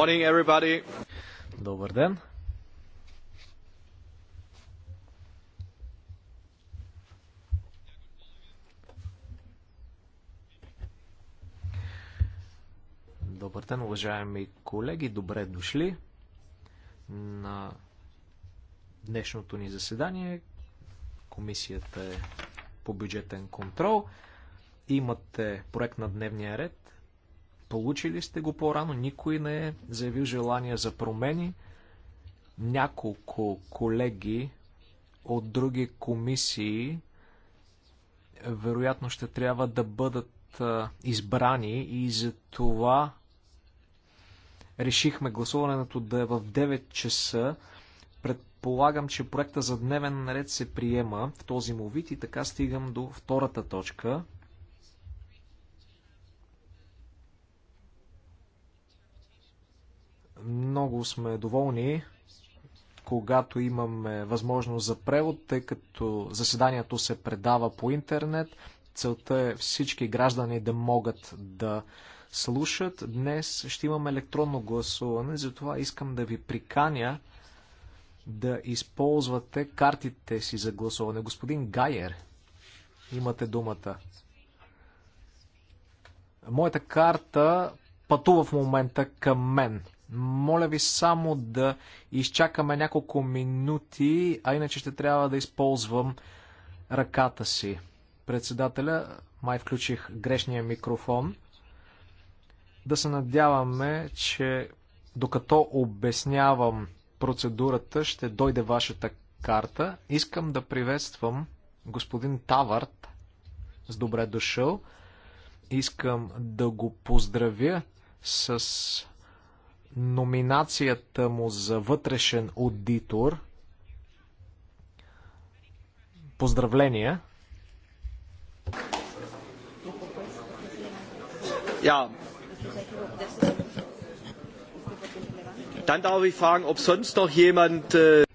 Morning, everybody. Добър ден. Добър ден, уважаеми колеги. Добре дошли на днешното ни заседание. Комисията е по бюджетен контрол. Имате проект на дневния ред Получили сте го по-рано, никой не е заявил желание за промени. Няколко колеги от други комисии вероятно ще трябва да бъдат избрани и за това решихме гласуването да е в 9 часа. Предполагам, че проекта за дневен наред се приема в този му вид и така стигам до втората точка – Много сме доволни, когато имаме възможност за превод, тъй като заседанието се предава по интернет. Целта е всички граждани да могат да слушат. Днес ще имаме електронно гласуване, затова искам да ви приканя да използвате картите си за гласуване. Господин Гайер, имате думата. Моята карта пътува в момента към мен. Моля ви само да изчакаме няколко минути, а иначе ще трябва да използвам ръката си. Председателя, май включих грешния микрофон. Да се надяваме, че докато обяснявам процедурата, ще дойде вашата карта. Искам да приветствам господин Таварт с добре дошъл. Искам да го поздравя с номинацията му за вътрешен аудитор. Поздравления! Ja. Dann darf ich fragen, ob sonst noch jemand. Äh,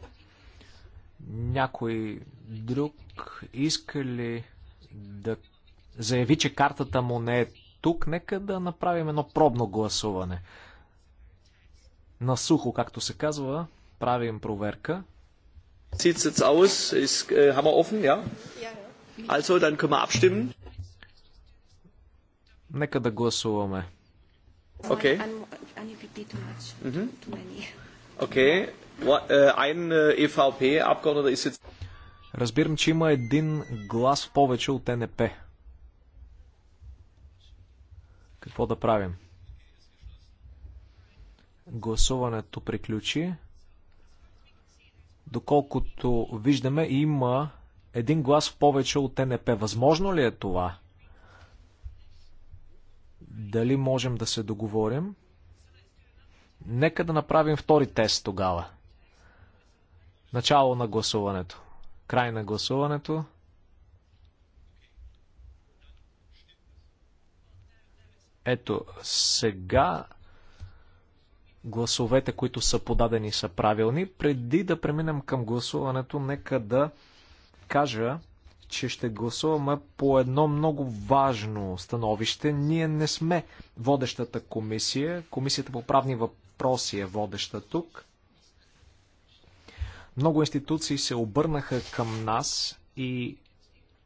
Някой друг иска ли да заяви, че картата му не е тук? Нека да направим едно пробно гласуване на сухо, както се казва, правим проверка. Äh, Нека да гласуваме. Окей. Okay. Окей. Mhm. Äh, ein äh, evp Разбирам, че има един глас повече от НП. Какво да правим? Гласуването приключи. Доколкото виждаме, има един глас повече от НП. Възможно ли е това? Дали можем да се договорим? Нека да направим втори тест тогава. Начало на гласуването. Край на гласуването. Ето, сега гласовете, които са подадени, са правилни. Преди да преминем към гласуването, нека да кажа, че ще гласуваме по едно много важно становище. Ние не сме водещата комисия. Комисията по правни въпроси е водеща тук. Много институции се обърнаха към нас и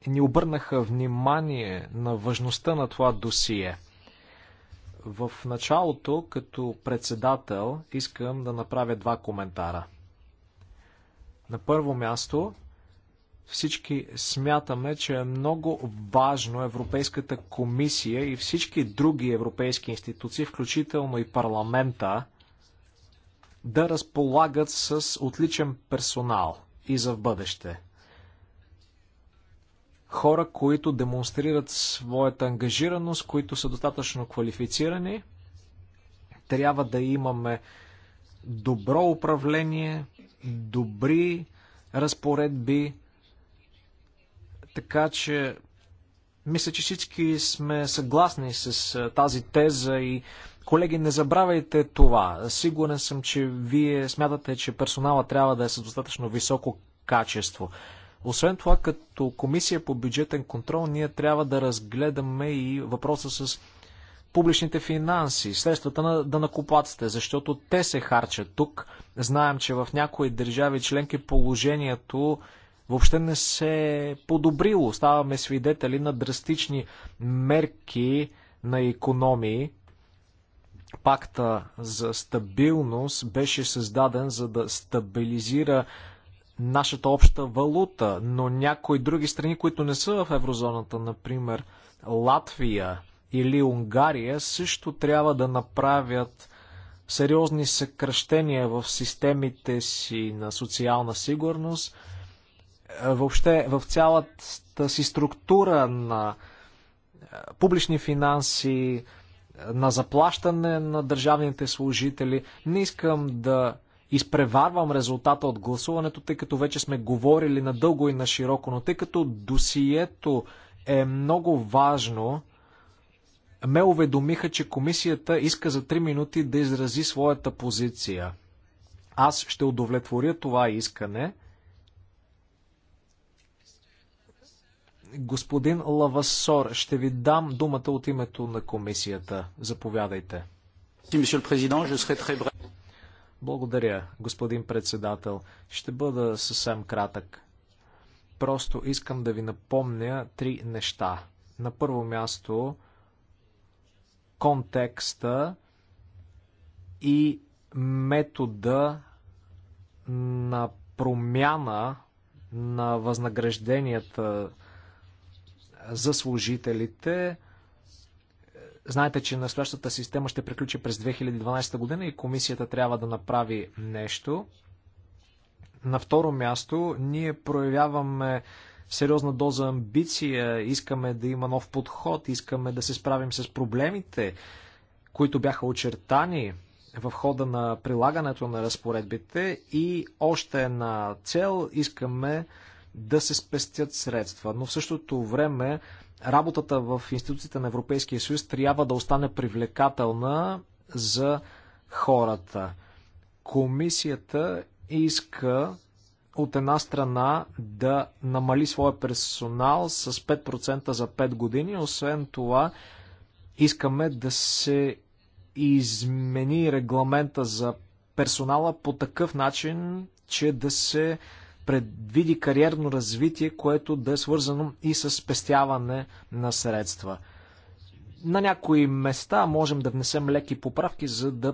ни обърнаха внимание на важността на това досие – в началото, като председател, искам да направя два коментара. На първо място, всички смятаме, че е много важно Европейската комисия и всички други европейски институции, включително и парламента, да разполагат с отличен персонал и за в бъдеще – хора, които демонстрират своята ангажираност, които са достатъчно квалифицирани. Трябва да имаме добро управление, добри разпоредби, така че мисля, че всички сме съгласни с тази теза и колеги, не забравяйте това. Сигурен съм, че вие смятате, че персонала трябва да е с достатъчно високо качество. Освен това, като комисия по бюджетен контрол, ние трябва да разгледаме и въпроса с публичните финанси, следствата на данакоплаците, защото те се харчат тук. Знаем, че в някои държави членки положението въобще не се е подобрило. Ставаме свидетели на драстични мерки на економии. Пакта за стабилност беше създаден за да стабилизира нашата обща валута, но някои други страни, които не са в еврозоната, например Латвия или Унгария, също трябва да направят сериозни съкръщения в системите си на социална сигурност, е, въобще в цялата си структура на е, публични финанси, е, на заплащане на държавните служители. Не искам да изпреварвам резултата от гласуването, тъй като вече сме говорили надълго и на широко, но тъй като досието е много важно, ме уведомиха, че комисията иска за 3 минути да изрази своята позиция. Аз ще удовлетворя това искане. Господин Лавасор, ще ви дам думата от името на комисията. Заповядайте. Благодаря, господин председател. Ще бъда съвсем кратък. Просто искам да ви напомня три неща. На първо място, контекста и метода на промяна на възнагражденията за служителите Знаете, че настоящата система ще приключи през 2012 година и комисията трябва да направи нещо. На второ място, ние проявяваме сериозна доза амбиция, искаме да има нов подход, искаме да се справим с проблемите, които бяха очертани в хода на прилагането на разпоредбите и още една цел искаме да се спестят средства. Но в същото време работата в институциите на Европейския съюз трябва да остане привлекателна за хората. Комисията иска от една страна да намали своя персонал с 5% за 5 години, освен това искаме да се измени регламента за персонала по такъв начин, че да се предвиди кариерно развитие, което да е свързано и с спестяване на средства. На някои места можем да внесем леки поправки, за да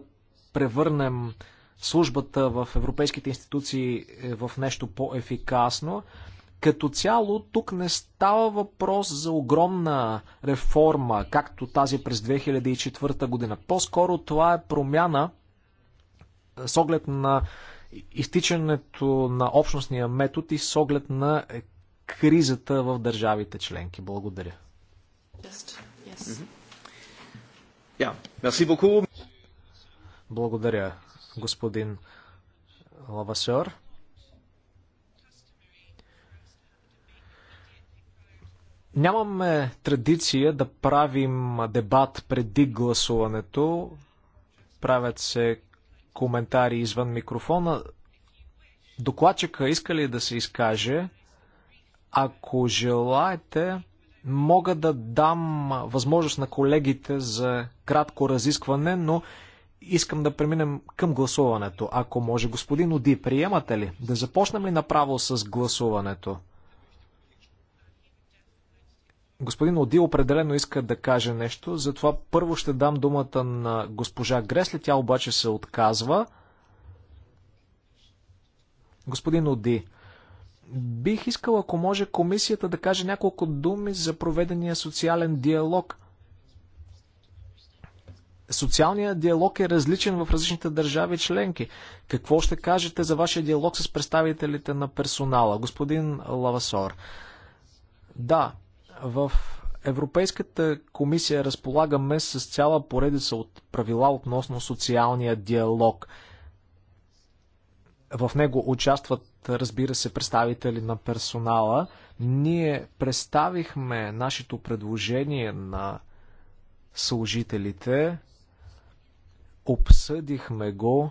превърнем службата в европейските институции е, в нещо по-ефикасно. Като цяло, тук не става въпрос за огромна реформа, както тази през 2004 година. По-скоро това е промяна е, с оглед на изтичането на общностния метод и с оглед на кризата в държавите членки. Благодаря. Благодаря, господин Лавасер. Нямаме традиция да правим дебат преди гласуването. Правят се коментари извън микрофона. Докладчика иска ли да се изкаже? Ако желаете, мога да дам възможност на колегите за кратко разискване, но искам да преминем към гласуването. Ако може, господин Оди, приемате ли? Да започнем ли направо с гласуването? Господин Оди определено иска да каже нещо, затова първо ще дам думата на госпожа Гресли, тя обаче се отказва. Господин Оди, бих искал, ако може, комисията да каже няколко думи за проведения социален диалог. Социалният диалог е различен в различните държави членки. Какво ще кажете за вашия диалог с представителите на персонала, господин Лавасор? Да, в Европейската комисия разполагаме с цяла поредица от правила относно социалния диалог. В него участват, разбира се, представители на персонала. Ние представихме нашето предложение на служителите, обсъдихме го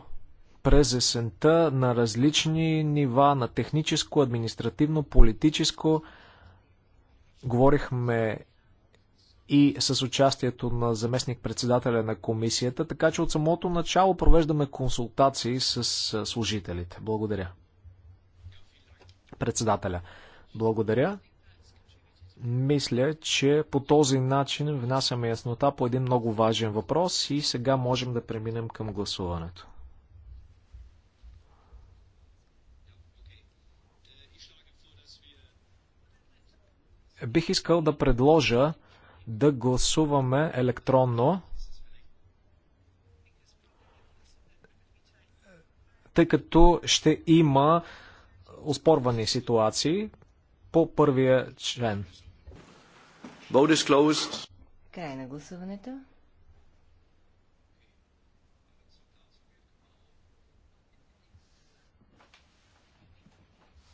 през есента на различни нива, на техническо, административно, политическо, Говорихме и с участието на заместник-председателя на комисията, така че от самото начало провеждаме консултации с служителите. Благодаря. Председателя. Благодаря. Мисля, че по този начин внасяме яснота по един много важен въпрос и сега можем да преминем към гласуването. бих искал да предложа да гласуваме електронно, тъй като ще има оспорвани ситуации по първия член. Край на гласуването.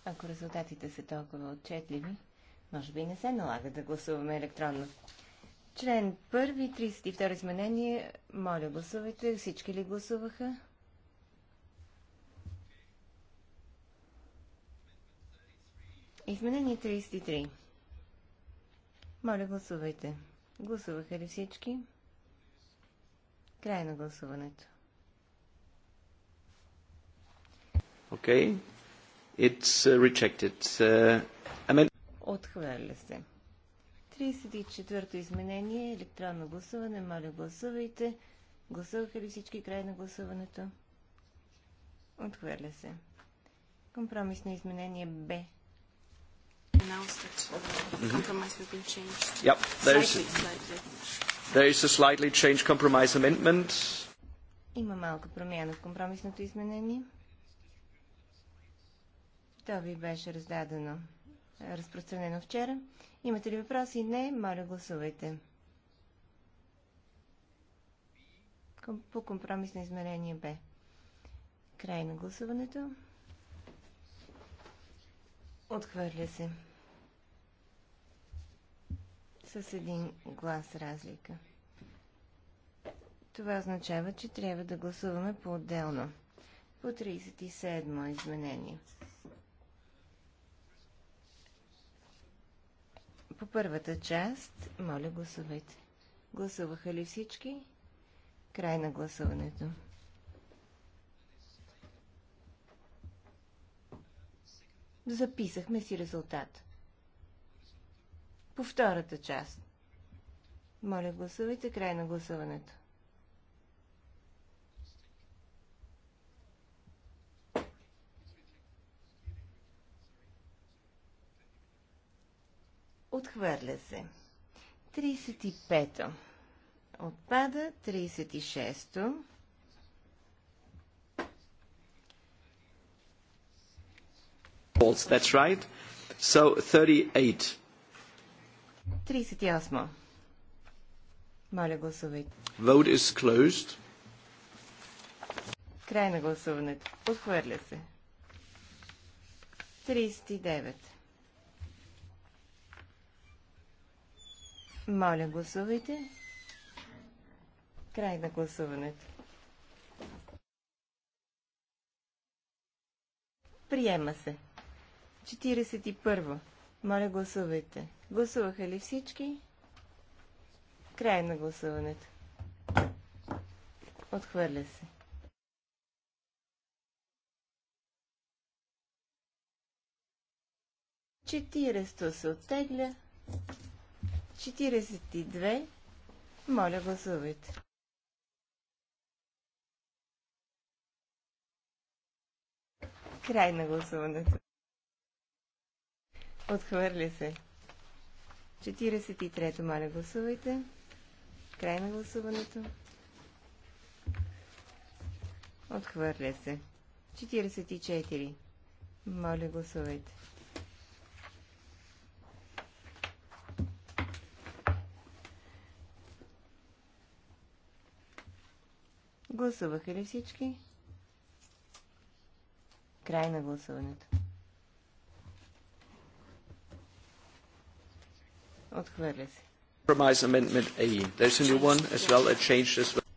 Ако резултатите са толкова отчетливи, може би не се налага да гласуваме електронно. Член 1, 32 изменение. Моля, гласувайте. Всички ли гласуваха? Изменение 33. Моля, гласувайте. Гласуваха ли всички? Край на гласуването. Окей. Okay. It's uh, rejected. Uh, Отхвърля се. 34-то изменение. Електронно гласуване. Моля, гласувайте. Гласуваха ли всички край на гласуването? Отхвърля се. Компромисно изменение Б. Има малка промяна в компромисното изменение. То ви беше раздадено разпространено вчера. Имате ли въпроси? Не. Моля, гласувайте. По компромисно измерение Б. Край на гласуването. Отхвърля се. С един глас разлика. Това означава, че трябва да гласуваме по-отделно. По 37 изменение. По първата част, моля гласувайте. Гласуваха ли всички? Край на гласуването. Записахме си резултат. По втората част. Моля гласувайте край на гласуването. Отхвърля се. 35-то. Отпада. 36-то. That's right. So 38. 38. Моля гласувайте. Vote is closed. Край на гласуването. Отхвърля се. 39. Моля, гласувайте. Край на гласуването. Приема се. 41. Моля, гласувайте. Гласуваха ли всички? Край на гласуването. Отхвърля се. Четиресто се оттегля. 42. Моля, гласувайте. Край на гласуването. Отхвърля се. 43-то, моля, гласувайте. Край на гласуването. Отхвърля се. 44. Моля, гласувайте. Гласуваха ли всички? Край на гласуването. Отхвърля се.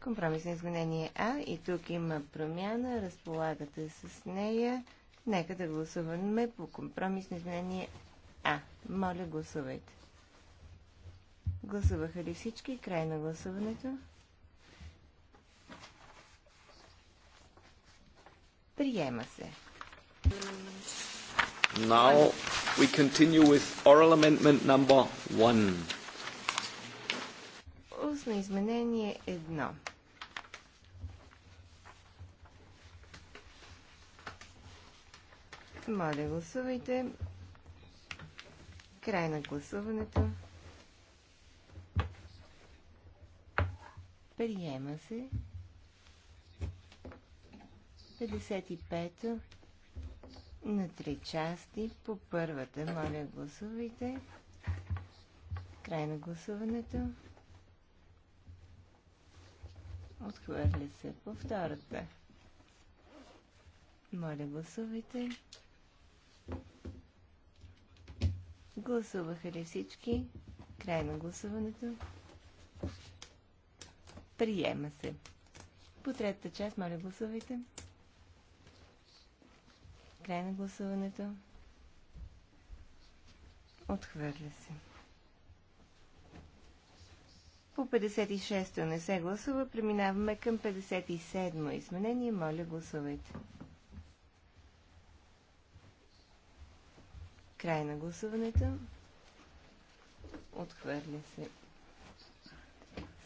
Компромисно изменение А и тук има промяна. Разполагате с нея. Нека да гласуваме по компромисно изменение А. Моля, гласувайте. Гласуваха ли всички? Край на гласуването. Приема се. Now we continue with oral amendment number one. Устно изменение едно. Моля, гласувайте. Край на гласуването. Приема се. 55 на три части. По първата, моля, гласувайте. Край на гласуването. Отхвърля се по втората. Моля, гласувайте. Гласуваха ли всички? Край на гласуването. Приема се. По третата част, моля, гласувайте. Край на гласуването. Отхвърля се. По 56-то не се гласува. Преминаваме към 57-мо изменение. Моля, гласувайте. Край на гласуването. Отхвърля се.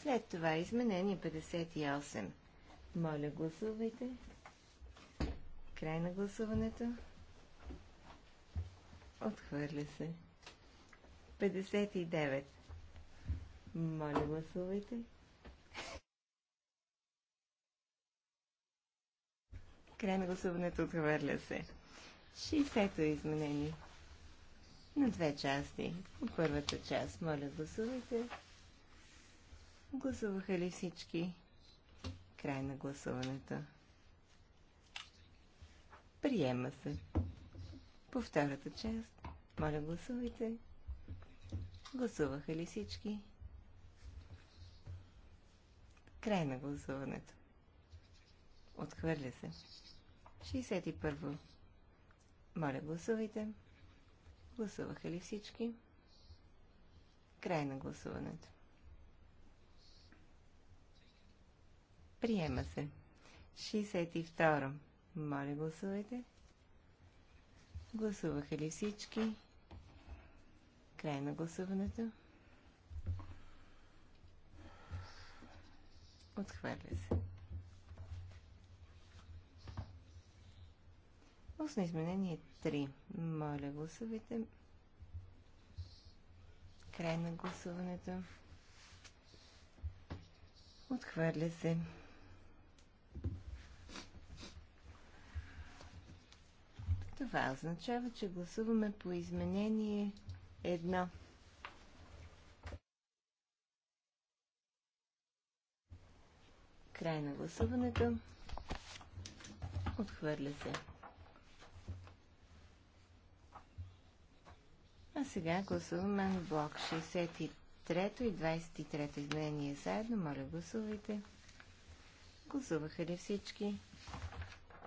След това изменение 58. Моля, гласувайте. Край на гласуването. Отхвърля се. 59. Моля, гласувайте. Край на гласуването отхвърля се. 60-то е изменение. На две части. От първата част, моля, гласувайте. Гласуваха ли всички? Край на гласуването. Приема се. По втората част. Моля, гласувайте. Гласуваха ли всички? Край на гласуването. Отхвърля се. 61. во Моля, гласувайте. Гласуваха ли всички? Край на гласуването. Приема се. 62. Моля, гласувайте. Гласуваха ли всички? Край на гласуването. Отхвърля се. Устно изменение 3. Моля, гласувайте. Край на гласуването. Отхвърля се. Това означава, че гласуваме по изменение едно. Край на гласуването. Отхвърля се. А сега гласуваме на блок 63 и 23 изменение заедно. Моля, гласувайте. Гласуваха ли всички?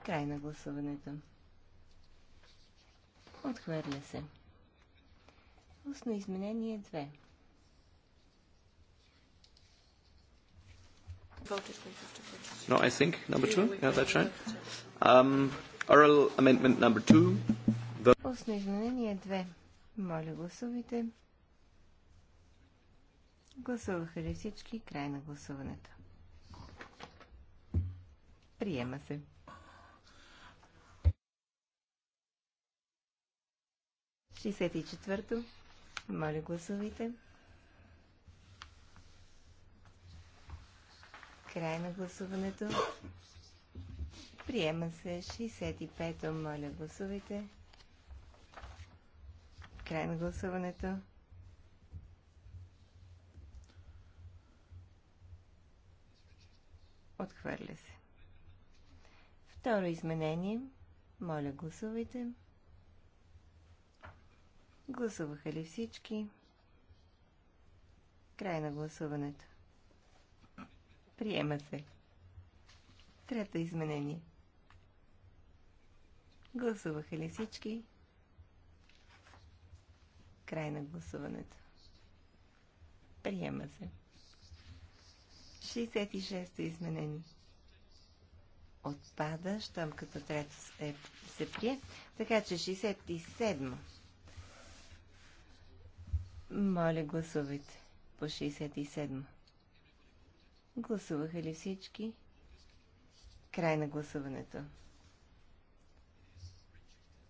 Край на гласуването. Отхвърля се. Устно изменение 2. No, I think number two. Yeah, that's right. Um, oral amendment number two. Устно изменение 2. Моля гласувайте. Гласуваха ли всички? Край на гласуването. Приема се. 64-то. Моля, гласувайте. Край на гласуването. Приема се 65-то. Моля, гласувайте. Край на гласуването. Отхвърля се. Второ изменение. Моля, гласувайте. Гласуваха ли всички? Край на гласуването. Приема се. Трето изменение. Гласуваха ли всички? Край на гласуването. Приема се. 66-то изменение. Отпада, щом като трето се, се прие. Така че 67 -то. Моля, гласувайте по 67. Гласуваха ли всички? Край на гласуването.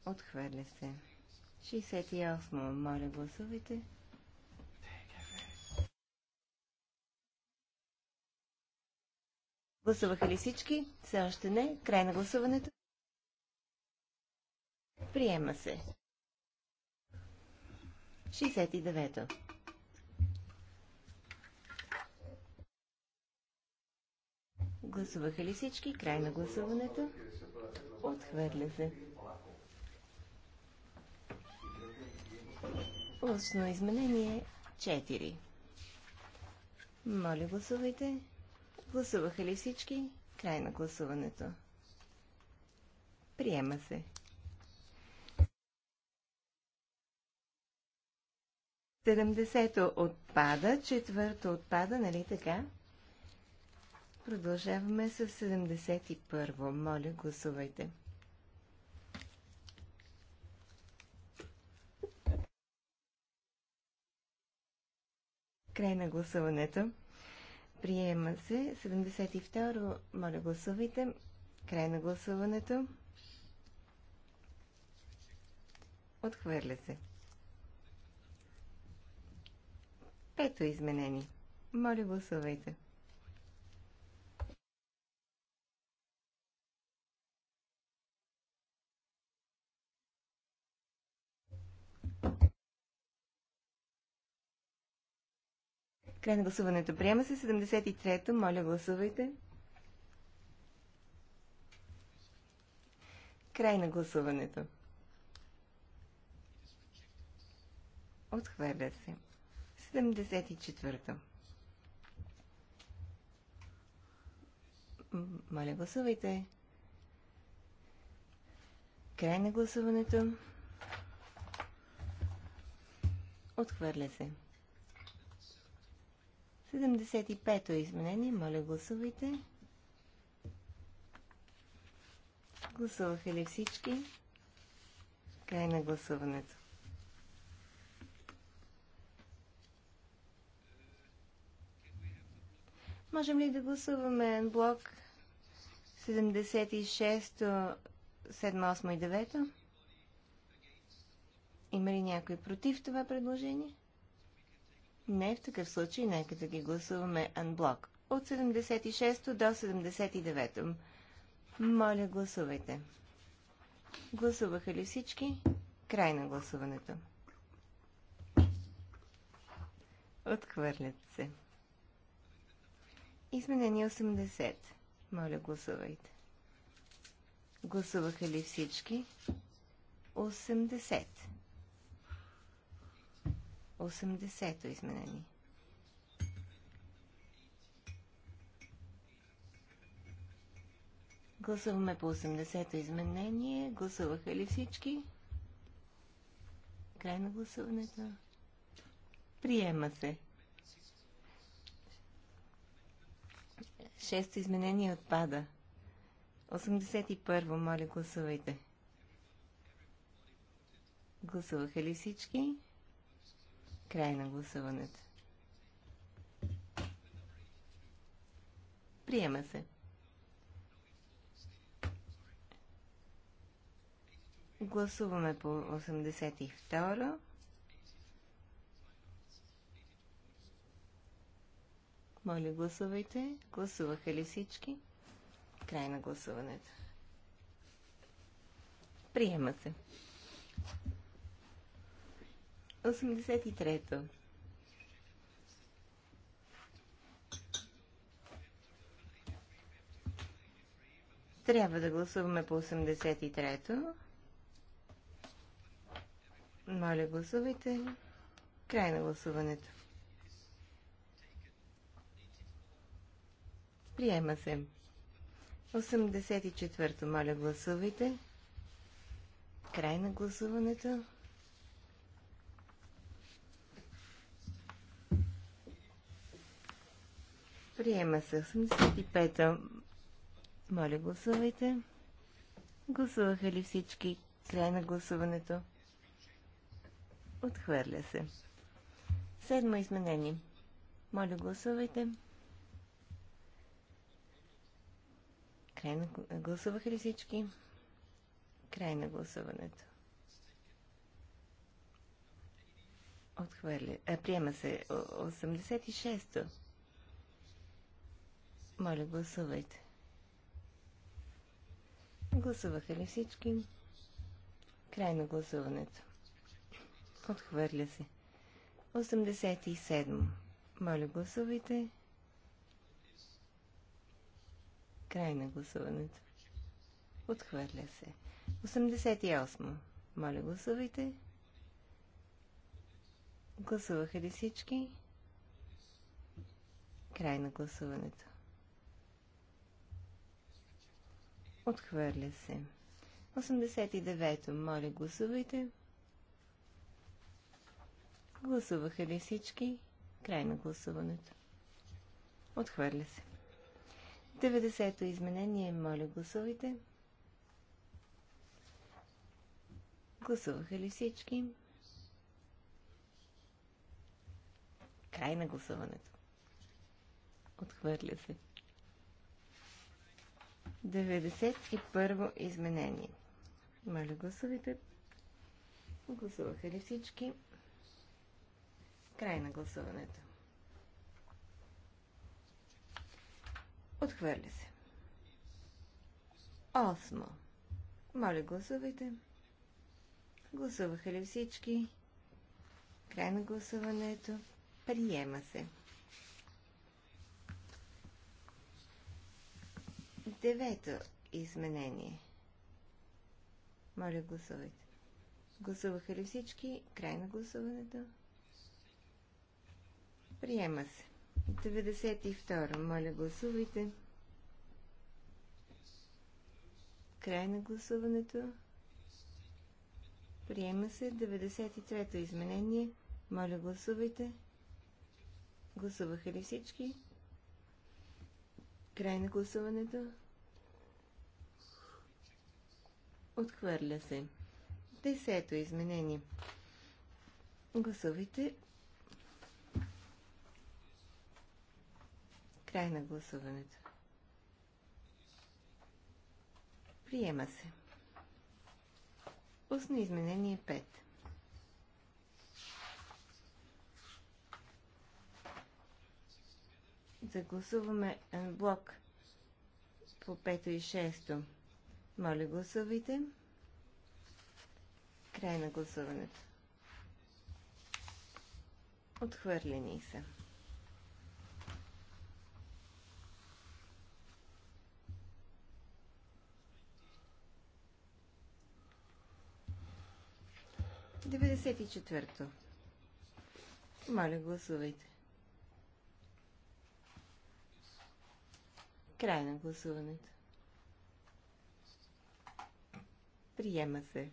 Отхвърля се. 68. Моля, гласувайте. Гласуваха ли всички? Все още не. Край на гласуването. Приема се. 69 Гласуваха ли всички? Край на гласуването. Отхвърля се. Лъчно изменение 4. Моля, гласувайте. Гласуваха ли всички? Край на гласуването. Приема се. 70-то отпада, четвърто отпада, нали така? Продължаваме с 71-во. Моля, гласувайте. Край на гласуването. Приема се. 72-ро. Моля, гласувайте. Край на гласуването. Отхвърля се. Пето изменение. Моля, гласувайте. Край на гласуването. Приема се 73-то. Моля, гласувайте. Край на гласуването. Отхвърля се. 74 та Моля, гласувайте. Край на гласуването. Отхвърля се. 75-то изменение. Моля, гласувайте. Гласуваха ли всички? Край на гласуването. Можем ли да гласуваме блок 76, 7, 8 и 9? Има ли някой против това предложение? Не, в такъв случай нека да ги гласуваме анблок. От 76 до 79. Моля, гласувайте. Гласуваха ли всички? Край на гласуването. Отхвърлят се. Изменение 80. Моля, гласувайте. Гласуваха ли всички? 80. 80-то изменение. Гласуваме по 80-то изменение. Гласуваха ли всички? Край на гласуването. Приема се. Шесто изменение отпада. 81. Моля, гласувайте. Гласуваха ли всички? Край на гласуването. Приема се. Гласуваме по 82. Моля, гласувайте. Гласуваха ли всички? Край на гласуването. Приема се. 83-то. Трябва да гласуваме по 83-то. Моля, гласувайте. Край на гласуването. Приема се. 84-то. Моля, гласувайте. Край на гласуването. Приема се. 85 та Моля, гласувайте. Гласуваха ли всички? Край на гласуването. Отхвърля се. Седмо изменение. Моля, гласувайте. Край на... Гласуваха ли всички? Край на гласуването. Отхвърли. А, приема се 86-то. Моля, гласувайте. Гласуваха ли всички? Край на гласуването. Отхвърля се. 87. Моля, гласувайте. Край на гласуването. Отхвърля се. 88. Моля, гласувайте. Гласуваха ли всички? Край на гласуването. Отхвърля се. 89-то. Моля, гласувайте. Гласуваха ли всички? Край на гласуването. Отхвърля се. 90-то изменение. Моля, гласувайте. Гласуваха ли всички? Край на гласуването. Отхвърля се. 91 изменение. Моля, гласувайте. Гласуваха ли всички? Край на гласуването. Отхвърля се. Осмо. Моля, гласувайте. Гласуваха ли всички? Край на гласуването. Приема се. Девето изменение. Моля, гласувайте. Гласуваха ли всички? Край на гласуването. Приема се. 92. Моля, гласувайте. Край на гласуването. Приема се 93-то изменение. Моля, гласувайте. Гласуваха ли всички? Край на гласуването. Отхвърля се. Десето изменение. Гласувайте. Край на гласуването. Приема се. Устно изменение 5. Загласуваме е, блок по 5 и 6. Моля, гласувайте. Край на гласуването. Отхвърлени са. 94-то. Моля, гласувайте. Край на гласуването. Приема се.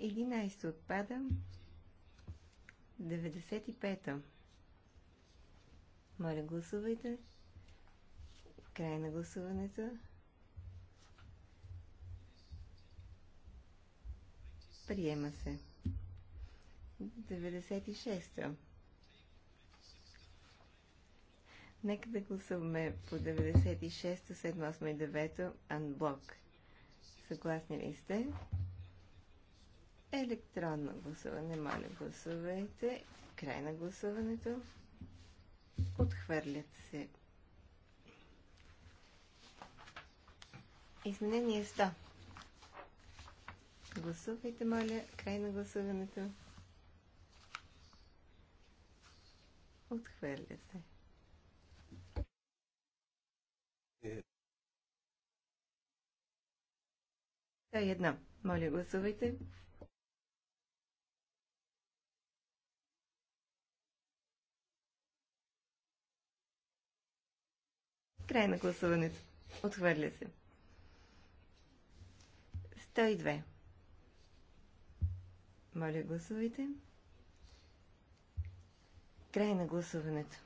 11 отпада. 95-та. Моля, гласувайте. Край на гласуването. Приема се. 96-та. Нека да гласуваме по 96-та, 7, 8 и 9 анблок. Съгласни ли сте? Електронно гласуване. Моля, гласувайте. Край на гласуването. Отхвърлят се. Изменение 100. Гласувайте, моля. Край на гласуването. Отхвърляте. Та е. е едно. Моля, гласувайте. Край на гласуването. Отхвърля се. 102. Моля, гласувайте. Край на гласуването.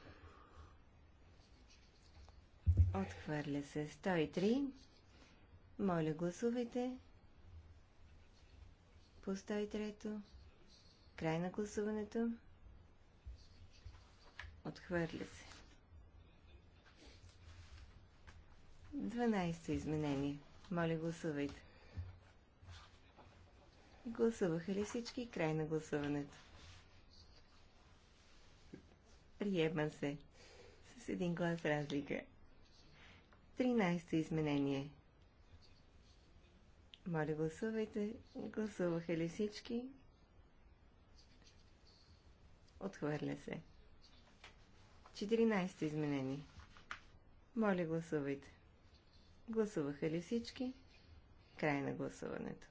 Отхвърля се 103. Моля, гласувайте. По 103. Край на гласуването. Отхвърля се. 12 изменение. Моля, гласувайте. Гласуваха ли всички? Край на гласуването. Приема се. С един глас разлика. 13 изменение. Моля, гласувайте. Гласуваха ли всички? Отхвърля се. 14 изменение. Моля, гласувайте. Гласуваха ли всички? Край на гласуването.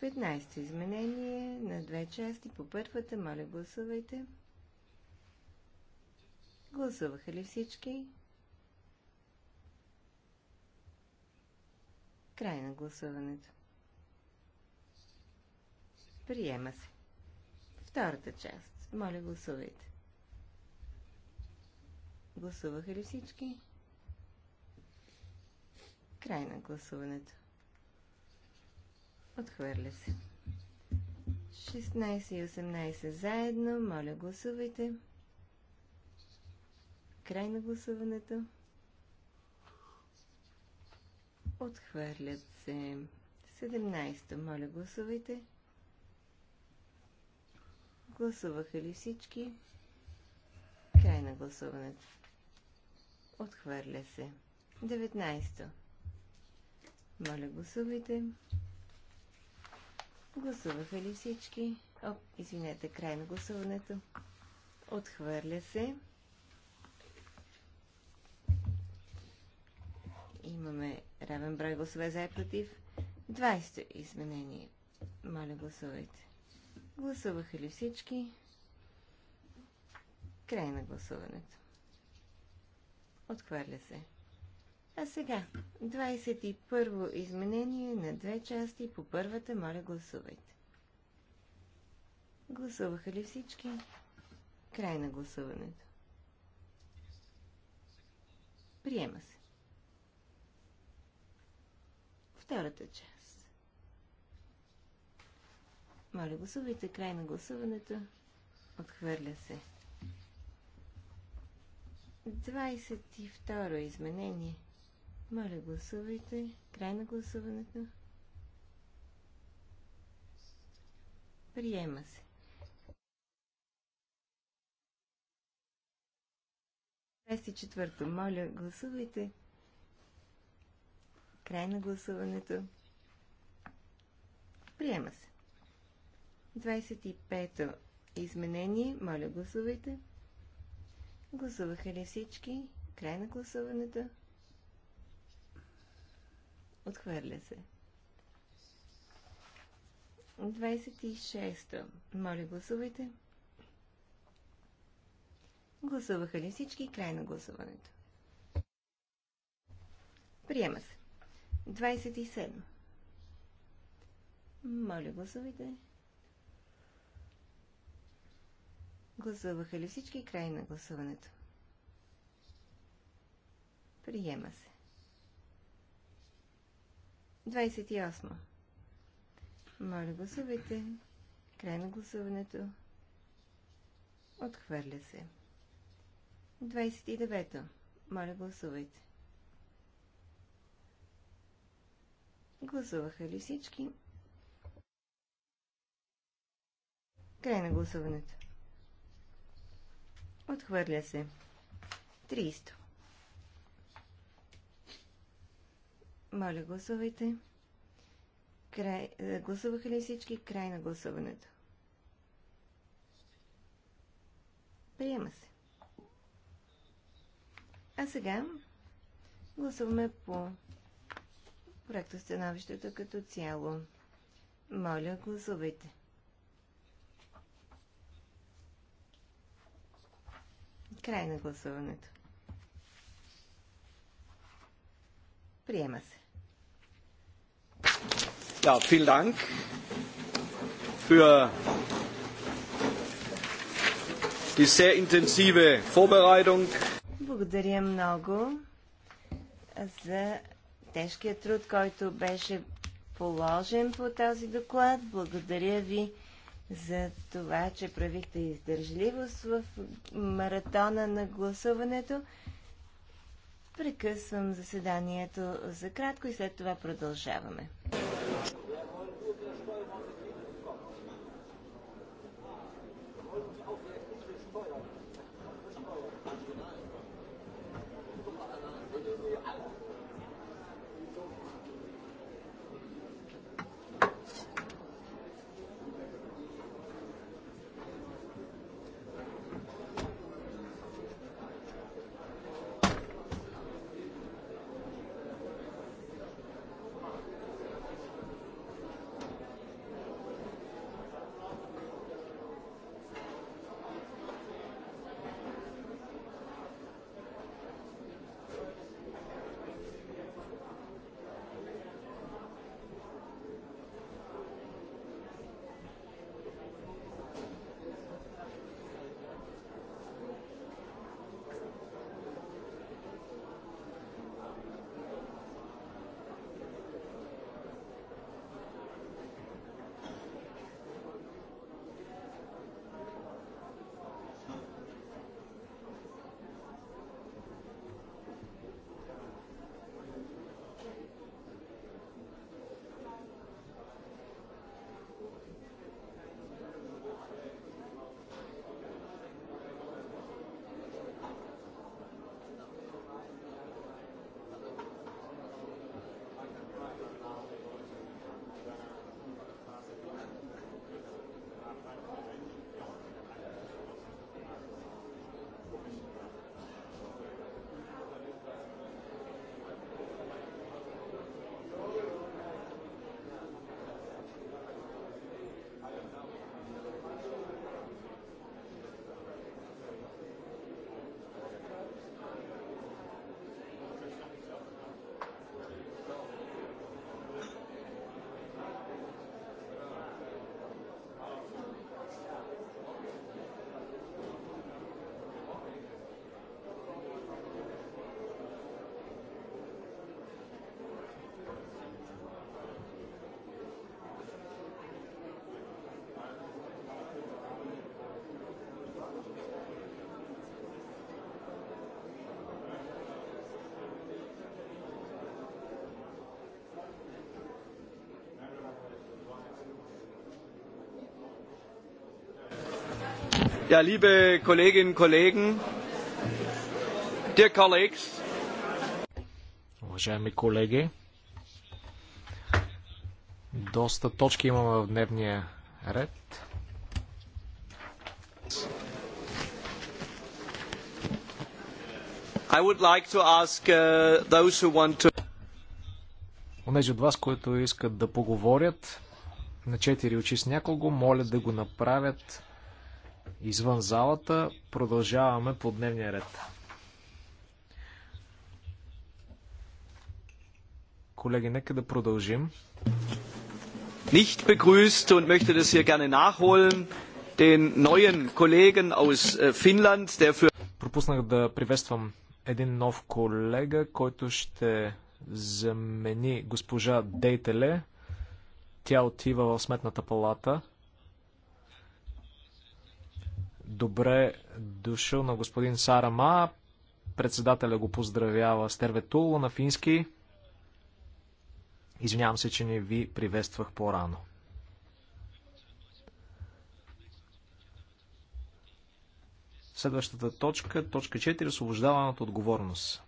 15 изменение на две части. По първата, моля гласувайте. Гласуваха ли всички? Край на гласуването. Приема се. Втората част. Моля гласувайте. Гласуваха ли всички? Край на гласуването. Отхвърля се. 16 и 18 заедно. Моля, гласувайте. Край на гласуването. Отхвърлят се. 17. Моля, гласувайте. Гласуваха ли всички? Край на гласуването. Отхвърля се. 19. Моля, гласувайте. Гласуваха ли всички? О, извинете, край на гласуването. Отхвърля се. Имаме равен брой гласове за и против. 20 изменение. Моля, гласувайте. Гласуваха ли всички? Край на гласуването. Отхвърля се. А сега, 21-во изменение на две части. По първата, моля, гласувайте. Гласуваха ли всички? Край на гласуването. Приема се. Втората част. Моля, гласувайте край на гласуването. Отхвърля се. 22 ро изменение. Моля, гласувайте. Край на гласуването. Приема се. четвърто. Моля, гласувайте. Край на гласуването. Приема се. 25-то изменение. Моля, гласувайте. Гласуваха ли всички? Край на гласуването. Отхвърля се. 26. Моля, гласувайте. Гласуваха ли всички? Край на гласуването. Приема се. 27. Моля, гласувайте. Гласуваха ли всички? Край на гласуването. Приема се. 28. Моля, гласувайте. Край на гласуването. Отхвърля се. 29. Моля, гласувайте. Гласуваха ли всички? Край на гласуването. Отхвърля се. 30. Моля, гласувайте. Край, е, гласуваха ли всички? Край на гласуването. Приема се. А сега гласуваме по проектостановището като цяло. Моля, гласувайте. Край на гласуването. Приема се. Ja, vielen Dank für die sehr intensive Vorbereitung. Благодаря много за тежкия труд, който беше положен по този доклад. Благодаря ви за това, че правихте издържливост в маратона на гласуването. Прекъсвам заседанието за кратко и след това продължаваме. Ja, liebe Kolleginnen und Kollegen, dear colleagues. Уважаеми колеги, доста точки имаме в дневния ред. I would like to ask uh, those who want to Онези от вас, които искат да поговорят на четири очи с някого, моля да го направят извън залата. Продължаваме по дневния ред. Колеги, нека да продължим. Nicht begrüßt und möchte das hier gerne nachholen den neuen Kollegen aus äh, Finnland, der für Пропуснах да приветствам един нов колега, който ще замени госпожа Дейтеле. Тя отива в сметната палата. Добре дошъл на господин Сарама. Председателя го поздравява с Тервето на фински. Извинявам се, че не ви приветствах по-рано. Следващата точка, точка 4, освобождаване от отговорност.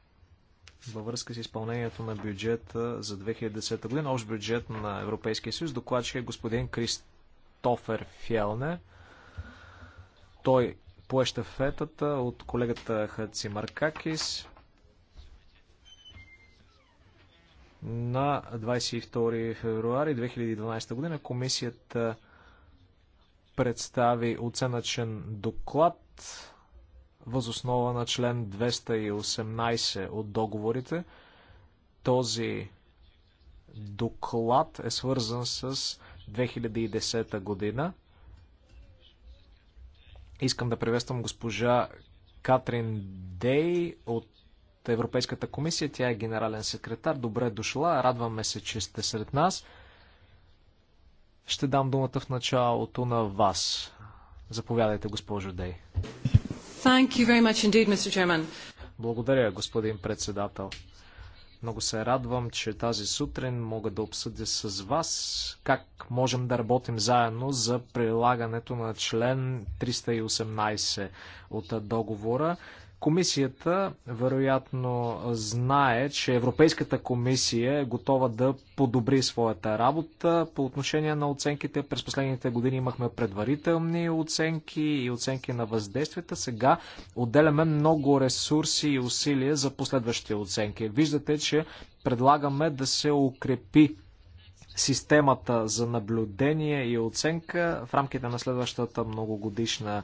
Във връзка с изпълнението на бюджета за 2010 година, общ бюджет на Европейския съюз, докладчик е господин Кристофер Фелне. Той пое щафетата от колегата Хаци Маркакис. на 22 февруари 2012 година. Комисията представи оценъчен доклад възоснова на член 218 от договорите. Този доклад е свързан с 2010 година. Искам да приветствам госпожа Катрин Дей от Европейската комисия. Тя е генерален секретар. Добре дошла. Радваме се, че сте сред нас. Ще дам думата в началото на вас. Заповядайте, госпожо Дей. Thank you very much indeed, Mr. Chairman. Благодаря, господин председател. Много се радвам, че тази сутрин мога да обсъдя с вас как можем да работим заедно за прилагането на член 318 от договора. Комисията вероятно знае, че Европейската комисия е готова да подобри своята работа по отношение на оценките. През последните години имахме предварителни оценки и оценки на въздействията. Сега отделяме много ресурси и усилия за последващите оценки. Виждате, че предлагаме да се укрепи системата за наблюдение и оценка в рамките на следващата многогодишна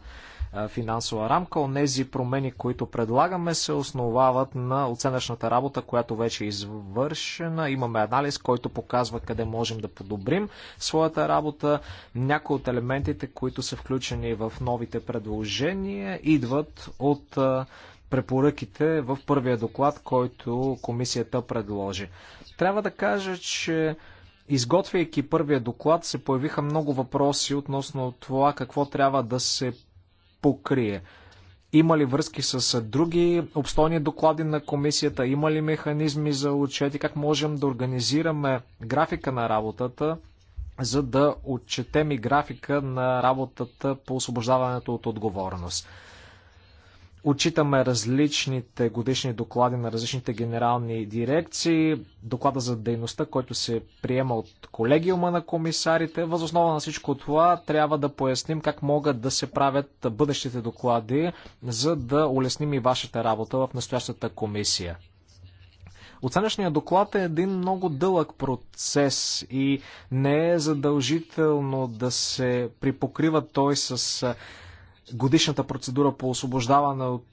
е, финансова рамка. Онези промени, които предлагаме, се основават на оценъчната работа, която вече е извършена. Имаме анализ, който показва къде можем да подобрим своята работа. Някои от елементите, които са включени в новите предложения, идват от е, препоръките в първия доклад, който комисията предложи. Трябва да кажа, че Изготвяйки първия доклад, се появиха много въпроси относно това какво трябва да се покрие? Има ли връзки с други обстойни доклади на комисията? Има ли механизми за отчети? Как можем да организираме графика на работата, за да отчетем и графика на работата по освобождаването от отговорност? Отчитаме различните годишни доклади на различните генерални дирекции, доклада за дейността, който се приема от колегиума на комисарите. Възоснова на всичко това трябва да поясним как могат да се правят бъдещите доклади, за да улесним и вашата работа в настоящата комисия. Оценъчният доклад е един много дълъг процес и не е задължително да се припокрива той с годишната процедура по освобождаване от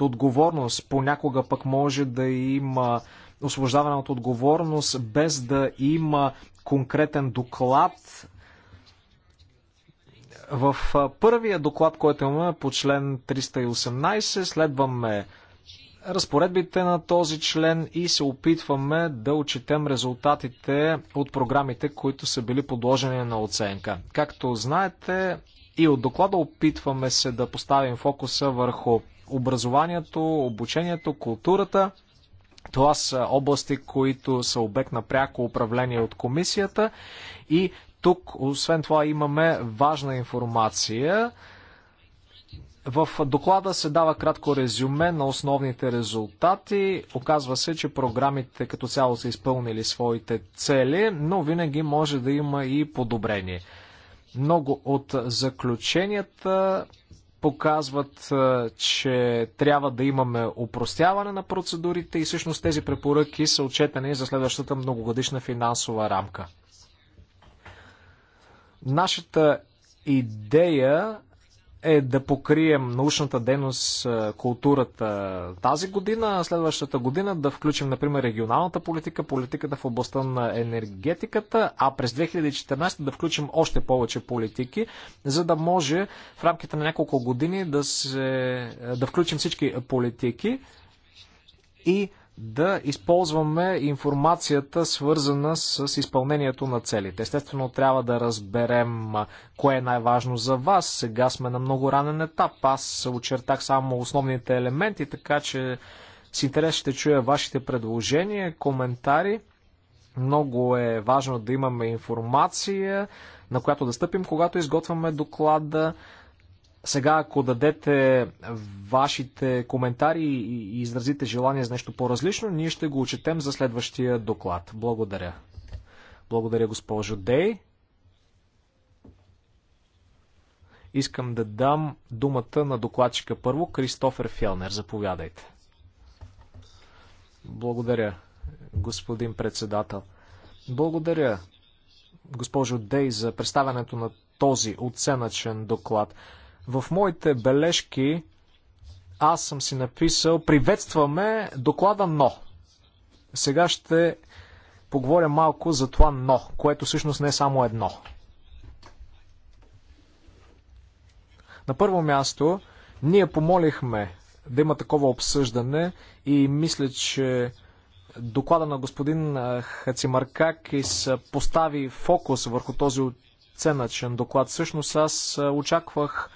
отговорност. Понякога пък може да има освобождаване от отговорност без да има конкретен доклад. В първия доклад, който имаме по член 318, следваме разпоредбите на този член и се опитваме да отчетем резултатите от програмите, които са били подложени на оценка. Както знаете, и от доклада опитваме се да поставим фокуса върху образованието, обучението, културата. Това са области, които са обект на пряко управление от комисията. И тук, освен това, имаме важна информация. В доклада се дава кратко резюме на основните резултати. Оказва се, че програмите като цяло са изпълнили своите цели, но винаги може да има и подобрение. Много от заключенията показват, че трябва да имаме упростяване на процедурите и всъщност тези препоръки са отчетени за следващата многогодишна финансова рамка. Нашата идея е да покрием научната дейност, културата тази година, а следващата година да включим, например, регионалната политика, политиката в областта на енергетиката, а през 2014 да включим още повече политики, за да може в рамките на няколко години да, се, да включим всички политики и да използваме информацията, свързана с изпълнението на целите. Естествено, трябва да разберем кое е най-важно за вас. Сега сме на много ранен етап. Аз очертах само основните елементи, така че с интерес ще чуя вашите предложения, коментари. Много е важно да имаме информация, на която да стъпим, когато изготвяме доклада. Сега, ако дадете вашите коментари и изразите желание за нещо по-различно, ние ще го отчетем за следващия доклад. Благодаря. Благодаря, госпожо Дей. Искам да дам думата на докладчика първо, Кристофер Фелнер. Заповядайте. Благодаря, господин председател. Благодаря, госпожо Дей, за представянето на този оценъчен доклад. В моите бележки аз съм си написал приветстваме доклада но. Сега ще поговоря малко за това но, което всъщност не е само едно. На първо място, ние помолихме да има такова обсъждане и мисля, че доклада на господин Хацимаркакис постави фокус върху този оценъчен доклад. Всъщност аз очаквах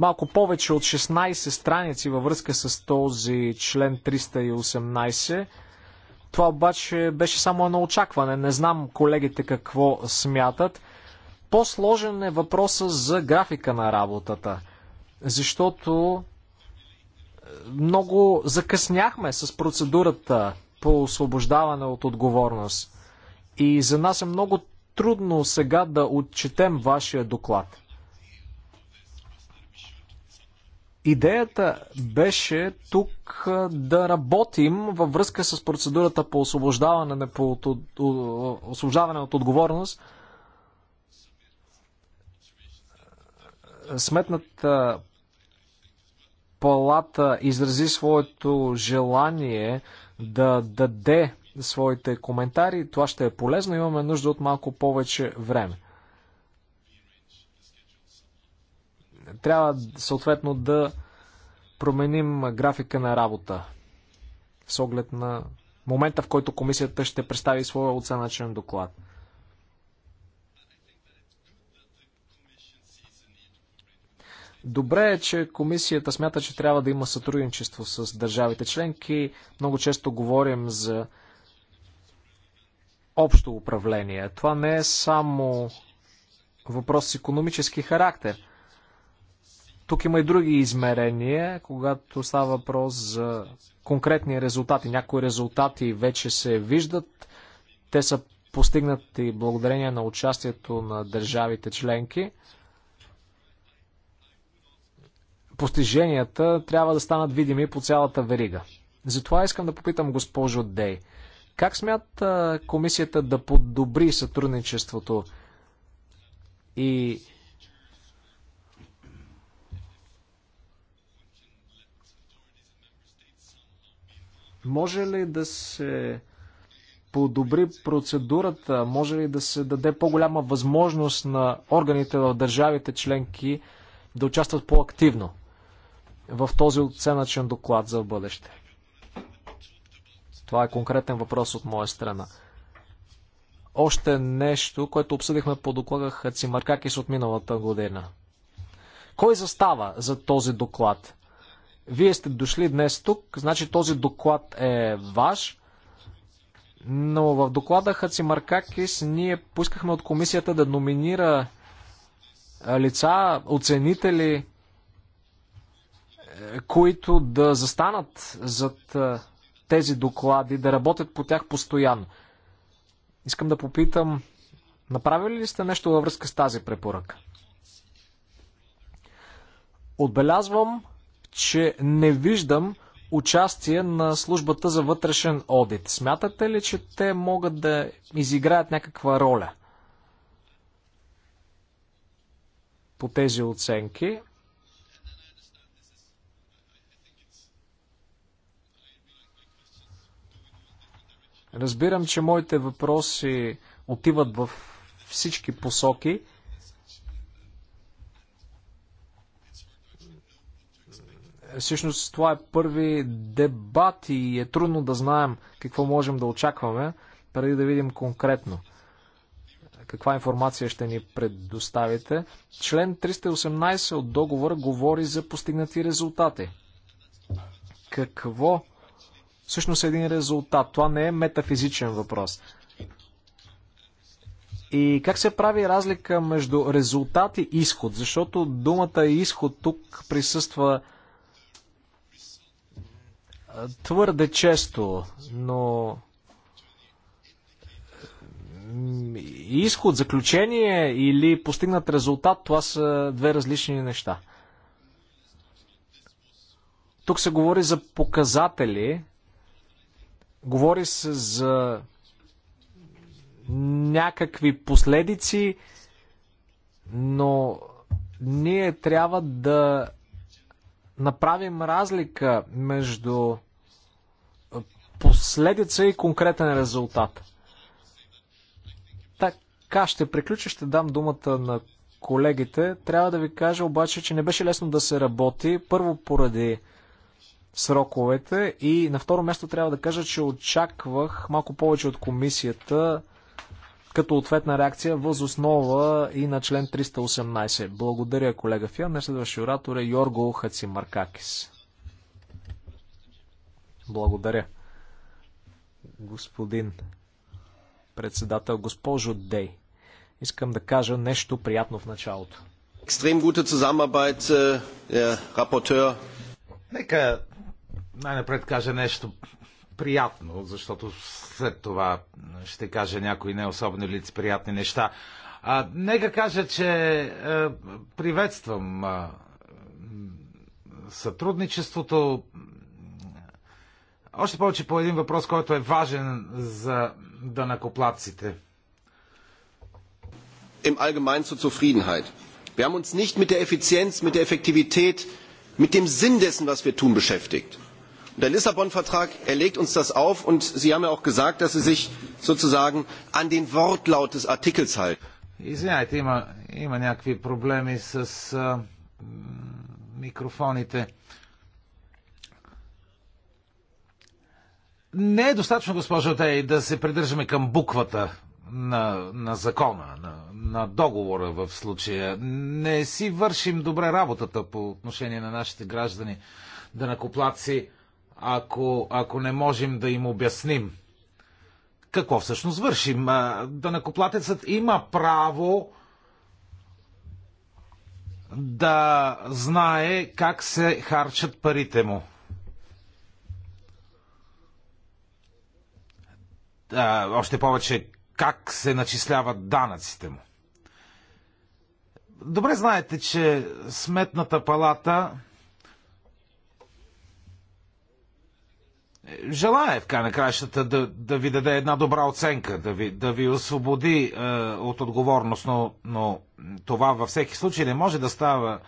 малко повече от 16 страници във връзка с този член 318. Това обаче беше само едно очакване. Не знам колегите какво смятат. По-сложен е въпроса за графика на работата, защото е, много закъсняхме с процедурата по освобождаване от отговорност. И за нас е много трудно сега да отчетем вашия доклад. Идеята беше тук да работим във връзка с процедурата по освобождаване, по освобождаване от отговорност. Сметната палата изрази своето желание да даде своите коментари. Това ще е полезно. Имаме нужда от малко повече време. Трябва съответно да променим графика на работа с оглед на момента, в който комисията ще представи своя оценъчен доклад. Добре е, че комисията смята, че трябва да има сътрудничество с държавите членки. Много често говорим за общо управление. Това не е само въпрос с економически характер. Тук има и други измерения, когато става въпрос за конкретни резултати. Някои резултати вече се виждат. Те са постигнати благодарение на участието на държавите членки. Постиженията трябва да станат видими по цялата верига. Затова искам да попитам госпожо Дей. Как смята комисията да подобри сътрудничеството и Може ли да се подобри процедурата? Може ли да се даде по-голяма възможност на органите в държавите членки да участват по-активно в този оценъчен доклад за бъдеще? Това е конкретен въпрос от моя страна. Още нещо, което обсъдихме по доклада Хацимаркакис от миналата година. Кой застава за този доклад? Вие сте дошли днес тук, значи този доклад е ваш, но в доклада Хацимаркакис ние поискахме от комисията да номинира лица, оценители, е, които да застанат зад е, тези доклади, да работят по тях постоянно. Искам да попитам, направили ли сте нещо във връзка с тази препоръка? Отбелязвам че не виждам участие на службата за вътрешен одит. Смятате ли, че те могат да изиграят някаква роля по тези оценки? Разбирам, че моите въпроси отиват в всички посоки. Всъщност това е първи дебат и е трудно да знаем какво можем да очакваме, преди да видим конкретно каква информация ще ни предоставите. Член 318 от договора говори за постигнати резултати. Какво всъщност е един резултат? Това не е метафизичен въпрос. И как се прави разлика между резултат и изход? Защото думата изход тук присъства твърде често, но изход, заключение или постигнат резултат, това са две различни неща. Тук се говори за показатели, говори се за някакви последици, но ние трябва да направим разлика между последица и конкретен резултат. Така ще приключа, ще дам думата на колегите. Трябва да ви кажа обаче, че не беше лесно да се работи. Първо поради сроковете и на второ място трябва да кажа, че очаквах малко повече от комисията като ответна реакция въз основа и на член 318. Благодаря, колега Фиан. Следващия оратор е Йорго Хацимаркакис. Благодаря господин председател, госпожо Дей. Искам да кажа нещо приятно в началото. Екстрем гута zusammenarbeit, е, е, рапортер. Нека най-напред кажа нещо приятно, защото след това ще кажа някои не особено лицеприятни неща. А, нека кажа, че а, е, приветствам а, сътрудничеството, още повече по един въпрос, който е важен за данакоплатците. Im Allgemeinen zur Zufriedenheit. Wir haben uns nicht mit der Effizienz, mit der Effektivität, mit dem Sinn dessen, was wir tun, beschäftigt. Der Lissabon-Vertrag legt uns das auf und Sie haben ja auch gesagt, dass Sie sich sozusagen an den Wortlaut des Artikels halten. Извинявайте, има, има някакви проблеми с а, микрофоните. Не е достатъчно, госпожо Тей, да се придържаме към буквата на, на закона, на, на договора в случая. Не си вършим добре работата по отношение на нашите граждани, да накоплаци, ако, ако не можем да им обясним какво всъщност вършим. Да накоплатецът има право да знае как се харчат парите му. а, още повече как се начисляват данъците му. Добре знаете, че Сметната палата желая в край на краищата да, да ви даде една добра оценка, да ви, да ви освободи е, от отговорност, но, но това във всеки случай не може да става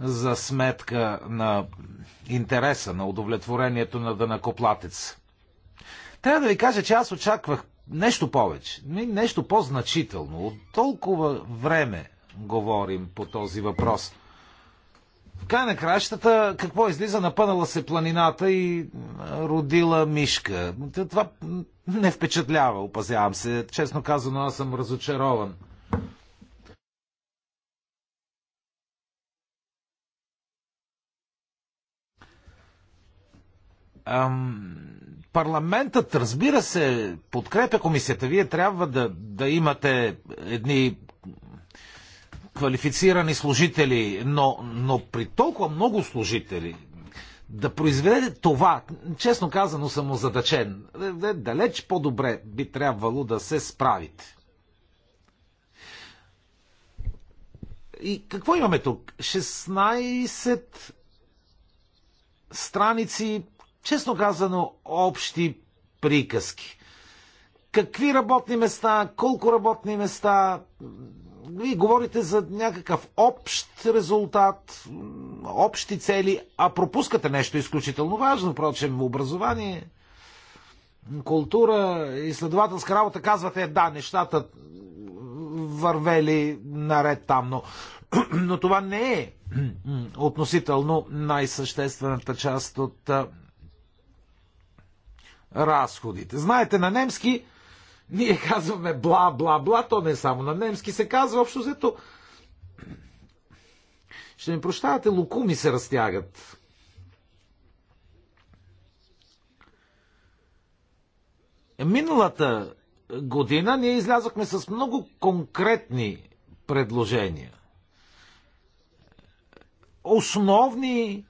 за сметка на интереса, на удовлетворението на дънакоплатец. Трябва да ви кажа, че аз очаквах нещо повече, нещо по-значително. От толкова време говорим по този въпрос. В край на кращата, какво излиза? Напънала се планината и родила мишка. Това не впечатлява, опазявам се. Честно казано, аз съм разочарован. Ам, Парламентът, разбира се, подкрепя комисията. Вие трябва да, да имате едни квалифицирани служители, но, но при толкова много служители да произведете това, честно казано съм озадачен, е, е, далеч по-добре би трябвало да се справите. И какво имаме тук? 16 страници честно казано, общи приказки. Какви работни места, колко работни места, вие говорите за някакъв общ резултат, общи цели, а пропускате нещо изключително важно, впрочем, образование, култура, изследователска работа, казвате, да, нещата вървели наред там, но, но това не е относително най-съществената част от разходите. Знаете, на немски ние казваме бла, бла, бла, то не е само на немски се казва, общо взето. Ще ми прощавате, лукуми се разтягат. Миналата година ние излязохме с много конкретни предложения. Основни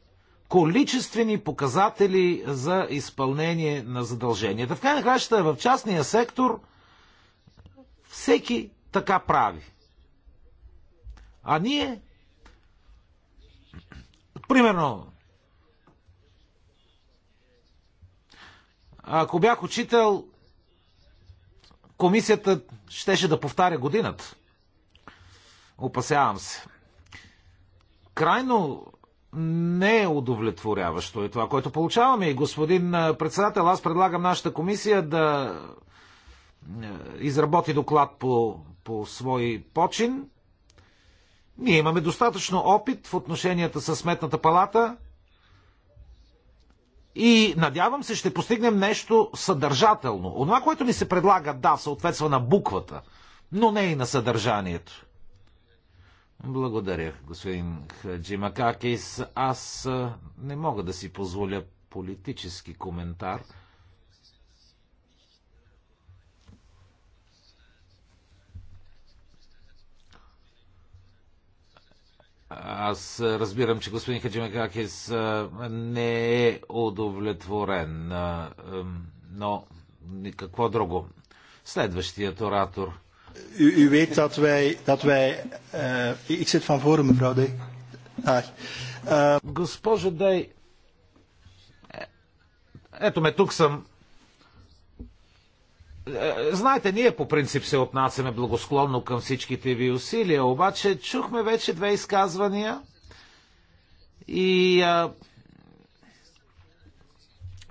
количествени показатели за изпълнение на задълженията. В крайна краща в частния сектор всеки така прави. А ние, примерно, ако бях учител, комисията щеше да повтаря годината. Опасявам се. Крайно не е удовлетворяващо е това, което получаваме. И господин председател, аз предлагам нашата комисия да изработи доклад по, по свой почин. Ние имаме достатъчно опит в отношенията с Сметната палата и надявам се ще постигнем нещо съдържателно. Онова, което ни се предлага, да, съответства на буквата, но не и на съдържанието. Благодаря, господин Макакис. Аз не мога да си позволя политически коментар. Аз разбирам, че господин Хаджимакакис не е удовлетворен, но какво друго? Следващият оратор – U, weet dat wij... Dat wij eh, ik zit van voren, mevrouw D. Eh, Госпожо Дей, е, ето ме, тук съм. Е, знаете, ние по принцип се отнасяме благосклонно към всичките ви усилия, обаче чухме вече две изказвания и а,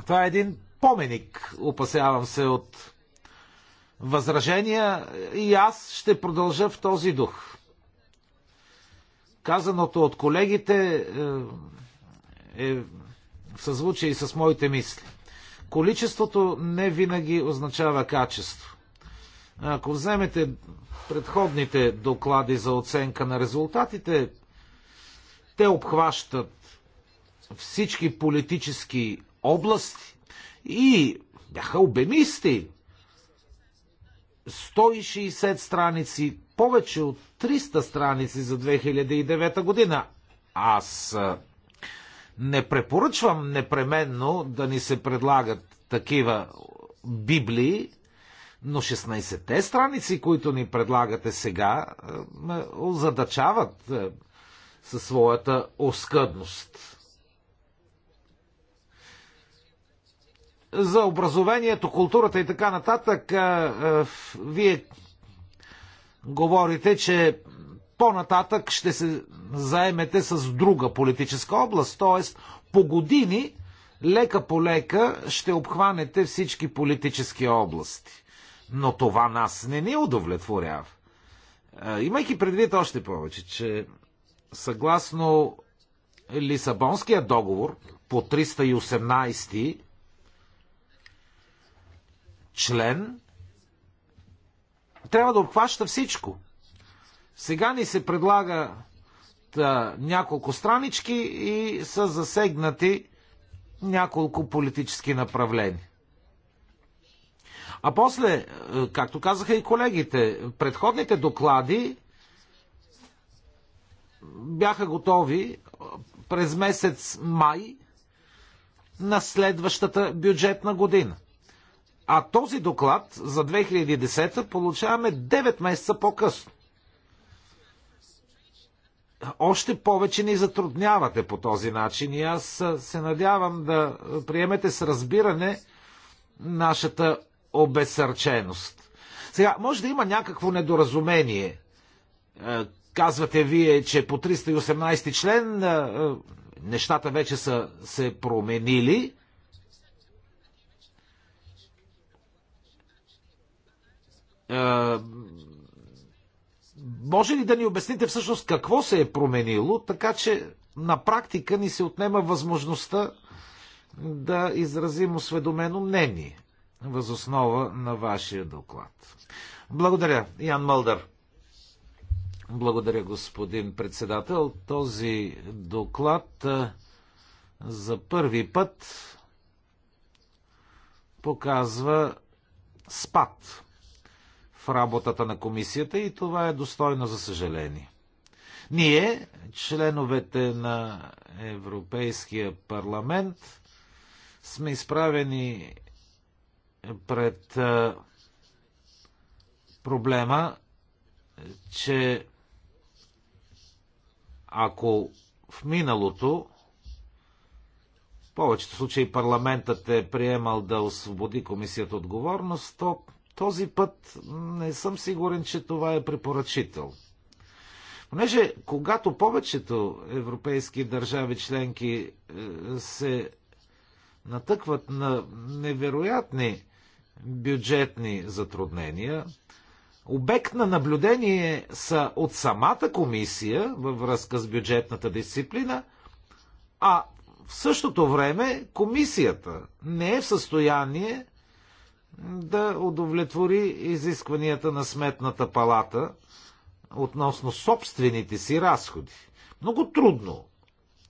това е един поменик, опасявам се от възражения и аз ще продължа в този дух. Казаното от колегите е в е, съзвучие и с моите мисли. Количеството не винаги означава качество. Ако вземете предходните доклади за оценка на резултатите, те обхващат всички политически области и бяха обемисти. 160 страници, повече от 300 страници за 2009 година. Аз не препоръчвам непременно да ни се предлагат такива библии, но 16-те страници, които ни предлагате сега, озадачават със своята оскъдност. за образованието, културата и така нататък, вие говорите, че по-нататък ще се заемете с друга политическа област, т.е. по години лека по лека ще обхванете всички политически области. Но това нас не ни удовлетворява. Имайки предвид още повече, че съгласно Лисабонския договор по 318 член трябва да обхваща всичко. Сега ни се предлага няколко странички и са засегнати няколко политически направления. А после, както казаха и колегите, предходните доклади бяха готови през месец май на следващата бюджетна година. А този доклад за 2010 получаваме 9 месеца по-късно. Още повече ни затруднявате по този начин и аз се надявам да приемете с разбиране нашата обесърченост. Сега, може да има някакво недоразумение. Е, казвате вие, че по 318 член е, е, нещата вече са се променили Е, може ли да ни обясните всъщност какво се е променило, така че на практика ни се отнема възможността да изразим осведомено мнение възоснова на вашия доклад? Благодаря, Ян Мълдър. Благодаря, господин председател. Този доклад е, за първи път показва спад в работата на комисията и това е достойно за съжаление. Ние, членовете на Европейския парламент, сме изправени пред проблема, че ако в миналото в повечето случаи парламентът е приемал да освободи комисията отговорност, то този път не съм сигурен, че това е препоръчител. Понеже когато повечето европейски държави членки е, се натъкват на невероятни бюджетни затруднения, Обект на наблюдение са от самата комисия във връзка с бюджетната дисциплина, а в същото време комисията не е в състояние да удовлетвори изискванията на сметната палата относно собствените си разходи. Много трудно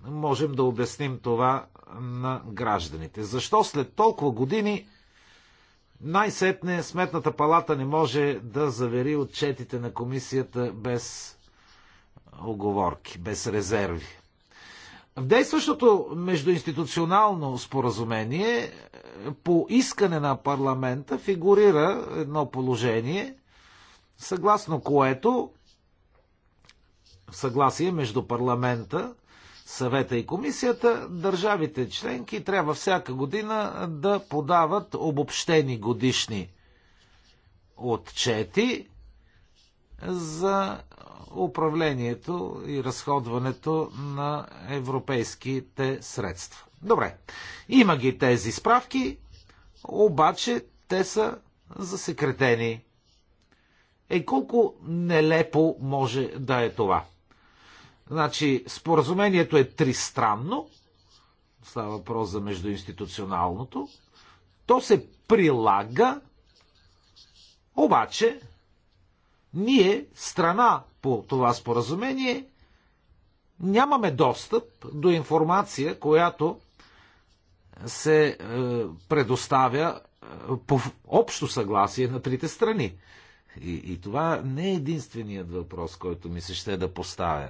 можем да обясним това на гражданите. Защо след толкова години най-сетне Сметната палата не може да завери отчетите на комисията без оговорки, без резерви. В действащото междуинституционално споразумение по искане на парламента фигурира едно положение, съгласно което съгласие между парламента, съвета и комисията, държавите членки трябва всяка година да подават обобщени годишни отчети за управлението и разходването на европейските средства. Добре. Има ги тези справки, обаче те са засекретени. Е, колко нелепо може да е това? Значи, споразумението е тристранно, става въпрос за междуинституционалното, то се прилага, обаче, ние, страна по това споразумение, нямаме достъп до информация, която се е, предоставя е, по общо съгласие на трите страни. И, и това не е единственият въпрос, който ми се ще да поставя,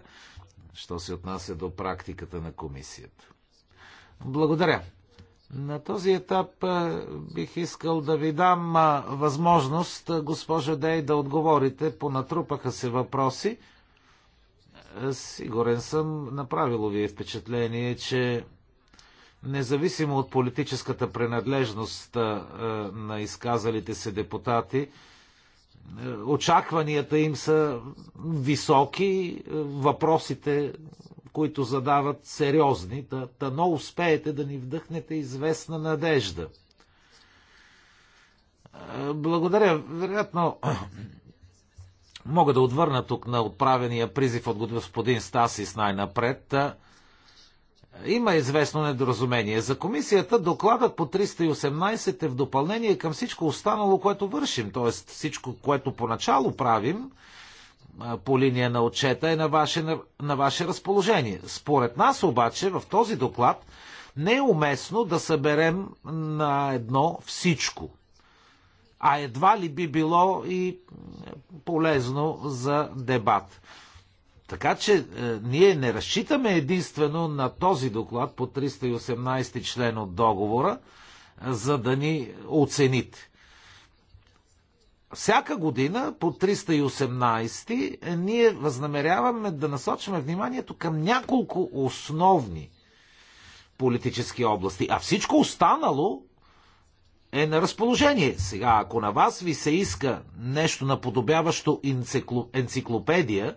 що се отнася до практиката на комисията. Благодаря. На този етап е, бих искал да ви дам възможност, госпожа Дей, да отговорите. Понатрупаха се въпроси. Сигурен съм, направило ви е впечатление, че независимо от политическата принадлежност на изказалите се депутати, е, очакванията им са високи, е, въпросите, които задават сериозни, да, да но успеете да ни вдъхнете известна надежда. Е, благодаря. Вероятно, мога да отвърна тук на отправения призив от господин Стасис най-напред. Има известно недоразумение. За комисията докладът по 318 е в допълнение към всичко останало, което вършим. т.е. всичко, което поначало правим по линия на отчета е на ваше, на, на ваше разположение. Според нас обаче в този доклад не е уместно да съберем на едно всичко. А едва ли би било и полезно за дебат. Така че е, ние не разчитаме единствено на този доклад по 318 член от договора, е, за да ни оцените. Всяка година по 318 ние възнамеряваме да насочваме вниманието към няколко основни политически области, а всичко останало е на разположение. Сега, ако на вас ви се иска нещо наподобяващо енциклопедия,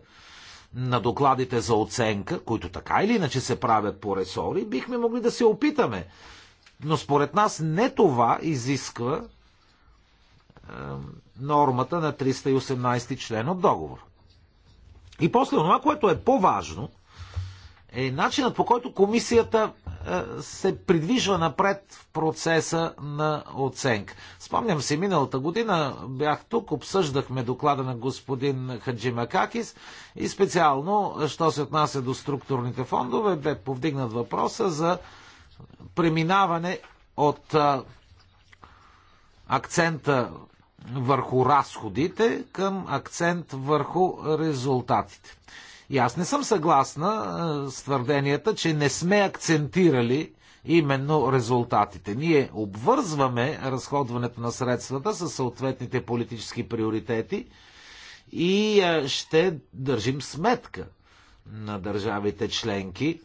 на докладите за оценка, които така или иначе се правят по ресори, бихме могли да се опитаме. Но според нас не това изисква е, нормата на 318 член от договор. И после това, което е по-важно, е начинът по който комисията е, се придвижва напред в процеса на оценка. Спомням си, миналата година бях тук, обсъждахме доклада на господин Хаджи Макакис и специално, що се отнася до структурните фондове, бе повдигнат въпроса за преминаване от е, акцента върху разходите към акцент върху резултатите. И аз не съм съгласна е, с твърденията, че не сме акцентирали именно резултатите. Ние обвързваме разходването на средствата с съответните политически приоритети и е, ще държим сметка на държавите членки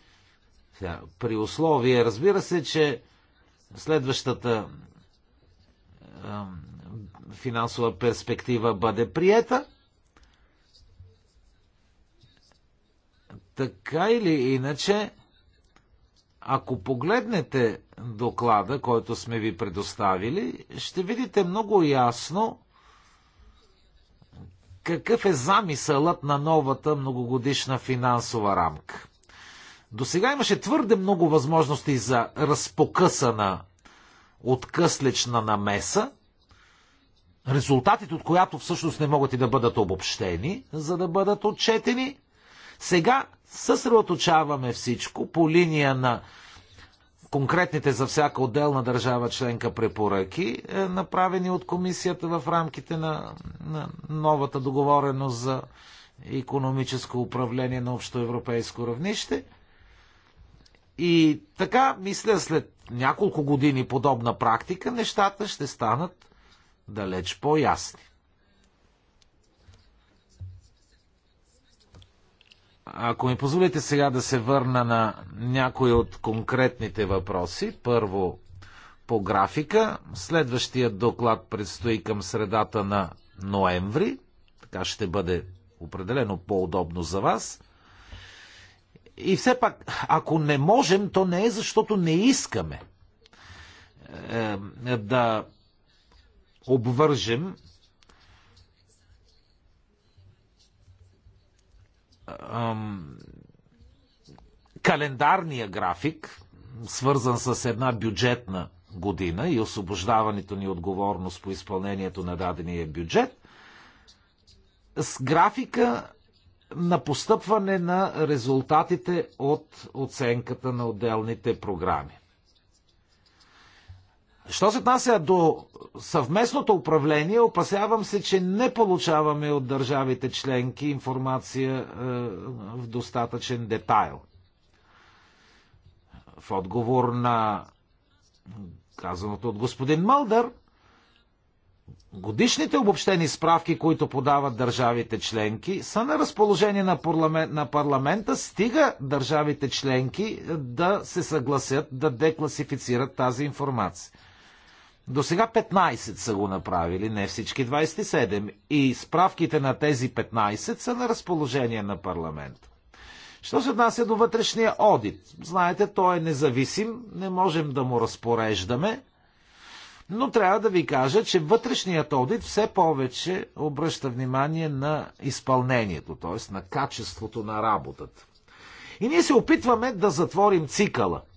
при условие, разбира се, че следващата финансова перспектива бъде приета Така или иначе, ако погледнете доклада, който сме ви предоставили, ще видите много ясно какъв е замисълът на новата многогодишна финансова рамка. До сега имаше твърде много възможности за разпокъсана, откъслечна намеса, резултатите от която всъщност не могат и да бъдат обобщени, за да бъдат отчетени – сега съсредоточаваме всичко по линия на конкретните за всяка отделна държава членка препоръки, е, направени от комисията в рамките на, на новата договореност за економическо управление на общоевропейско равнище. И така, мисля, след няколко години подобна практика, нещата ще станат далеч по-ясни. Ако ми позволите сега да се върна на някои от конкретните въпроси. Първо, по графика. следващия доклад предстои към средата на ноември. Така ще бъде определено по-удобно за вас. И все пак, ако не можем, то не е защото не искаме е, е да обвържем календарния график, свързан с една бюджетна година и освобождаването ни отговорност по изпълнението на дадения бюджет, с графика на постъпване на резултатите от оценката на отделните програми. Що се отнася до съвместното управление, опасявам се, че не получаваме от държавите членки информация е, в достатъчен детайл. В отговор на казаното от господин Мълдър, Годишните обобщени справки, които подават държавите членки, са на разположение на, парламент, на парламента, стига държавите членки е, да се съгласят да декласифицират тази информация. До сега 15 са го направили, не всички 27. И справките на тези 15 са на разположение на парламент. Що се отнася до вътрешния одит? Знаете, той е независим, не можем да му разпореждаме, но трябва да ви кажа, че вътрешният одит все повече обръща внимание на изпълнението, т.е. на качеството на работата. И ние се опитваме да затворим цикъла –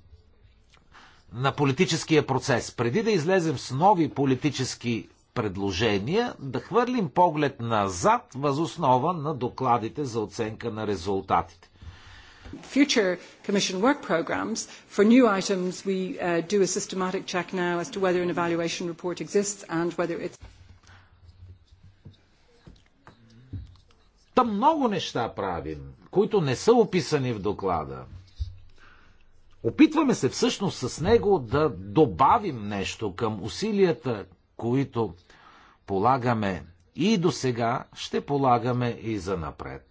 на политическия процес. Преди да излезем с нови политически предложения, да хвърлим поглед назад възоснова на докладите за оценка на резултатите. Future Commission work programs. for new items we uh, do a systematic check now as to whether an evaluation report exists and whether it's... Та много неща правим, които не са описани в доклада. Опитваме се всъщност с него да добавим нещо към усилията, които полагаме и до сега, ще полагаме и за напред.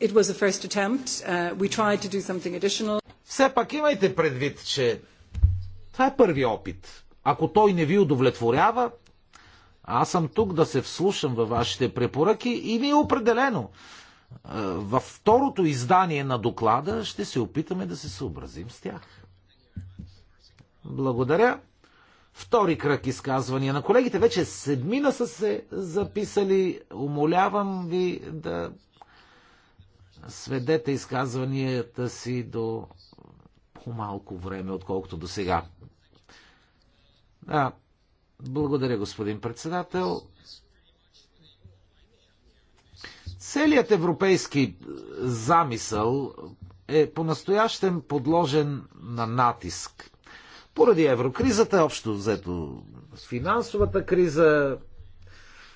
It was a first attempt. Uh, we tried to do something additional. Все пак имайте предвид, че това е първи опит. Ако той не ви удовлетворява, аз съм тук да се вслушам във вашите препоръки и ви определено е, във второто издание на доклада ще се опитаме да се съобразим с тях. Благодаря. Втори кръг изказвания на колегите. Вече седмина са се записали. Умолявам ви да сведете изказванията си до по-малко време, отколкото до сега. Да, благодаря, господин председател. Целият европейски е, замисъл е по-настоящен подложен на натиск. Поради еврокризата, общо взето финансовата криза,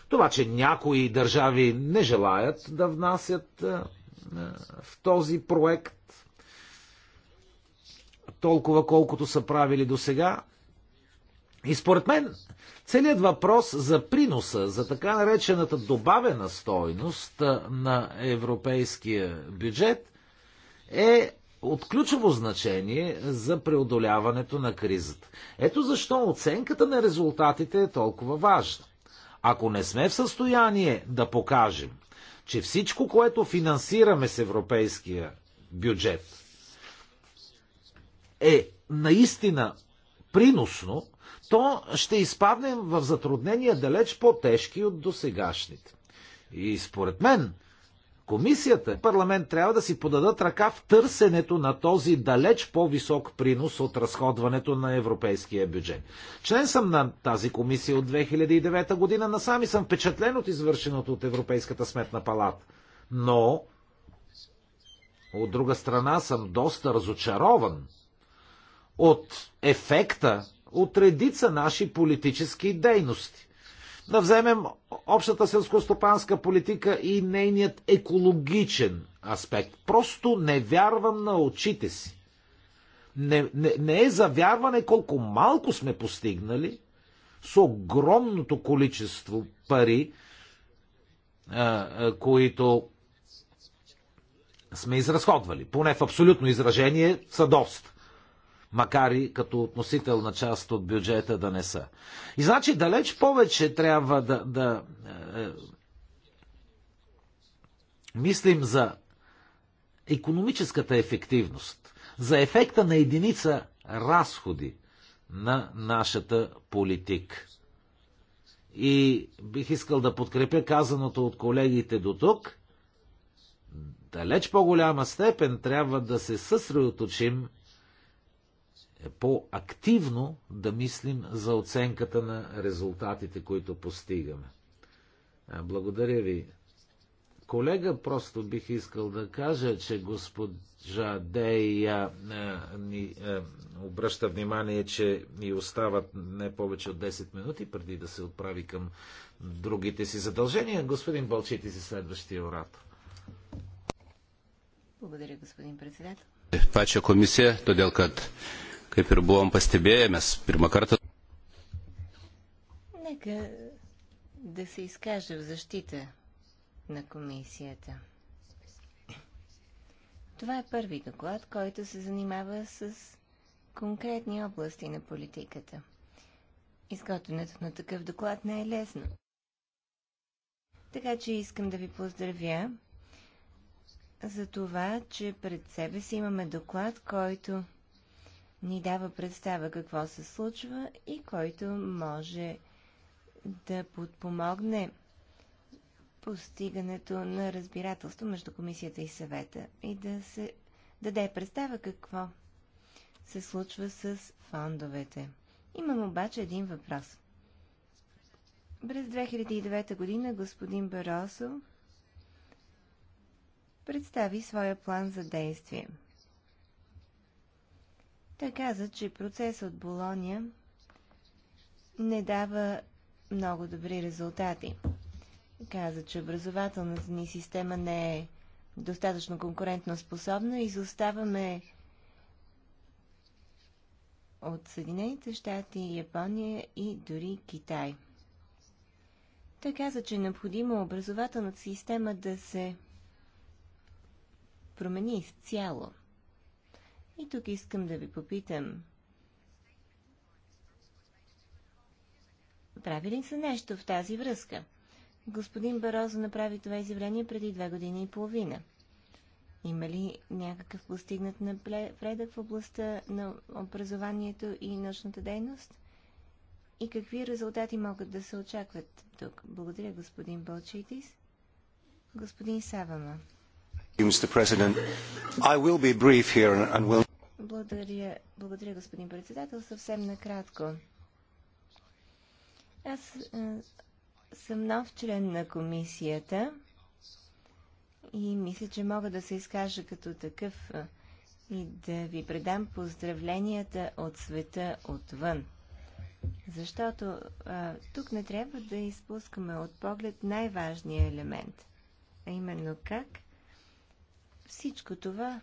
това, че някои държави не желаят да внасят е, е, в този проект толкова колкото са правили до сега, и според мен целият въпрос за приноса, за така наречената добавена стойност на европейския бюджет е от ключово значение за преодоляването на кризата. Ето защо оценката на резултатите е толкова важна. Ако не сме в състояние да покажем, че всичко, което финансираме с европейския бюджет, е наистина приносно, то ще изпаднем в затруднения далеч по-тежки от досегашните. И според мен, комисията, парламент трябва да си подадат ръка в търсенето на този далеч по-висок принос от разходването на европейския бюджет. Член съм на тази комисия от 2009 година, насами съм впечатлен от извършеното от Европейската сметна палата. Но, от друга страна, съм доста разочарован от ефекта от редица наши политически дейности. Да вземем общата селскостопанска политика и нейният екологичен аспект. Просто не вярвам на очите си. Не, не, не е завярване колко малко сме постигнали с огромното количество пари, които сме изразходвали. Поне в абсолютно изражение са доста макар и като относителна част от бюджета да не са. И значи далеч повече трябва да, да е, мислим за економическата ефективност, за ефекта на единица разходи на нашата политика. И бих искал да подкрепя казаното от колегите до тук. Далеч по-голяма степен трябва да се съсредоточим е по-активно да мислим за оценката на резултатите, които постигаме. Благодаря ви. Колега, просто бих искал да кажа, че госпожа Дея ни обръща внимание, че ни остават не повече от 10 минути преди да се отправи към другите си задължения. Господин Болчити си следващия оратор. Благодаря, господин председател. Пача комисия, тоделкът Kaip ir buvom pastebėję, mes pirmą kartą. Нека да се изкаже в защита на комисията. Това е първи доклад, който се занимава с конкретни области на политиката. Изготвянето на такъв доклад не е лесно. Така че искам да ви поздравя за това, че пред себе си имаме доклад, който ни дава представа какво се случва и който може да подпомогне постигането на разбирателство между комисията и съвета и да се даде представа какво се случва с фондовете. Имам обаче един въпрос. През 2009 година господин Баросо представи своя план за действие – те каза, че процесът от Болония не дава много добри резултати. Каза, че образователната ни система не е достатъчно конкурентно способна и изоставаме от Съединените щати, Япония и дори Китай. Той каза, че е необходимо образователната система да се промени изцяло. И тук искам да ви попитам. Прави ли са нещо в тази връзка? Господин Барозо направи това изявление преди две години и половина. Има ли някакъв постигнат напредък в областта на образованието и научната дейност? И какви резултати могат да се очакват тук? Благодаря, господин Болчитис. Господин Савама. Благодаря, благодаря господин председател. Съвсем накратко. Аз е, съм нов член на комисията и мисля, че мога да се изкажа като такъв е, и да ви предам поздравленията от света отвън. Защото е, тук не трябва да изпускаме от поглед най-важния елемент, а именно как всичко това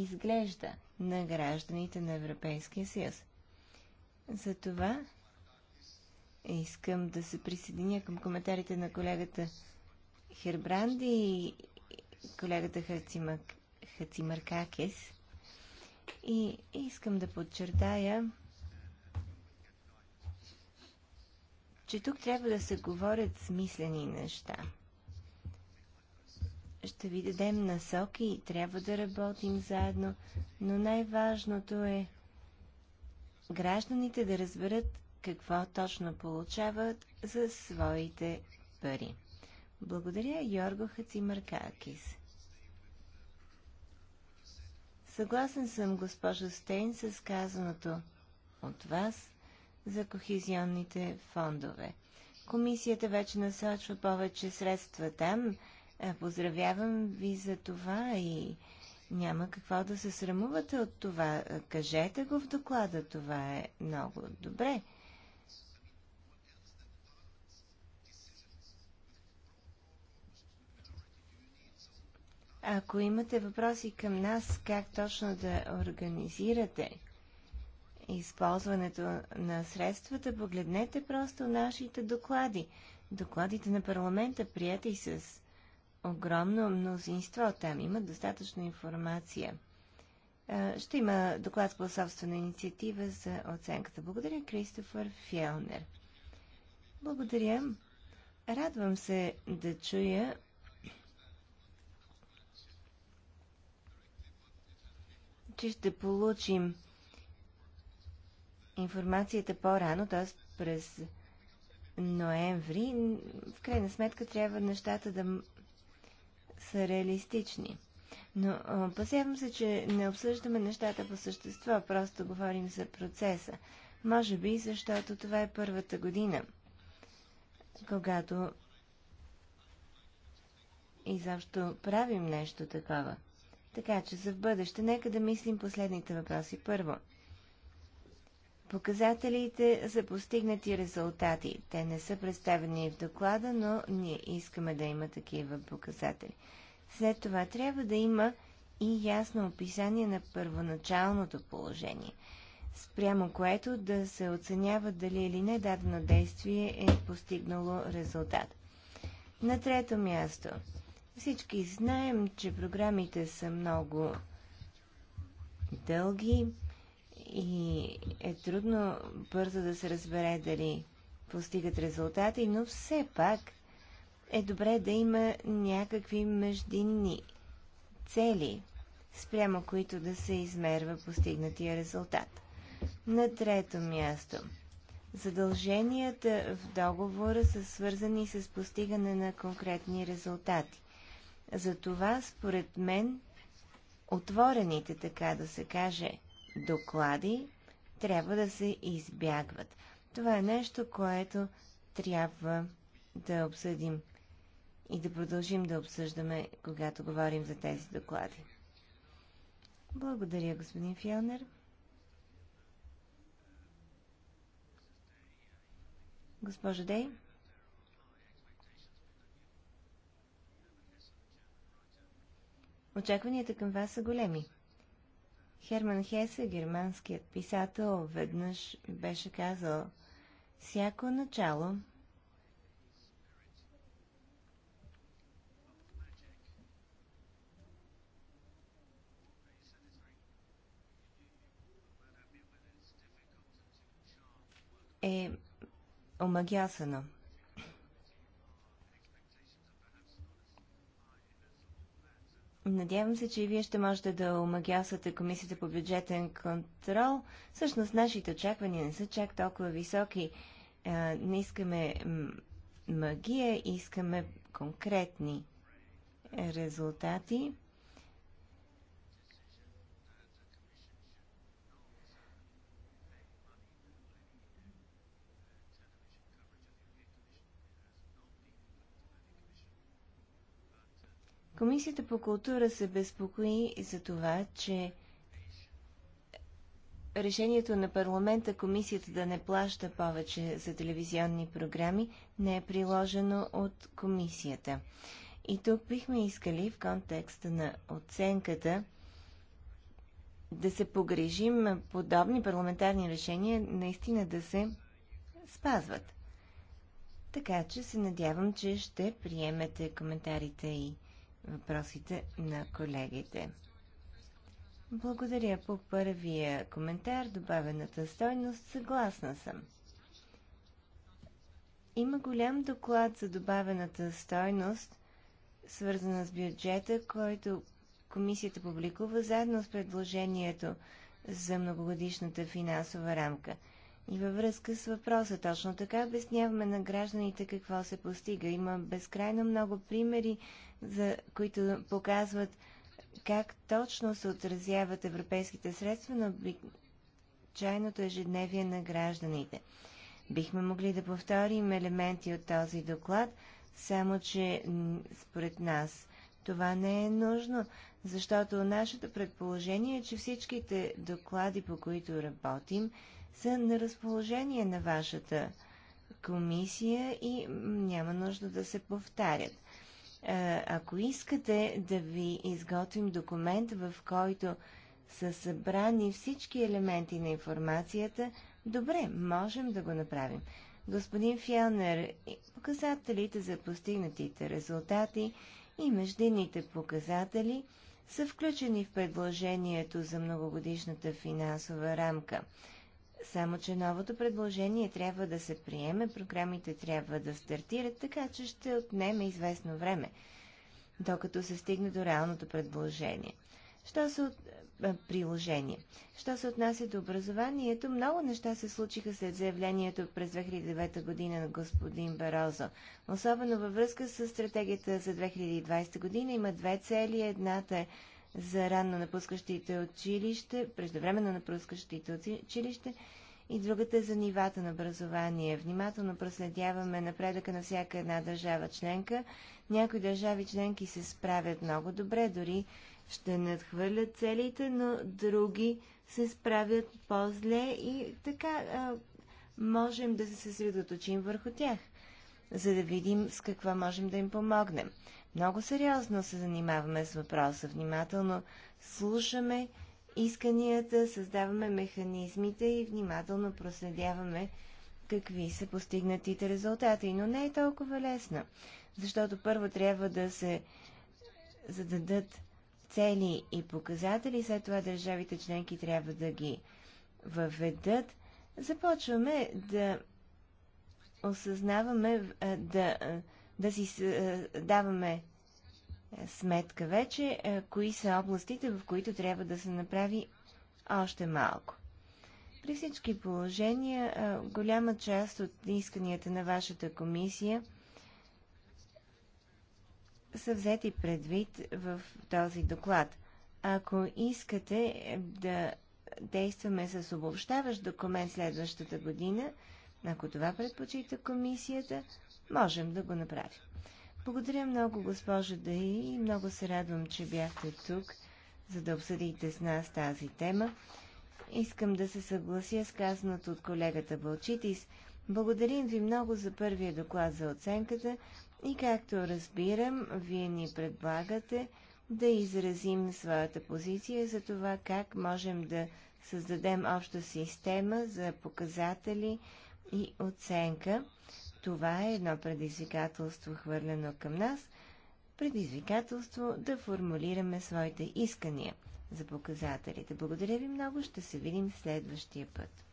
изглежда на гражданите на Европейския съюз. Затова искам да се присъединя към коментарите на колегата Хербранди и колегата Хацимак... Хацимаркакес. И искам да подчертая, че тук трябва да се говорят смислени неща – ще ви дадем насоки, и трябва да работим заедно, но най-важното е гражданите да разберат какво точно получават за своите пари. Благодаря, Йорго Хацимаркакис. Съгласен съм, госпожа Стейн, с казаното от вас за кохезионните фондове. Комисията вече насочва повече средства там, е, поздравявам ви за това и няма какво да се срамувате от това. Е, кажете го в доклада, това е много добре. Ако имате въпроси към нас, как точно да организирате използването на средствата, погледнете просто нашите доклади. Докладите на парламента, приятели с огромно мнозинство. Там има достатъчно информация. Ще има доклад по собствена инициатива за оценката. Благодаря, Кристофър Фелнер. Благодаря. Радвам се да чуя че ще получим информацията по-рано, т.е. през ноември. В крайна сметка трябва нещата да са реалистични. Но опасявам се, че не обсъждаме нещата по същество, просто говорим за процеса. Може би, защото това е първата година, когато изобщо правим нещо такова. Така че за в бъдеще нека да мислим последните въпроси първо показателите за постигнати резултати. Те не са представени в доклада, но ние искаме да има такива показатели. След това трябва да има и ясно описание на първоначалното положение, спрямо което да се оценява дали или не дадено действие е постигнало резултат. На трето място. Всички знаем, че програмите са много дълги, и е трудно бързо да се разбере дали постигат резултати, но все пак е добре да има някакви междинни цели, спрямо които да се измерва постигнатия резултат. На трето място. Задълженията в договора са свързани с постигане на конкретни резултати. Затова, според мен, отворените, така да се каже, доклади трябва да се избягват. Това е нещо, което трябва да обсъдим и да продължим да обсъждаме, когато говорим за тези доклади. Благодаря, господин Фионер. Госпожо Дей? Очакванията към вас са големи. Херман Хесе, германският писател, веднъж беше казал «Всяко начало е омагясано. Надявам се, че и вие ще можете да омагясвате Комисията по бюджетен контрол. Всъщност, нашите очаквания не са чак толкова високи. Не искаме магия, искаме конкретни резултати. Комисията по култура се безпокои за това, че решението на парламента комисията да не плаща повече за телевизионни програми не е приложено от комисията. И тук бихме искали в контекста на оценката да се погрежим подобни парламентарни решения наистина да се спазват. Така че се надявам, че ще приемете коментарите и въпросите на колегите. Благодаря по първия коментар, добавената стойност. Съгласна съм. Има голям доклад за добавената стойност, свързана с бюджета, който комисията публикува заедно с предложението за многогодишната финансова рамка – и във връзка с въпроса, точно така обясняваме на гражданите какво се постига. Има безкрайно много примери, за които показват как точно се отразяват европейските средства на обичайното ежедневие на гражданите. Бихме могли да повторим елементи от този доклад, само че според нас това не е нужно, защото нашето предположение е, че всичките доклади, по които работим, са на разположение на вашата комисия и няма нужда да се повтарят. Ако искате да ви изготвим документ, в който са събрани всички елементи на информацията, добре, можем да го направим. Господин Фелнер, показателите за постигнатите резултати и междинните показатели са включени в предложението за многогодишната финансова рамка. Само, че новото предложение трябва да се приеме, програмите трябва да стартират, така че ще отнеме известно време, докато се стигне до реалното предложение. Що се от... приложение? Що се отнася до образованието, много неща се случиха след заявлението през 2009 година на господин Барозо. Особено във връзка с стратегията за 2020 година има две цели. Едната е за ранно напускащите училище, преждевременно напускащите училище и другата е за нивата на образование. Внимателно проследяваме напредъка на всяка една държава членка. Някои държави членки се справят много добре, дори ще надхвърлят целите, но други се справят по-зле и така а, можем да се съсредоточим върху тях, за да видим с какво можем да им помогнем. Много сериозно се занимаваме с въпроса, внимателно слушаме исканията, създаваме механизмите и внимателно проследяваме какви са постигнатите резултати. Но не е толкова лесно, защото първо трябва да се зададат цели и показатели, след това държавите членки трябва да ги въведат. Започваме да осъзнаваме, да, да си даваме сметка вече е, кои са областите, в които трябва да се направи още малко. При всички положения, е, голяма част от исканията на вашата комисия са взети предвид в този доклад. Ако искате е, да действаме с обобщаващ документ следващата година, ако това предпочита комисията, можем да го направим. Благодаря много, госпожо Даи, и много се радвам, че бяхте тук, за да обсъдите с нас тази тема. Искам да се съглася с казаното от колегата Балчитис. Благодарим ви много за първия доклад за оценката и както разбирам, вие ни предлагате да изразим своята позиция за това как можем да създадем обща система за показатели и оценка, това е едно предизвикателство, хвърлено към нас, предизвикателство да формулираме своите искания за показателите. Благодаря ви много, ще се видим следващия път.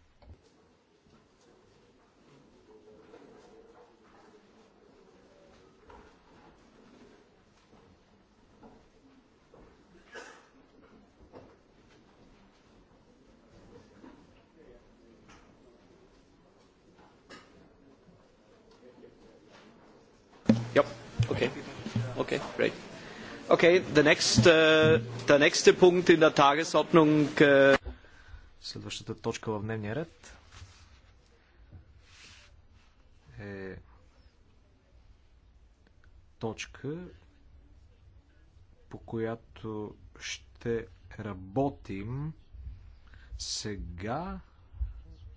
okay, great. Okay, the next, uh, the next punkt in the Tagesordnung. Uh... Следващата точка в дневния ред е точка, по която ще работим сега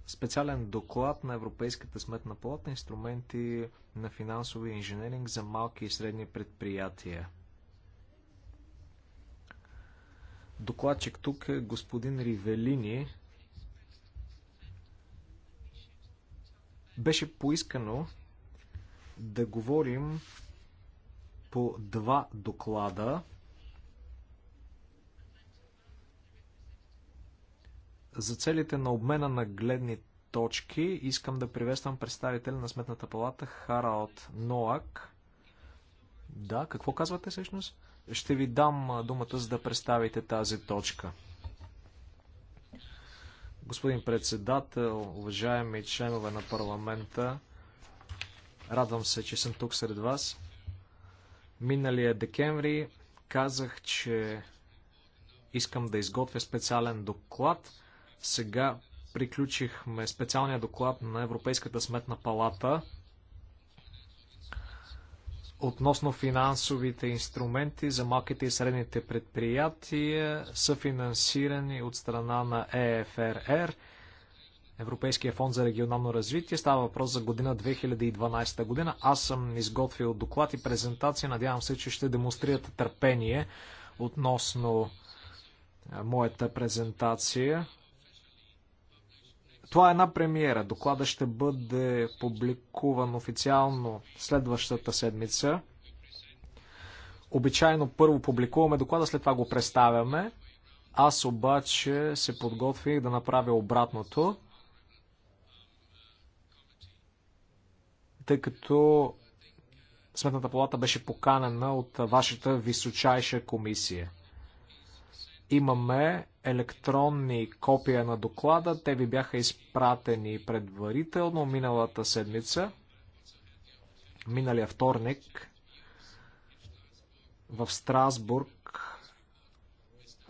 специален доклад на Европейската сметна палата инструменти на финансови инженеринг за малки и средни предприятия. Докладчик тук е господин Ривелини. Беше поискано да говорим по два доклада За целите на обмена на гледни точки искам да приветствам представителя на Сметната палата Харалд Ноак. Да, какво казвате всъщност? Ще ви дам думата, за да представите тази точка. Господин председател, уважаеми членове на парламента, радвам се, че съм тук сред вас. Миналия декември казах, че искам да изготвя специален доклад – сега приключихме специалния доклад на Европейската сметна палата относно финансовите инструменти за малките и средните предприятия, са финансирани от страна на ЕФРР, Европейския фонд за регионално развитие. Става въпрос за година 2012 година. Аз съм изготвил доклад и презентация. Надявам се, че ще демонстрирате търпение относно моята презентация. Това е една премиера. Доклада ще бъде публикуван официално следващата седмица. Обичайно първо публикуваме доклада, след това го представяме. Аз обаче се подготвих да направя обратното, тъй като Сметната палата беше поканена от вашата височайша комисия. Имаме електронни копия на доклада. Те ви бяха изпратени предварително миналата седмица, миналия вторник, в Страсбург.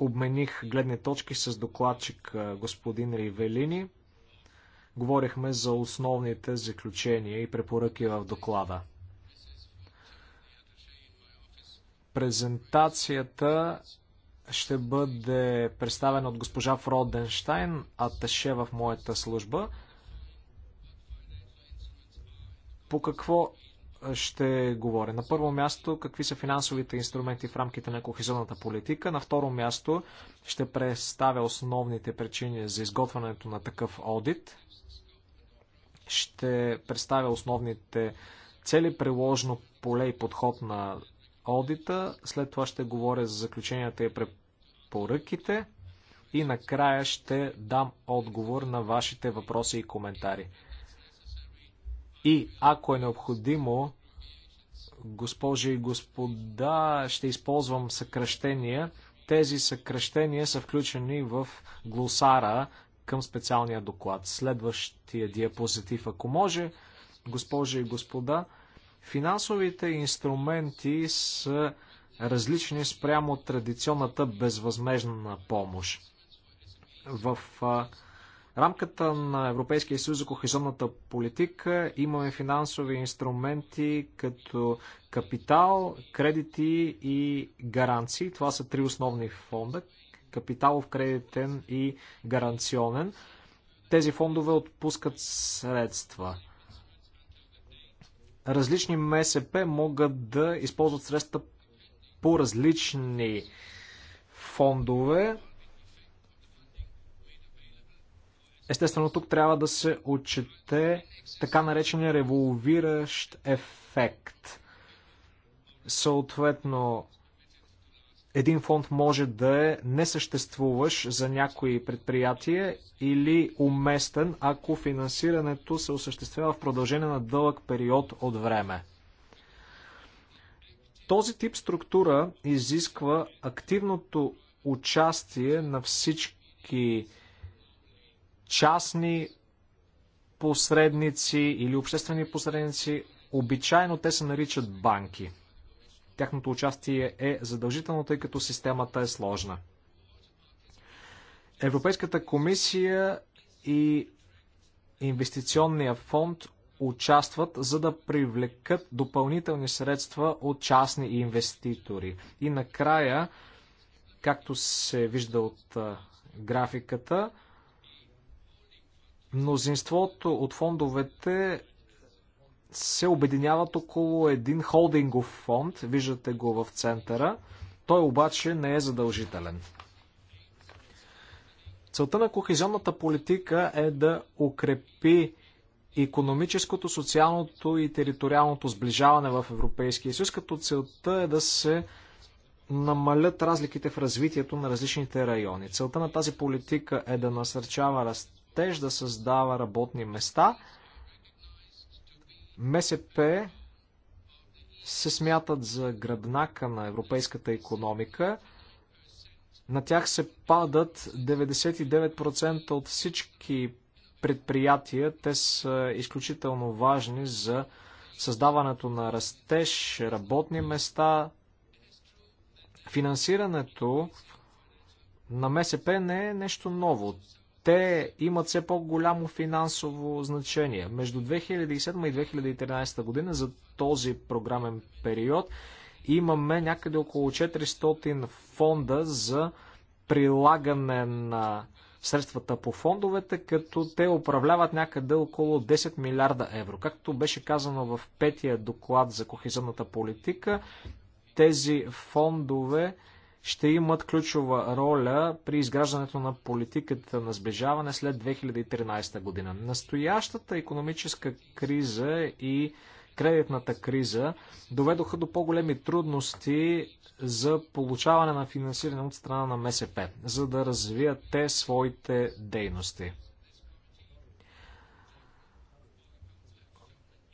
Обмених гледни точки с докладчик господин Ривелини. Говорихме за основните заключения и препоръки в доклада. Презентацията ще бъде представен от госпожа Фроденштайн, аташе в моята служба. По какво ще говоря? На първо място, какви са финансовите инструменти в рамките на кохезионната политика. На второ място, ще представя основните причини за изготвянето на такъв одит. Ще представя основните цели, приложно поле и подход на одита, след това ще говоря за заключенията и препоръките и накрая ще дам отговор на вашите въпроси и коментари. И ако е необходимо, госпожи и господа, ще използвам съкръщения. Тези съкръщения са включени в глосара към специалния доклад. Следващия диапозитив, ако може, госпожи и господа, Финансовите инструменти са различни спрямо традиционната безвъзмежна помощ. В рамката на Европейския съюз за кохезионната политика имаме финансови инструменти като капитал, кредити и гаранции. Това са три основни фонда капиталов, кредитен и гаранционен. Тези фондове отпускат средства различни МСП могат да използват средства по различни фондове. Естествено, тук трябва да се отчете така наречения револвиращ ефект. Съответно, един фонд може да е несъществуващ за някои предприятия или уместен, ако финансирането се осъществява в продължение на дълъг период от време. Този тип структура изисква активното участие на всички частни посредници или обществени посредници. Обичайно те се наричат банки – Тяхното участие е задължително, тъй като системата е сложна. Европейската комисия и инвестиционния фонд участват, за да привлекат допълнителни средства от частни инвеститори. И накрая, както се вижда от графиката, мнозинството от фондовете се обединяват около един холдингов фонд, виждате го в центъра. Той обаче не е задължителен. Целта на кохезионната политика е да укрепи економическото, социалното и териториалното сближаване в Европейския съюз, като целта е да се намалят разликите в развитието на различните райони. Целта на тази политика е да насърчава растеж, да създава работни места – МСП се смятат за гръбнака на европейската економика. На тях се падат 99% от всички предприятия. Те са изключително важни за създаването на растеж, работни места. Финансирането на МСП не е нещо ново те имат все по-голямо финансово значение. Между 2007 и 2013 година за този програмен период имаме някъде около 400 фонда за прилагане на средствата по фондовете, като те управляват някъде около 10 милиарда евро. Както беше казано в петия доклад за кохезионната политика, тези фондове ще имат ключова роля при изграждането на политиката на сближаване след 2013 година. Настоящата економическа криза и кредитната криза доведоха до по-големи трудности за получаване на финансиране от страна на МСП, за да развият те своите дейности.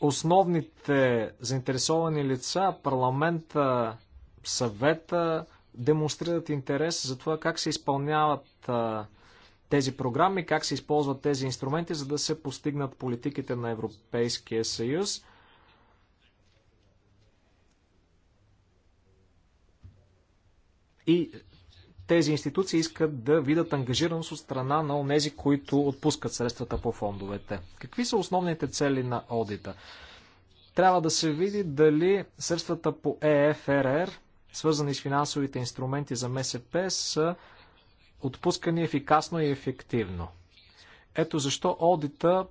Основните заинтересовани лица, парламента, съвета, демонстрират интерес за това как се изпълняват а, тези програми, как се използват тези инструменти, за да се постигнат политиките на Европейския съюз. И тези институции искат да видят ангажираност от страна на онези, които отпускат средствата по фондовете. Какви са основните цели на одита? Трябва да се види дали средствата по ЕФРР свързани с финансовите инструменти за МСП, са отпускани ефикасно и ефективно. Ето защо одита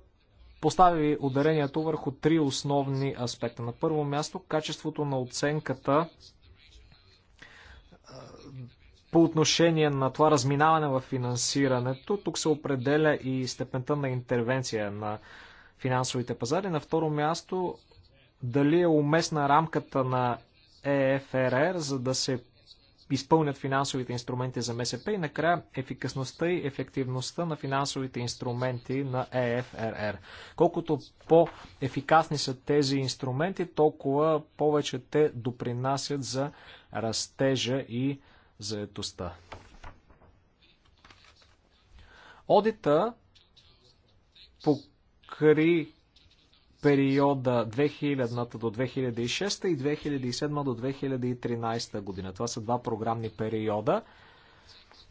постави ударението върху три основни аспекта. На първо място, качеството на оценката по отношение на това разминаване в финансирането. Тук се определя и степента на интервенция на финансовите пазари. На второ място, дали е уместна рамката на ЕФРР, за да се изпълнят финансовите инструменти за МСП и накрая ефикасността и ефективността на финансовите инструменти на ЕФРР. Колкото по-ефикасни са тези инструменти, толкова повече те допринасят за растежа и заетостта. Одита покри периода 2000 до 2006 и 2007 до 2013 година. Това са два програмни периода.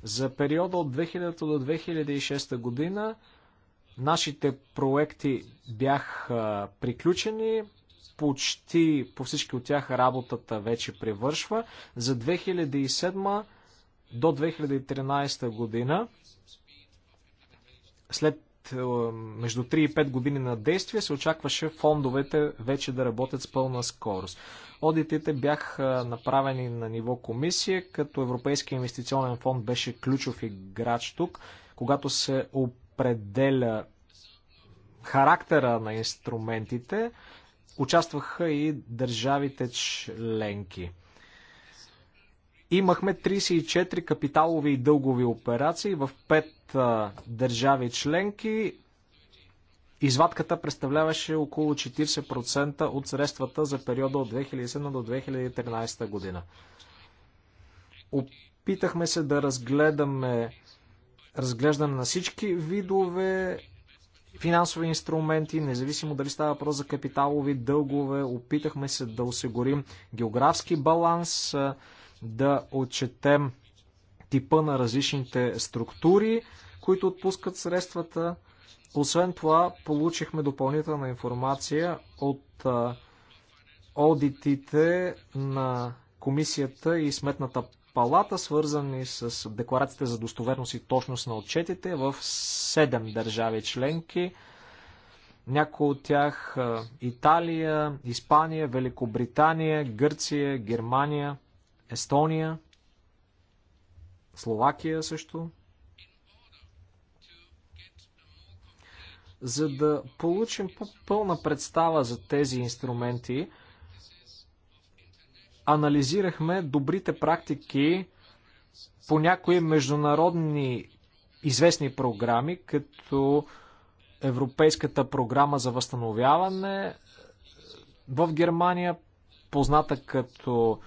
За периода от 2000 до 2006 година нашите проекти бяха приключени, почти по всички от тях работата вече превършва. За 2007 до 2013 година, след е, между 3 и 5 години на действие, се очакваше фондовете вече да работят с пълна скорост. Одитите бяха направени на ниво комисия, като Европейския инвестиционен фонд беше ключов играч тук, когато се определя характера на инструментите, участваха и държавите членки. Имахме 34 капиталови и дългови операции в 5 държави членки. Извадката представляваше около 40% от средствата за периода от 2007 до 2013 година. Опитахме се да разгледаме разглеждане на всички видове финансови инструменти, независимо дали става въпрос за капиталови дългове. Опитахме се да осигурим географски баланс да отчетем типа на различните структури, които отпускат средствата. Освен това, получихме допълнителна информация от одитите на комисията и сметната палата, свързани с декларациите за достоверност и точност на отчетите в 7 държави членки. Някои от тях Италия, Испания, Великобритания, Гърция, Германия – Естония, Словакия също. За да получим по-пълна представа за тези инструменти, анализирахме добрите практики по някои международни известни програми, като Европейската програма за възстановяване в Германия, позната като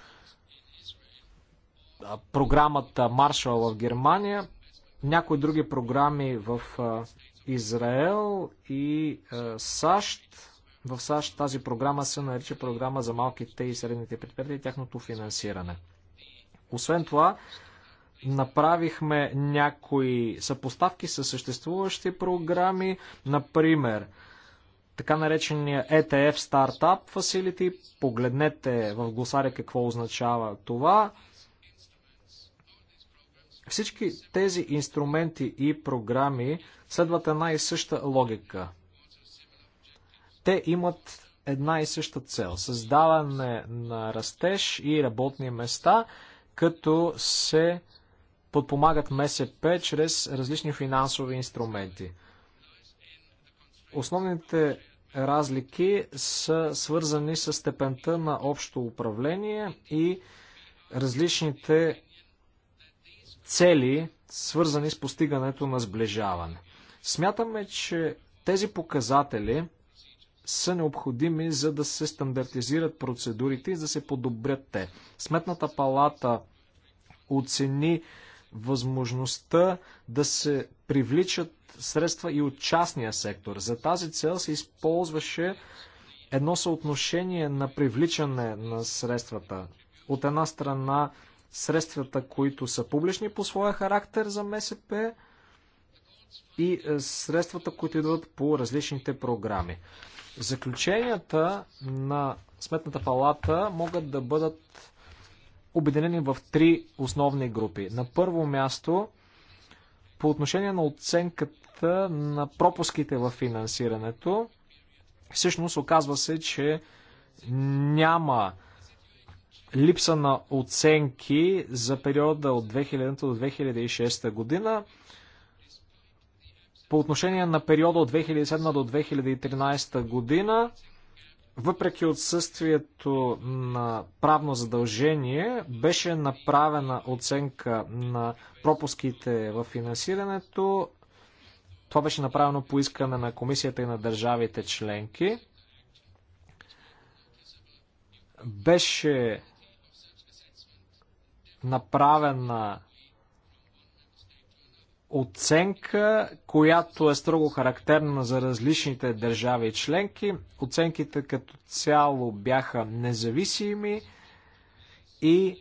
програмата Маршал в Германия, някои други програми в Израел и САЩ. В САЩ тази програма се нарича програма за малките и средните предприятия и тяхното финансиране. Освен това, направихме някои съпоставки с съществуващи програми, например така наречения ETF Startup Facility. Погледнете в Гласаря какво означава това. Всички тези инструменти и програми следват една и съща логика. Те имат една и съща цел създаване на растеж и работни места, като се подпомагат МСП чрез различни финансови инструменти. Основните разлики са свързани с степента на общо управление и различните цели, свързани с постигането на сближаване. Смятаме, че тези показатели са необходими, за да се стандартизират процедурите и да се подобрят те. Сметната палата оцени възможността да се привличат средства и от частния сектор. За тази цел се използваше едно съотношение на привличане на средствата. От една страна средствата, които са публични по своя характер за МСП и е, средствата, които идват по различните програми. Заключенията на Сметната палата могат да бъдат обединени в три основни групи. На първо място, по отношение на оценката на пропуските в финансирането, всъщност оказва се, че няма липса на оценки за периода от 2000 до 2006 година. По отношение на периода от 2007 до 2013 година, въпреки отсъствието на правно задължение, беше направена оценка на пропуските в финансирането. Това беше направено по искане на комисията и на държавите членки. Беше направена оценка, която е строго характерна за различните държави и членки. Оценките като цяло бяха независими и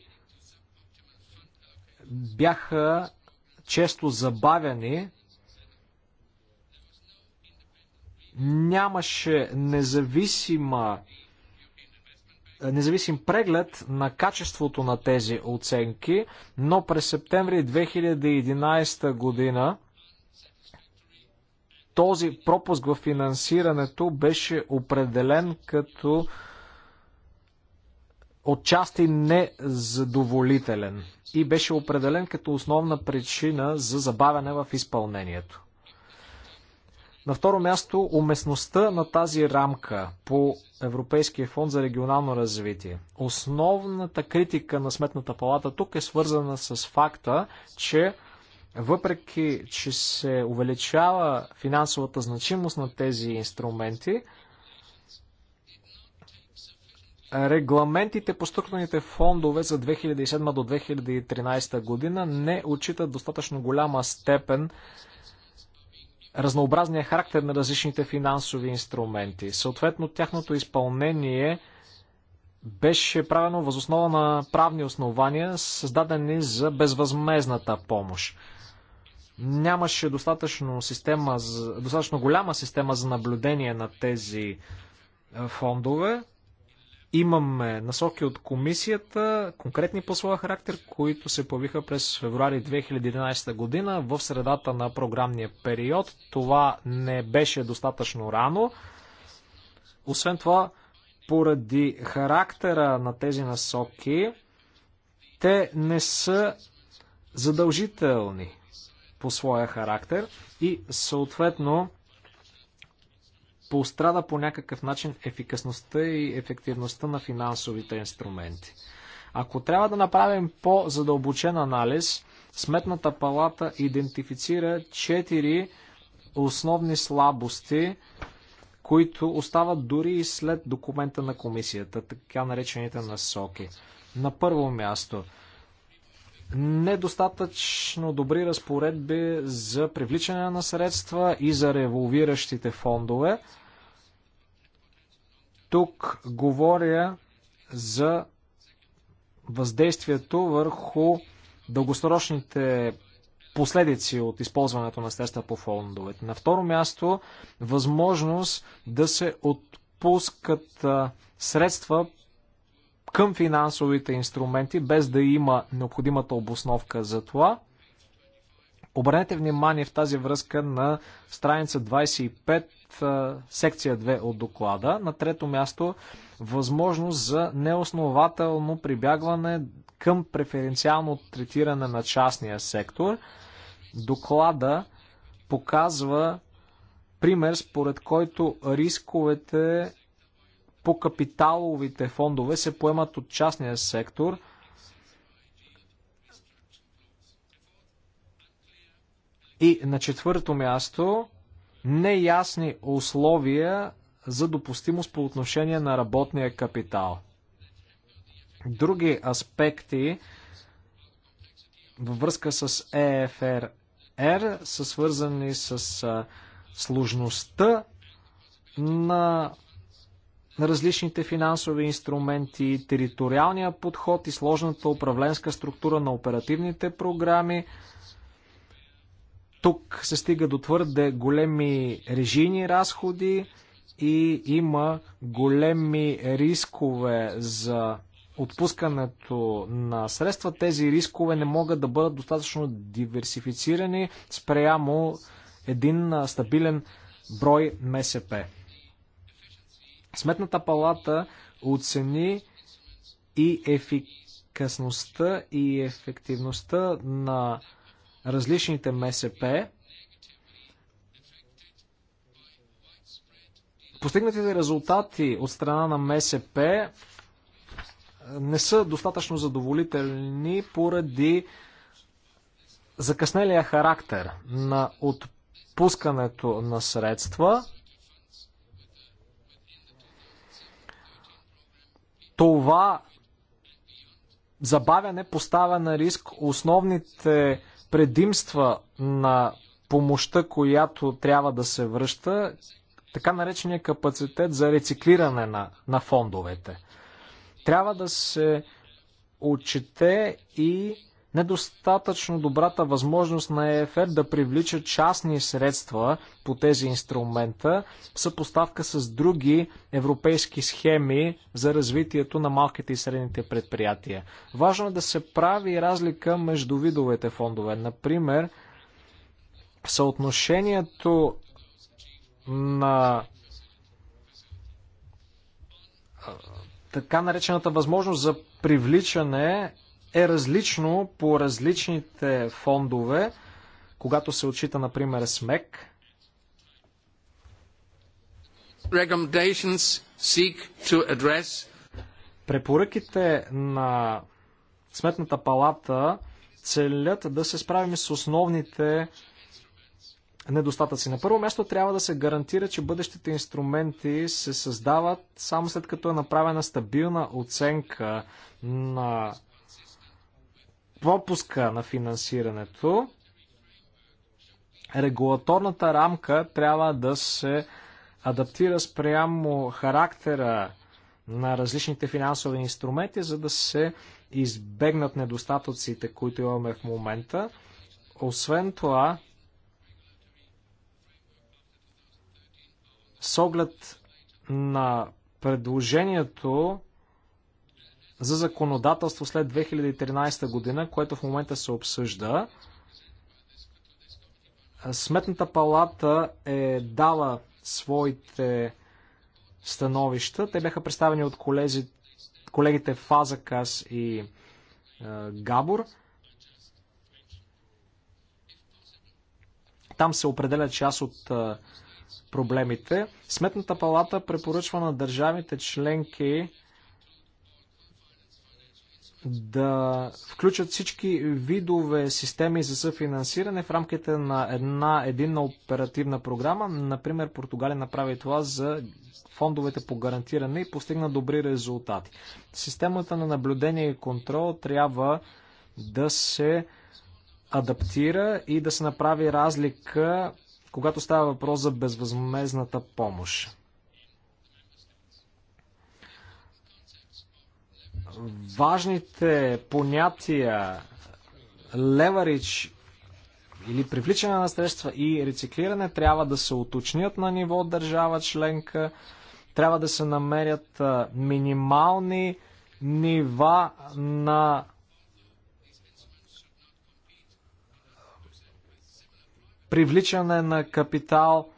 бяха често забавени, Нямаше независима независим преглед на качеството на тези оценки, но през септември 2011 година този пропуск в финансирането беше определен като отчасти незадоволителен и беше определен като основна причина за забавяне в изпълнението. На второ място, уместността на тази рамка по Европейския фонд за регионално развитие. Основната критика на Сметната палата тук е свързана с факта, че въпреки, че се увеличава финансовата значимост на тези инструменти, регламентите по структурните фондове за 2007 до 2013 година не отчитат достатъчно голяма степен разнообразния характер на различните финансови инструменти. Съответно, тяхното изпълнение беше правено възоснова на правни основания, създадени за безвъзмезната помощ. Нямаше достатъчно, система, достатъчно голяма система за наблюдение на тези фондове. Имаме насоки от комисията, конкретни по своя характер, които се появиха през февруари 2011 година в средата на програмния период. Това не беше достатъчно рано. Освен това, поради характера на тези насоки, те не са задължителни по своя характер и съответно пострада по някакъв начин ефикасността и ефективността на финансовите инструменти. Ако трябва да направим по-задълбочен анализ, Сметната палата идентифицира четири основни слабости, които остават дори и след документа на комисията, така наречените насоки. На първо място, недостатъчно добри разпоредби за привличане на средства и за револвиращите фондове. Тук говоря за въздействието върху дългосрочните последици от използването на средства по фондовете. На второ място, възможност да се отпускат средства към финансовите инструменти, без да има необходимата обосновка за това. Обърнете внимание в тази връзка на страница 25, секция 2 от доклада. На трето място, възможност за неоснователно прибягване към преференциално третиране на частния сектор. Доклада показва пример, според който рисковете по капиталовите фондове се поемат от частния сектор. И на четвърто място неясни условия за допустимост по отношение на работния капитал. Други аспекти във връзка с ЕФРР са свързани с сложността на на различните финансови инструменти, териториалния подход и сложната управленска структура на оперативните програми. Тук се стига до твърде големи режийни разходи и има големи рискове за отпускането на средства. Тези рискове не могат да бъдат достатъчно диверсифицирани спрямо един стабилен брой МСП. Сметната палата оцени и ефикасността и ефективността на различните МСП. Постигнатите резултати от страна на МСП не са достатъчно задоволителни поради закъснелия характер на отпускането на средства. Това забавяне поставя на риск основните предимства на помощта, която трябва да се връща, така наречения капацитет за рециклиране на, на фондовете. Трябва да се отчете и недостатъчно добрата възможност на ЕФР да привлича частни средства по тези инструмента в съпоставка с други европейски схеми за развитието на малките и средните предприятия. Важно е да се прави разлика между видовете фондове. Например, съотношението на така наречената възможност за привличане е различно по различните фондове, когато се отчита, например, СМЕК. Препоръките на Сметната палата целят да се справим с основните недостатъци. На първо място трябва да се гарантира, че бъдещите инструменти се създават само след като е направена стабилна оценка на пропуска на финансирането. Регулаторната рамка трябва да се адаптира спрямо характера на различните финансови инструменти, за да се избегнат недостатъците, които имаме в момента. Освен това, с оглед на предложението за законодателство след 2013 година, което в момента се обсъжда. Сметната палата е дала своите становища. Те бяха представени от колези, колегите Фазакас и е, Габор. Там се определя част от е, проблемите. Сметната палата препоръчва на държавите членки да включат всички видове системи за съфинансиране в рамките на една единна оперативна програма. Например, Португалия направи това за фондовете по гарантиране и постигна добри резултати. Системата на наблюдение и контрол трябва да се адаптира и да се направи разлика, когато става въпрос за безвъзмезната помощ. важните понятия леварич или привличане на средства и рециклиране трябва да се уточнят на ниво държава членка, трябва да се намерят минимални нива на привличане на капитал.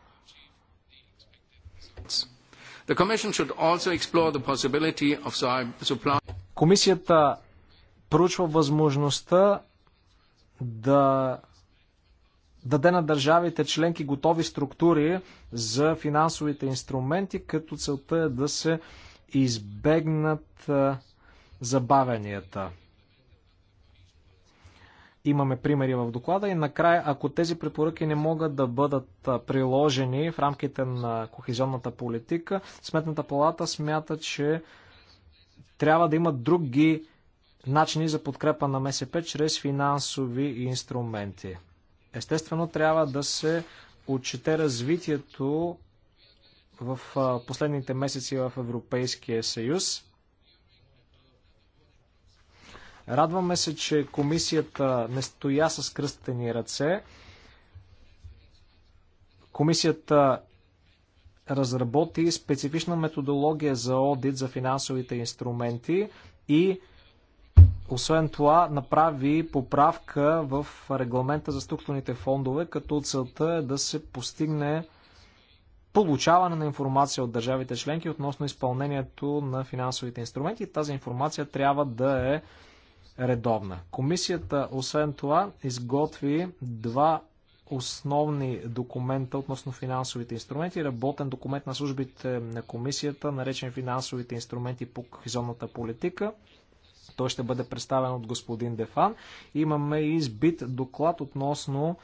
The Commission should also explore the possibility of supply Комисията проучва възможността да даде на държавите членки готови структури за финансовите инструменти, като целта е да се избегнат забавянията. Имаме примери в доклада и накрая, ако тези препоръки не могат да бъдат приложени в рамките на кохезионната политика, Сметната палата смята, че трябва да имат други начини за подкрепа на МСП чрез финансови инструменти. Естествено, трябва да се отчете развитието в последните месеци в Европейския съюз. Радваме се, че комисията не стоя с кръстени ръце. Комисията разработи специфична методология за одит за финансовите инструменти и освен това направи поправка в регламента за структурните фондове, като целта е да се постигне получаване на информация от държавите членки относно изпълнението на финансовите инструменти. Тази информация трябва да е редовна. Комисията, освен това, изготви два основни документа относно финансовите инструменти, работен документ на службите на комисията, наречен финансовите инструменти по кохизонната политика. Той ще бъде представен от господин Дефан. Имаме и избит доклад относно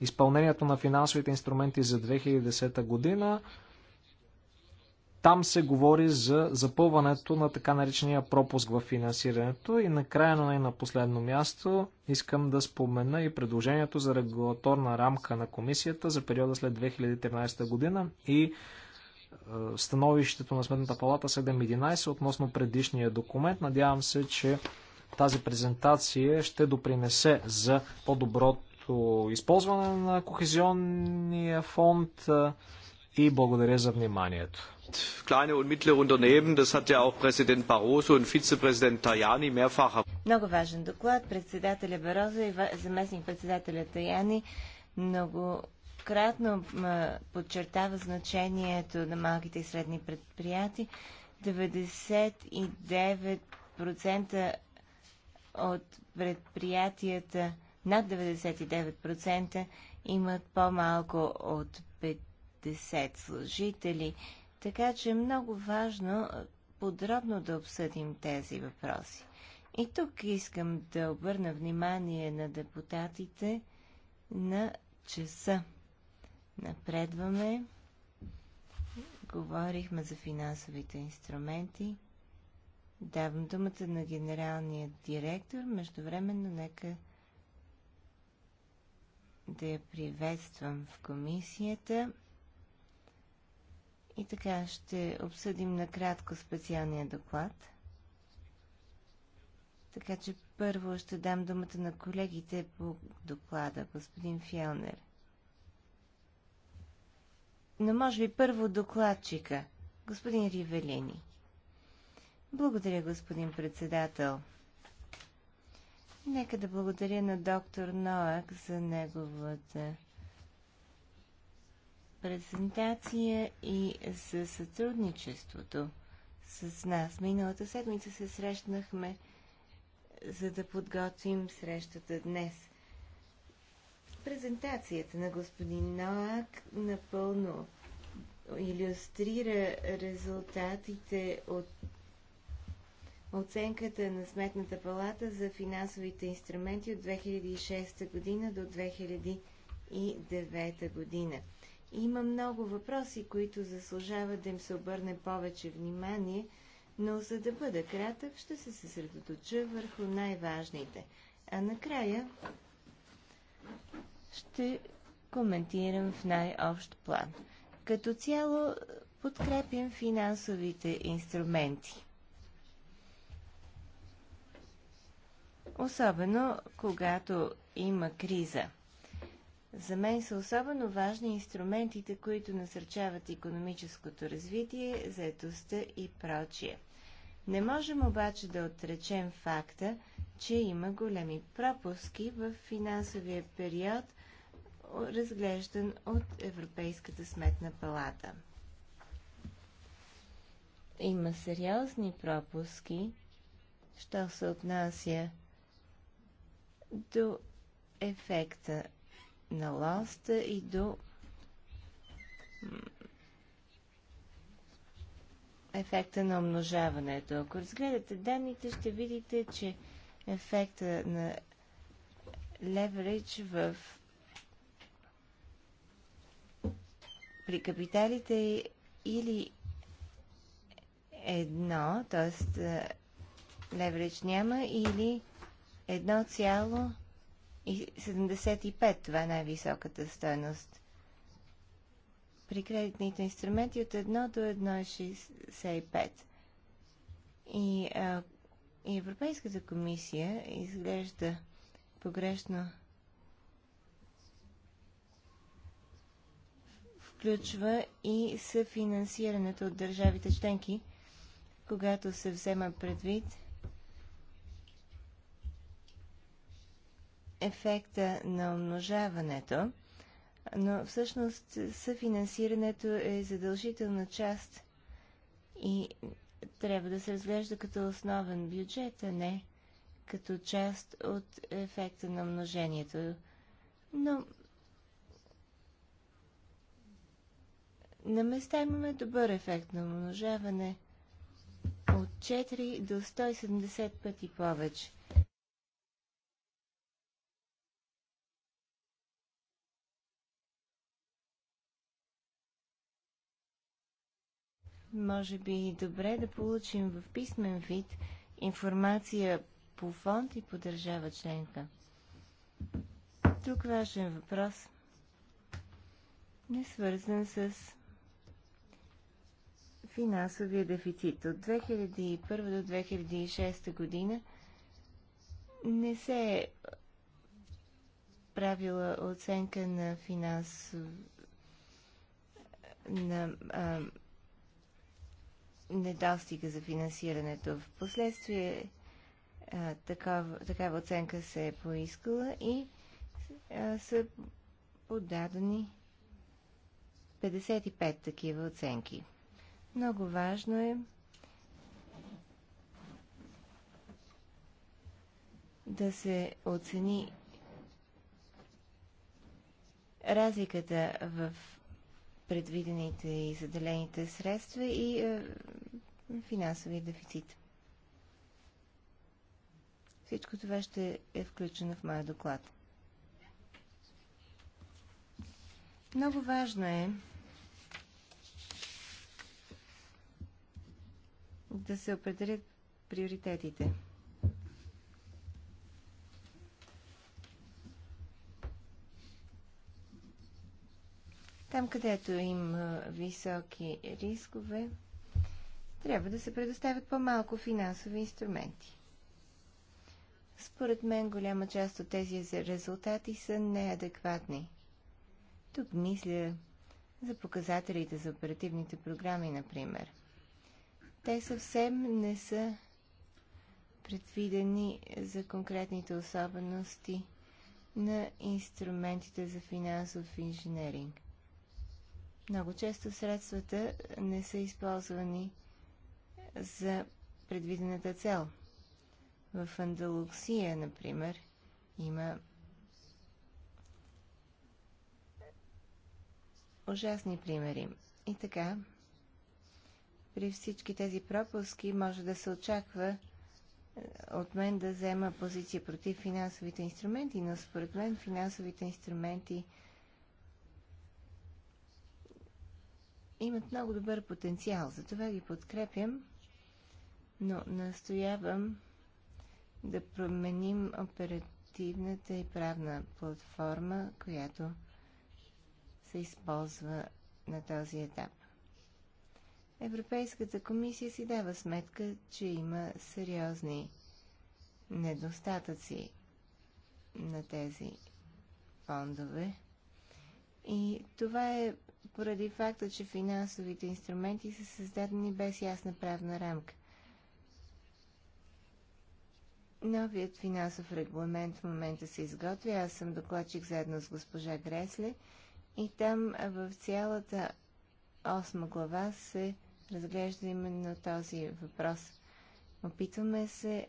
изпълнението на финансовите инструменти за 2010 година. Там се говори за запълването на така наречения пропуск в финансирането и накрая, но не на последно място, искам да спомена и предложението за регулаторна рамка на комисията за периода след 2013 година и е, становището на Сметната палата 7.11 относно предишния документ. Надявам се, че тази презентация ще допринесе за по-доброто използване на кохезионния фонд е, и благодаря за вниманието kleine und mittlere Unternehmen. Das hat ja auch Präsident Barroso und Vizepräsident Tajani mehrfach. Много важен доклад. Председателя Барозо и заместник председателя Таяни многократно подчертава значението на малките и средни предприятия. 99% от предприятията, над 99% имат по-малко от 50 служители така че е много важно подробно да обсъдим тези въпроси. И тук искам да обърна внимание на депутатите на часа. Напредваме. Говорихме за финансовите инструменти. Давам думата на генералния директор. Междувременно нека да я приветствам в комисията. И така ще обсъдим накратко специалния доклад. Така че първо ще дам думата на колегите по доклада, господин Фелнер. Но може би първо докладчика, господин Ривелини. Благодаря, господин председател. Нека да благодаря на доктор Ноак за неговата презентация и за сътрудничеството с нас. Миналата седмица се срещнахме, за да подготвим срещата днес. Презентацията на господин Ноак напълно иллюстрира резултатите от оценката на Сметната палата за финансовите инструменти от 2006 година до 2009 година. Има много въпроси, които заслужават да им се обърне повече внимание, но за да бъда кратък, ще се съсредоточа върху най-важните. А накрая ще коментирам в най-общ план. Като цяло подкрепим финансовите инструменти. Особено когато има криза – за мен са особено важни инструментите, които насърчават економическото развитие, заетостта и прочие. Не можем обаче да отречем факта, че има големи пропуски в финансовия период, разглеждан от Европейската сметна палата. Има сериозни пропуски, що се отнася до ефекта на ласта и до ефекта на умножаването. Ако разгледате данните, ще видите, че ефекта на леверидж в при капиталите или едно, т.е. леверидж няма, или едно цяло и 75, това е най-високата стойност. При кредитните инструменти от 1 до 1,65. Е и, а, и Европейската комисия изглежда погрешно включва и съфинансирането от държавите членки, когато се взема предвид – ефекта на умножаването, но всъщност съфинансирането е задължителна част и трябва да се разглежда като основен бюджет, а не като част от ефекта на множението. Но на места имаме добър ефект на умножаване от 4 до 170 пъти повече. може би добре да получим в писмен вид информация по фонд и по държава членка. Тук важен въпрос не свързан с финансовия дефицит. От 2001 до 2006 година не се е правила оценка на финансов на а, недостига за финансирането. В последствие такава, такава оценка се е поискала и а, са подадени 55 такива оценки. Много важно е да се оцени разликата в предвидените и заделените средства и е, финансовия дефицит. Всичко това ще е включено в моя доклад. Много важно е да се определят приоритетите. Там, където има високи рискове, трябва да се предоставят по-малко финансови инструменти. Според мен голяма част от тези резултати са неадекватни. Тук мисля за показателите за оперативните програми, например. Те съвсем не са предвидени за конкретните особености на инструментите за финансов инженеринг. Много често средствата не са използвани за предвидената цел. В Андалуксия, например, има ужасни примери. И така, при всички тези пропуски може да се очаква е, от мен да взема позиция против финансовите инструменти, но според мен финансовите инструменти – имат много добър потенциал, затова ги подкрепям, но настоявам да променим оперативната и правна платформа, която се използва на този етап. Европейската комисия си дава сметка, че има сериозни недостатъци на тези фондове. И това е поради факта, че финансовите инструменти са създадени без ясна правна рамка. Новият финансов регламент в момента се изготвя. Аз съм докладчик заедно с госпожа Гресле и там в цялата осма глава се разглежда именно този въпрос. Опитваме се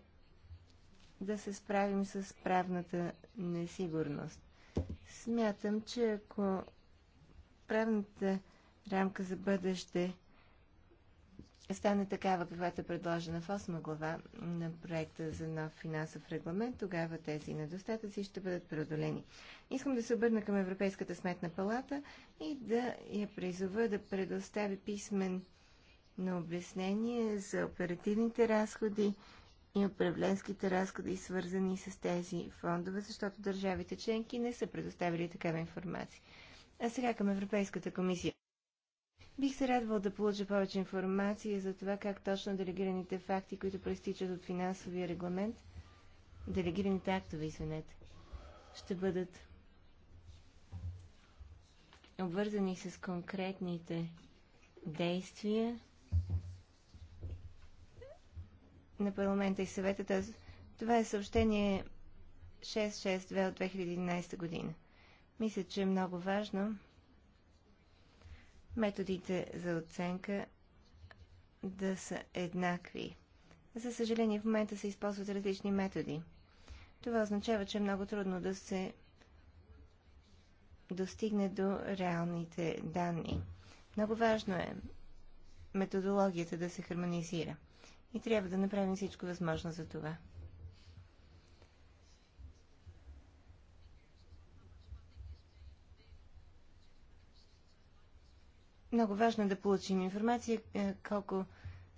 да се справим с правната несигурност. Смятам, че ако правната рамка за бъдеще стане такава, каквато е предложена в 8 глава на проекта за нов финансов регламент, тогава тези недостатъци ще бъдат преодолени. Искам да се обърна към Европейската сметна палата и да я призова да предостави писмен на обяснение за оперативните разходи и управленските разходи, свързани с тези фондове, защото държавите членки не са предоставили такава информация. А сега към Европейската комисия. Бих се радвал да получа повече информация за това как точно делегираните факти, които проистичат от финансовия регламент, делегираните актове, извинете, ще бъдат обвързани с конкретните действия на парламента и съвета. Това е съобщение 662 от 2011 година. Мисля, че е много важно методите за оценка да са еднакви. За съжаление, в момента се използват различни методи. Това означава, че е много трудно да се достигне до реалните данни. Много важно е методологията да се хармонизира. И трябва да направим всичко възможно за това. много важно е да получим информация е, колко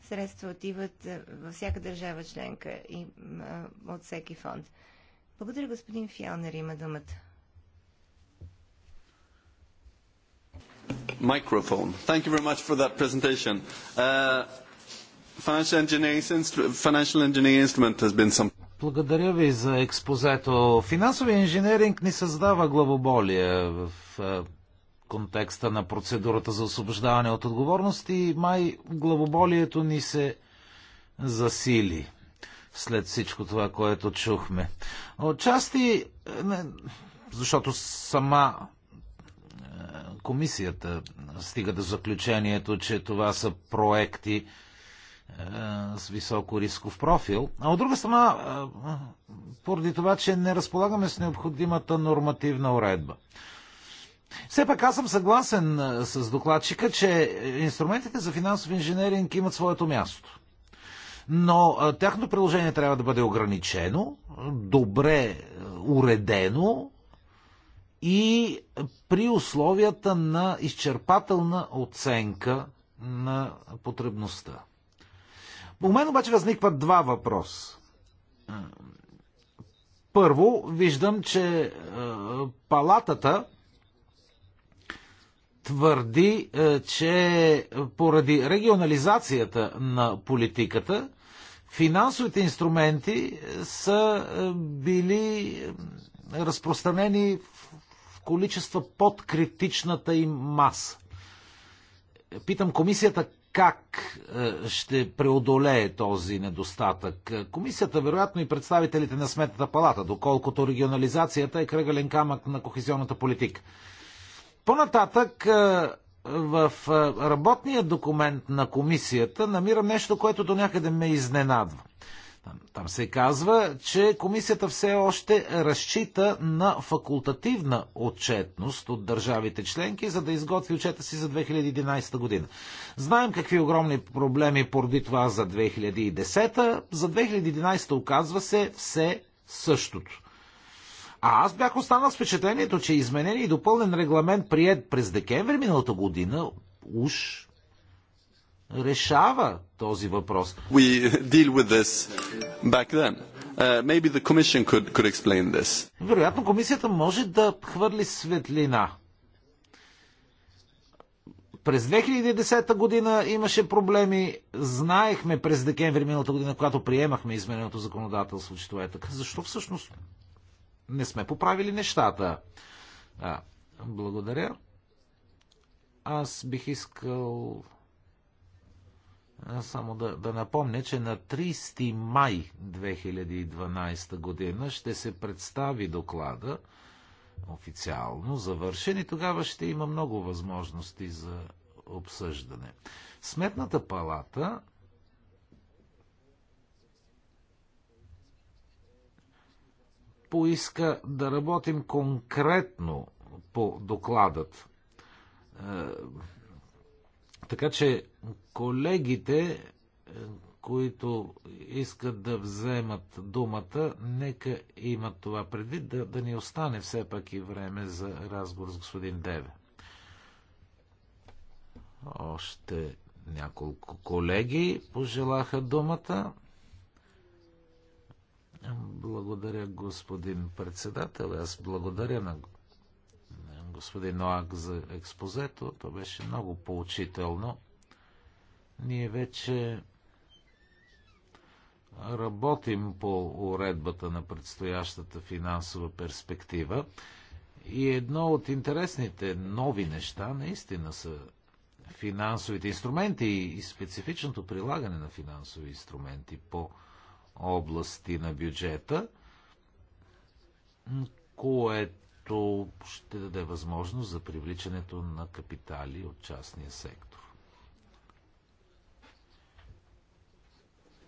средства отиват е, във всяка държава членка и от всеки фонд. Благодаря, господин Фиалнер, има думата. Microphone. Thank you very much for that presentation. Uh, financial engineering, financial engineering instrument has been some... Благодаря ви за експозето. Финансовия инженеринг ни създава главоболие в контекста на процедурата за освобождаване от отговорност и май главоболието ни се засили след всичко това, което чухме. Отчасти, защото сама е, комисията стига до заключението, че това са проекти е, с високо рисков профил, а от друга страна, е, поради това, че не разполагаме с необходимата нормативна уредба. Все пак аз съм съгласен с докладчика, че инструментите за финансов инженеринг имат своето място. Но тяхното приложение трябва да бъде ограничено, добре уредено и при условията на изчерпателна оценка на потребността. У мен обаче възникват два въпроса. Първо, виждам, че палатата твърди, е, че поради регионализацията на политиката, финансовите инструменти е, са е, били разпространени в количества под критичната им маса. Питам комисията как ще преодолее този недостатък. Комисията, вероятно и представителите на Сметната палата, доколкото регионализацията е кръгален камък на кохезионната политика. По-нататък е, в е, работния документ на комисията намирам нещо, което до някъде ме изненадва. Там се казва, че комисията все още разчита на факултативна отчетност от държавите членки, за да изготви отчета си за 2011 година. Знаем какви огромни проблеми поради това за 2010. За 2011 оказва се все същото. А аз бях останал с впечатлението, че изменение и допълнен регламент, прият през декември миналата година, уж решава този въпрос. We deal with this back then. Uh, maybe the commission could, could explain this. Вероятно комисията може да хвърли светлина. През 2010 година имаше проблеми. Знаехме през декември миналата година, когато приемахме измененото законодателство, че това е така. Защо всъщност не сме поправили нещата. А, благодаря. Аз бих искал само да, да напомня, че на 30 май 2012 година ще се представи доклада официално завършен и тогава ще има много възможности за обсъждане. Сметната палата поиска да работим конкретно по докладът. Е, така че колегите, е, които искат да вземат думата, нека имат това предвид, да, да ни остане все пак и време за разговор с господин Деве. Още няколко колеги пожелаха думата. Благодаря, господин председател. Аз благодаря на господин Ноак за експозето. То беше много поучително. Ние вече работим по уредбата на предстоящата финансова перспектива. И едно от интересните нови неща наистина са финансовите инструменти и специфичното прилагане на финансови инструменти по области на бюджета, което ще даде възможност за привличането на капитали от частния сектор.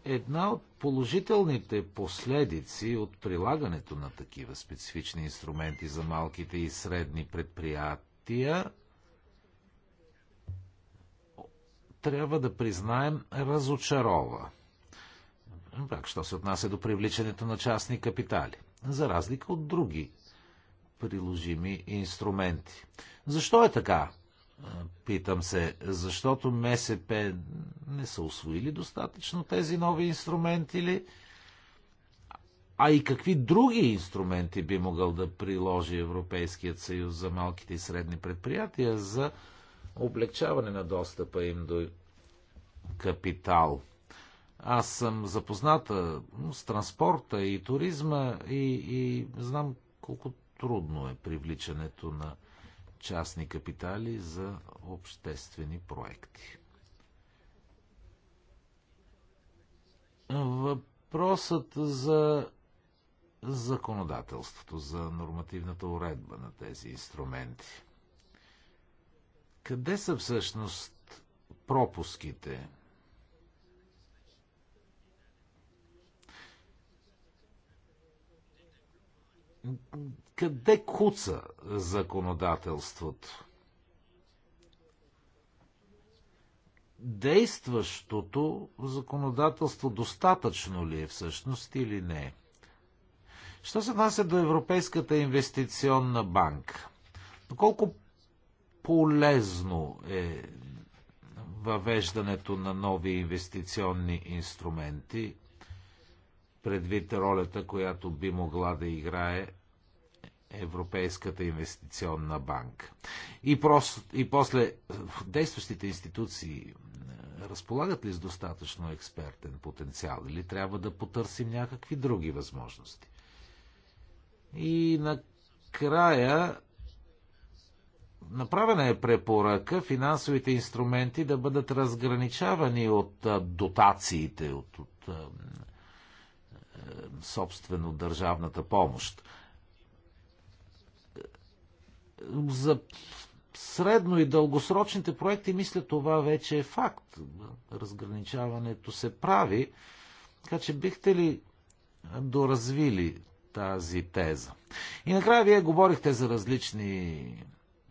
Една от положителните последици от прилагането на такива специфични инструменти за малките и средни предприятия трябва да признаем разочарова – пак що се отнася до привличането на частни капитали, за разлика от други приложими инструменти. Защо е така? Питам се, защото МСП не са освоили достатъчно тези нови инструменти ли? А и какви други инструменти би могъл да приложи Европейският съюз за малките и средни предприятия за облегчаване на достъпа им до капитал? Аз съм запозната с транспорта и туризма и, и знам колко трудно е привличането на частни капитали за обществени проекти. Въпросът за законодателството, за нормативната уредба на тези инструменти. Къде са всъщност пропуските? къде куца законодателството? Действащото законодателство достатъчно ли е всъщност или не Що се отнася до Европейската инвестиционна банка? Колко полезно е въвеждането на нови инвестиционни инструменти предвид ролята, която би могла да играе Европейската инвестиционна банка. И, просто, и после действащите институции е, разполагат ли с достатъчно експертен потенциал или трябва да потърсим някакви други възможности? И накрая направена е препоръка финансовите инструменти да бъдат разграничавани от е, дотациите, от, от е, собствено държавната помощ. За средно и дългосрочните проекти, мисля, това вече е факт. Разграничаването се прави. Така че бихте ли доразвили тази теза? И накрая вие говорихте за различни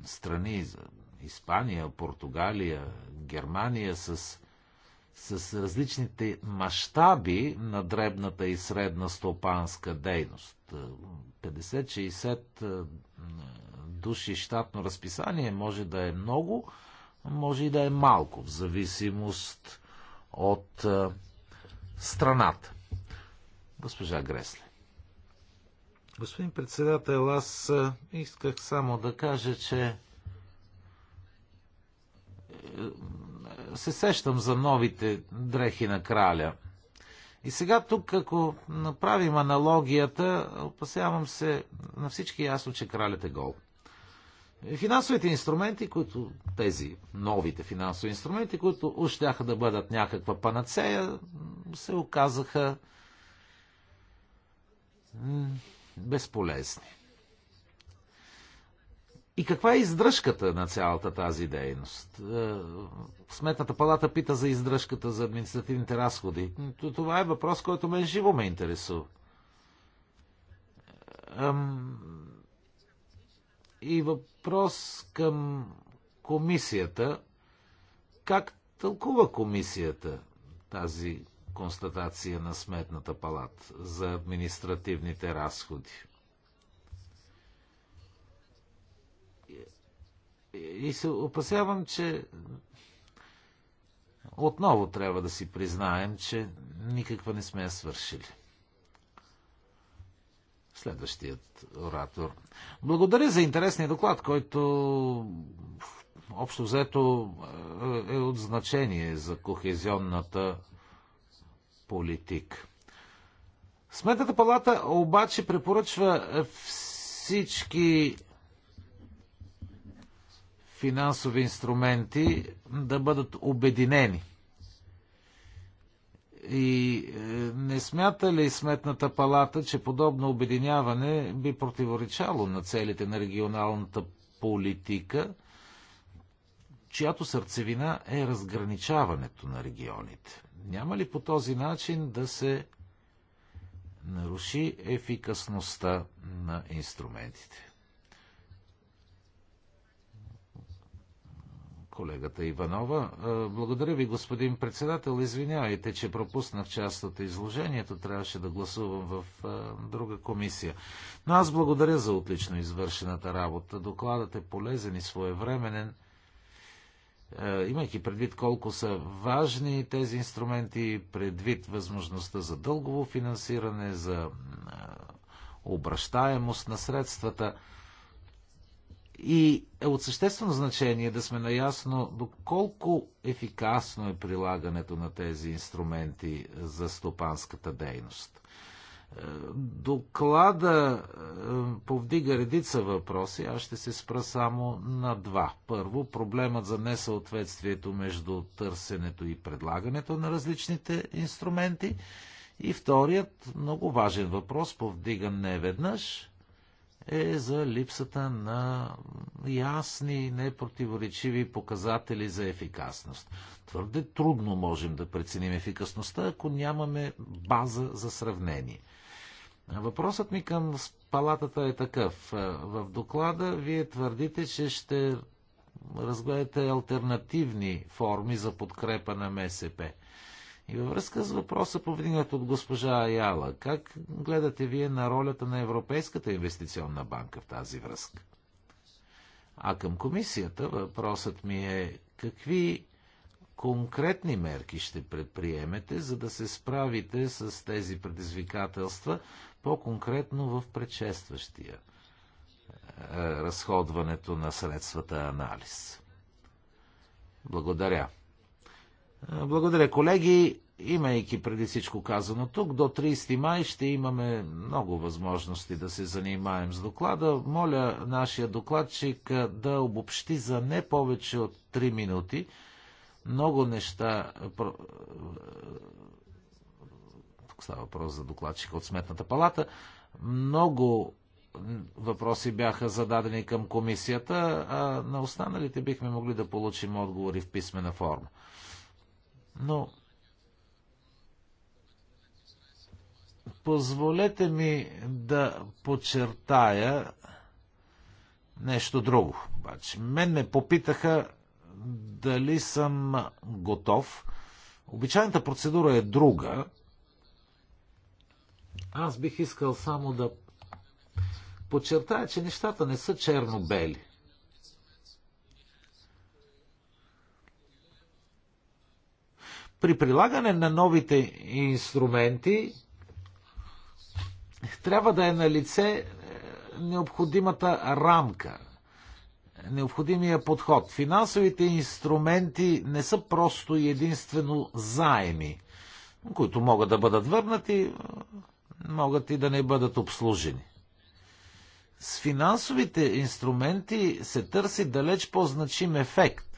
страни, за Испания, Португалия, Германия с с различните мащаби на дребната и средна стопанска дейност. 50-60 е, души щатно разписание може да е много, може и да е малко, в зависимост от е, страната. Госпожа Гресле. Господин председател, аз е, исках само да кажа, че се сещам за новите дрехи на краля. И сега тук, ако направим аналогията, опасявам се на всички ясно, че кралят е гол. Финансовите инструменти, които тези новите финансови инструменти, които още тяха да бъдат някаква панацея, се оказаха безполезни. И каква е издръжката на цялата тази дейност? Е, Сметната палата пита за издръжката за административните разходи. Това е въпрос, който мен живо ме интересува. И въпрос към комисията. Как тълкува комисията тази констатация на Сметната палата за административните разходи? И се опасявам, че отново трябва да си признаем, че никаква не сме я свършили. Следващият оратор. Благодаря за интересния доклад, който общо взето е, е от значение за кохезионната политика. Сметната палата обаче препоръчва всички финансови инструменти да бъдат обединени. И е, не смята ли Сметната палата, че подобно обединяване би противоречало на целите на регионалната политика, чиято сърцевина е разграничаването на регионите? Няма ли по този начин да се наруши ефикасността на инструментите? колегата Иванова. Е, благодаря ви, господин председател. Извинявайте, че пропуснах част от изложението. Трябваше да гласувам в е, друга комисия. Но аз благодаря за отлично извършената работа. Докладът е полезен и своевременен. Е, имайки предвид колко са важни тези инструменти, предвид възможността за дългово финансиране, за обращаемост на средствата – и е от съществено значение да сме наясно доколко ефикасно е прилагането на тези инструменти за стопанската дейност. Е, доклада е, повдига редица въпроси, аз ще се спра само на два. Първо, проблемът за несъответствието между търсенето и предлагането на различните инструменти. И вторият, много важен въпрос, повдиган не веднъж, е за липсата на ясни и непротиворечиви показатели за ефикасност. Твърде трудно можем да преценим ефикасността, ако нямаме база за сравнение. Въпросът ми към палатата е такъв. Е, в доклада вие твърдите, че ще разгледате альтернативни форми за подкрепа на МСП. И във връзка с въпроса, повдигнат от госпожа Аяла, как гледате вие на ролята на Европейската инвестиционна банка в тази връзка? А към комисията въпросът ми е какви конкретни мерки ще предприемете, за да се справите с тези предизвикателства, по-конкретно в предшестващия е, разходването на средствата анализ. Благодаря. Благодаря, колеги. Имайки преди всичко казано тук, до 30 май ще имаме много възможности да се занимаем с доклада. Моля нашия докладчик да обобщи за не повече от 3 минути. Много неща тук става въпрос за докладчика от Сметната палата. Много въпроси бяха зададени към комисията, а на останалите бихме могли да получим отговори в писмена форма. Но позволете ми да подчертая нещо друго. Обаче, мен ме попитаха дали съм готов. Обичайната процедура е друга. Аз бих искал само да подчертая, че нещата не са черно-бели. при прилагане на новите инструменти трябва да е на лице е, необходимата рамка, необходимия подход. Финансовите инструменти не са просто и единствено заеми, които могат да бъдат върнати, могат и да не бъдат обслужени. С финансовите инструменти се търси далеч по-значим ефект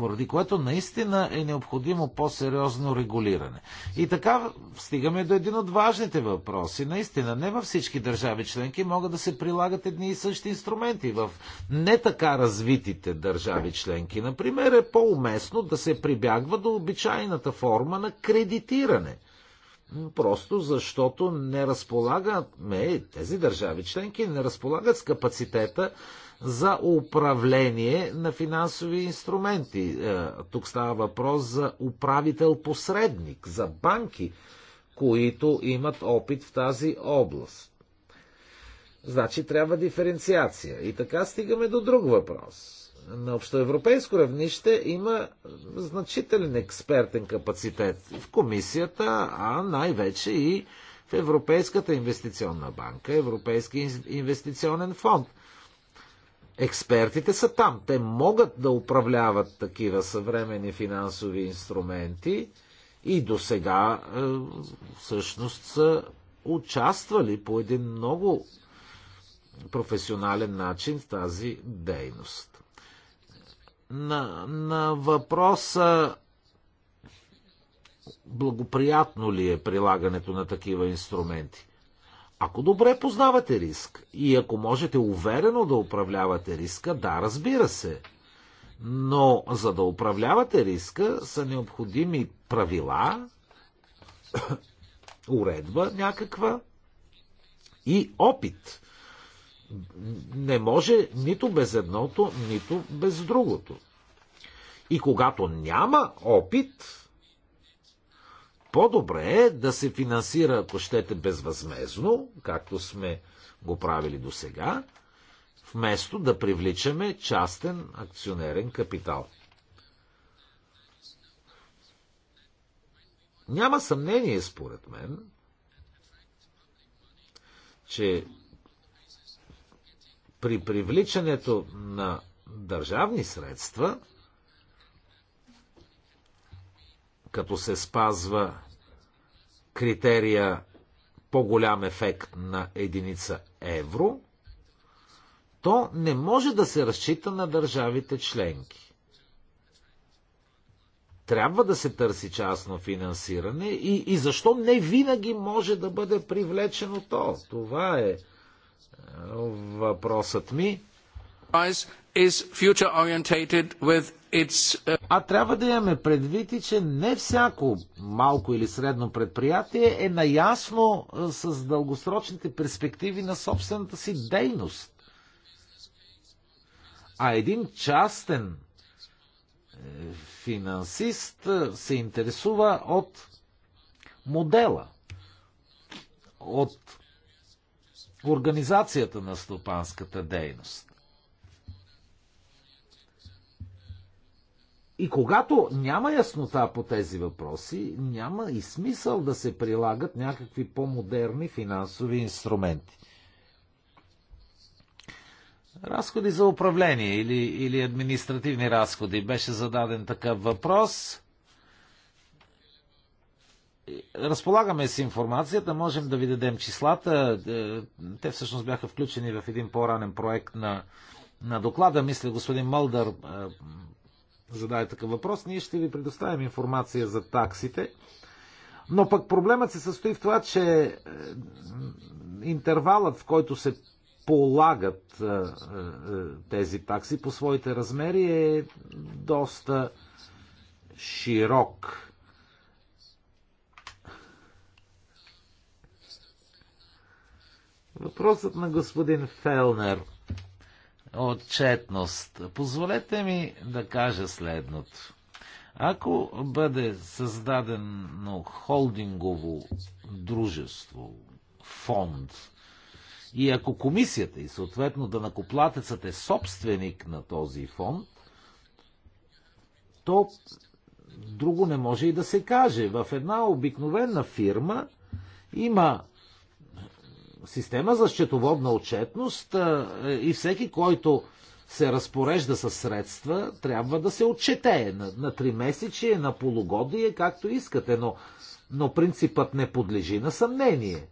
поради което наистина е необходимо по-сериозно регулиране. И така стигаме до един от важните въпроси. Наистина, не във всички държави членки могат да се прилагат едни и същи инструменти. В не така развитите държави членки, например, е по-уместно да се прибягва до обичайната форма на кредитиране – Просто защото не разполагаме, тези държави членки не разполагат с капацитета за управление на финансови инструменти. Е, тук става въпрос за управител-посредник, за банки, които имат опит в тази област. Значи трябва диференциация. И така стигаме до друг въпрос на общоевропейско равнище има значителен експертен капацитет в комисията, а най-вече и в Европейската инвестиционна банка, Европейски инвестиционен фонд. Експертите са там. Те могат да управляват такива съвремени финансови инструменти и до сега е, всъщност са участвали по един много професионален начин в тази дейност на, на въпроса благоприятно ли е прилагането на такива инструменти. Ако добре познавате риск и ако можете уверено да управлявате риска, да, разбира се. Но за да управлявате риска са необходими правила, уредба някаква и опит не може нито без едното, нито без другото. И когато няма опит, по-добре е да се финансира, ако щете, безвъзмезно, както сме го правили до сега, вместо да привличаме частен акционерен капитал. Няма съмнение, според мен, че при привличането на държавни средства, като се спазва критерия по-голям ефект на единица евро, то не може да се разчита на държавите членки. Трябва да се търси частно финансиране и, и защо не винаги може да бъде привлечено то. Това е въпросът ми. А трябва да имаме предвид и, че не всяко малко или средно предприятие е наясно с дългосрочните перспективи на собствената си дейност. А един частен е, финансист се интересува от модела, от в организацията на стопанската дейност. И когато няма яснота по тези въпроси, няма и смисъл да се прилагат някакви по-модерни финансови инструменти. Разходи за управление или, или административни разходи. Беше зададен такъв въпрос разполагаме с информацията, можем да ви дадем числата. Е, те всъщност бяха включени в един по-ранен проект на, на доклада. Мисля, господин Мълдър е, зададе такъв въпрос. Ние ще ви предоставим информация за таксите. Но пък проблемът се състои в това, че е, интервалът, в който се полагат тези такси по своите размери е доста широк. Въпросът на господин Фелнер. Отчетност. Позволете ми да кажа следното. Ако бъде създадено холдингово дружество, фонд, и ако комисията и съответно да накоплатецът е собственик на този фонд, то друго не може и да се каже. В една обикновена фирма има система за счетоводна отчетност и всеки, който се разпорежда със средства, трябва да се отчете на, на месечи, е, на полугодие, както искате, но, но принципът не подлежи на съмнение.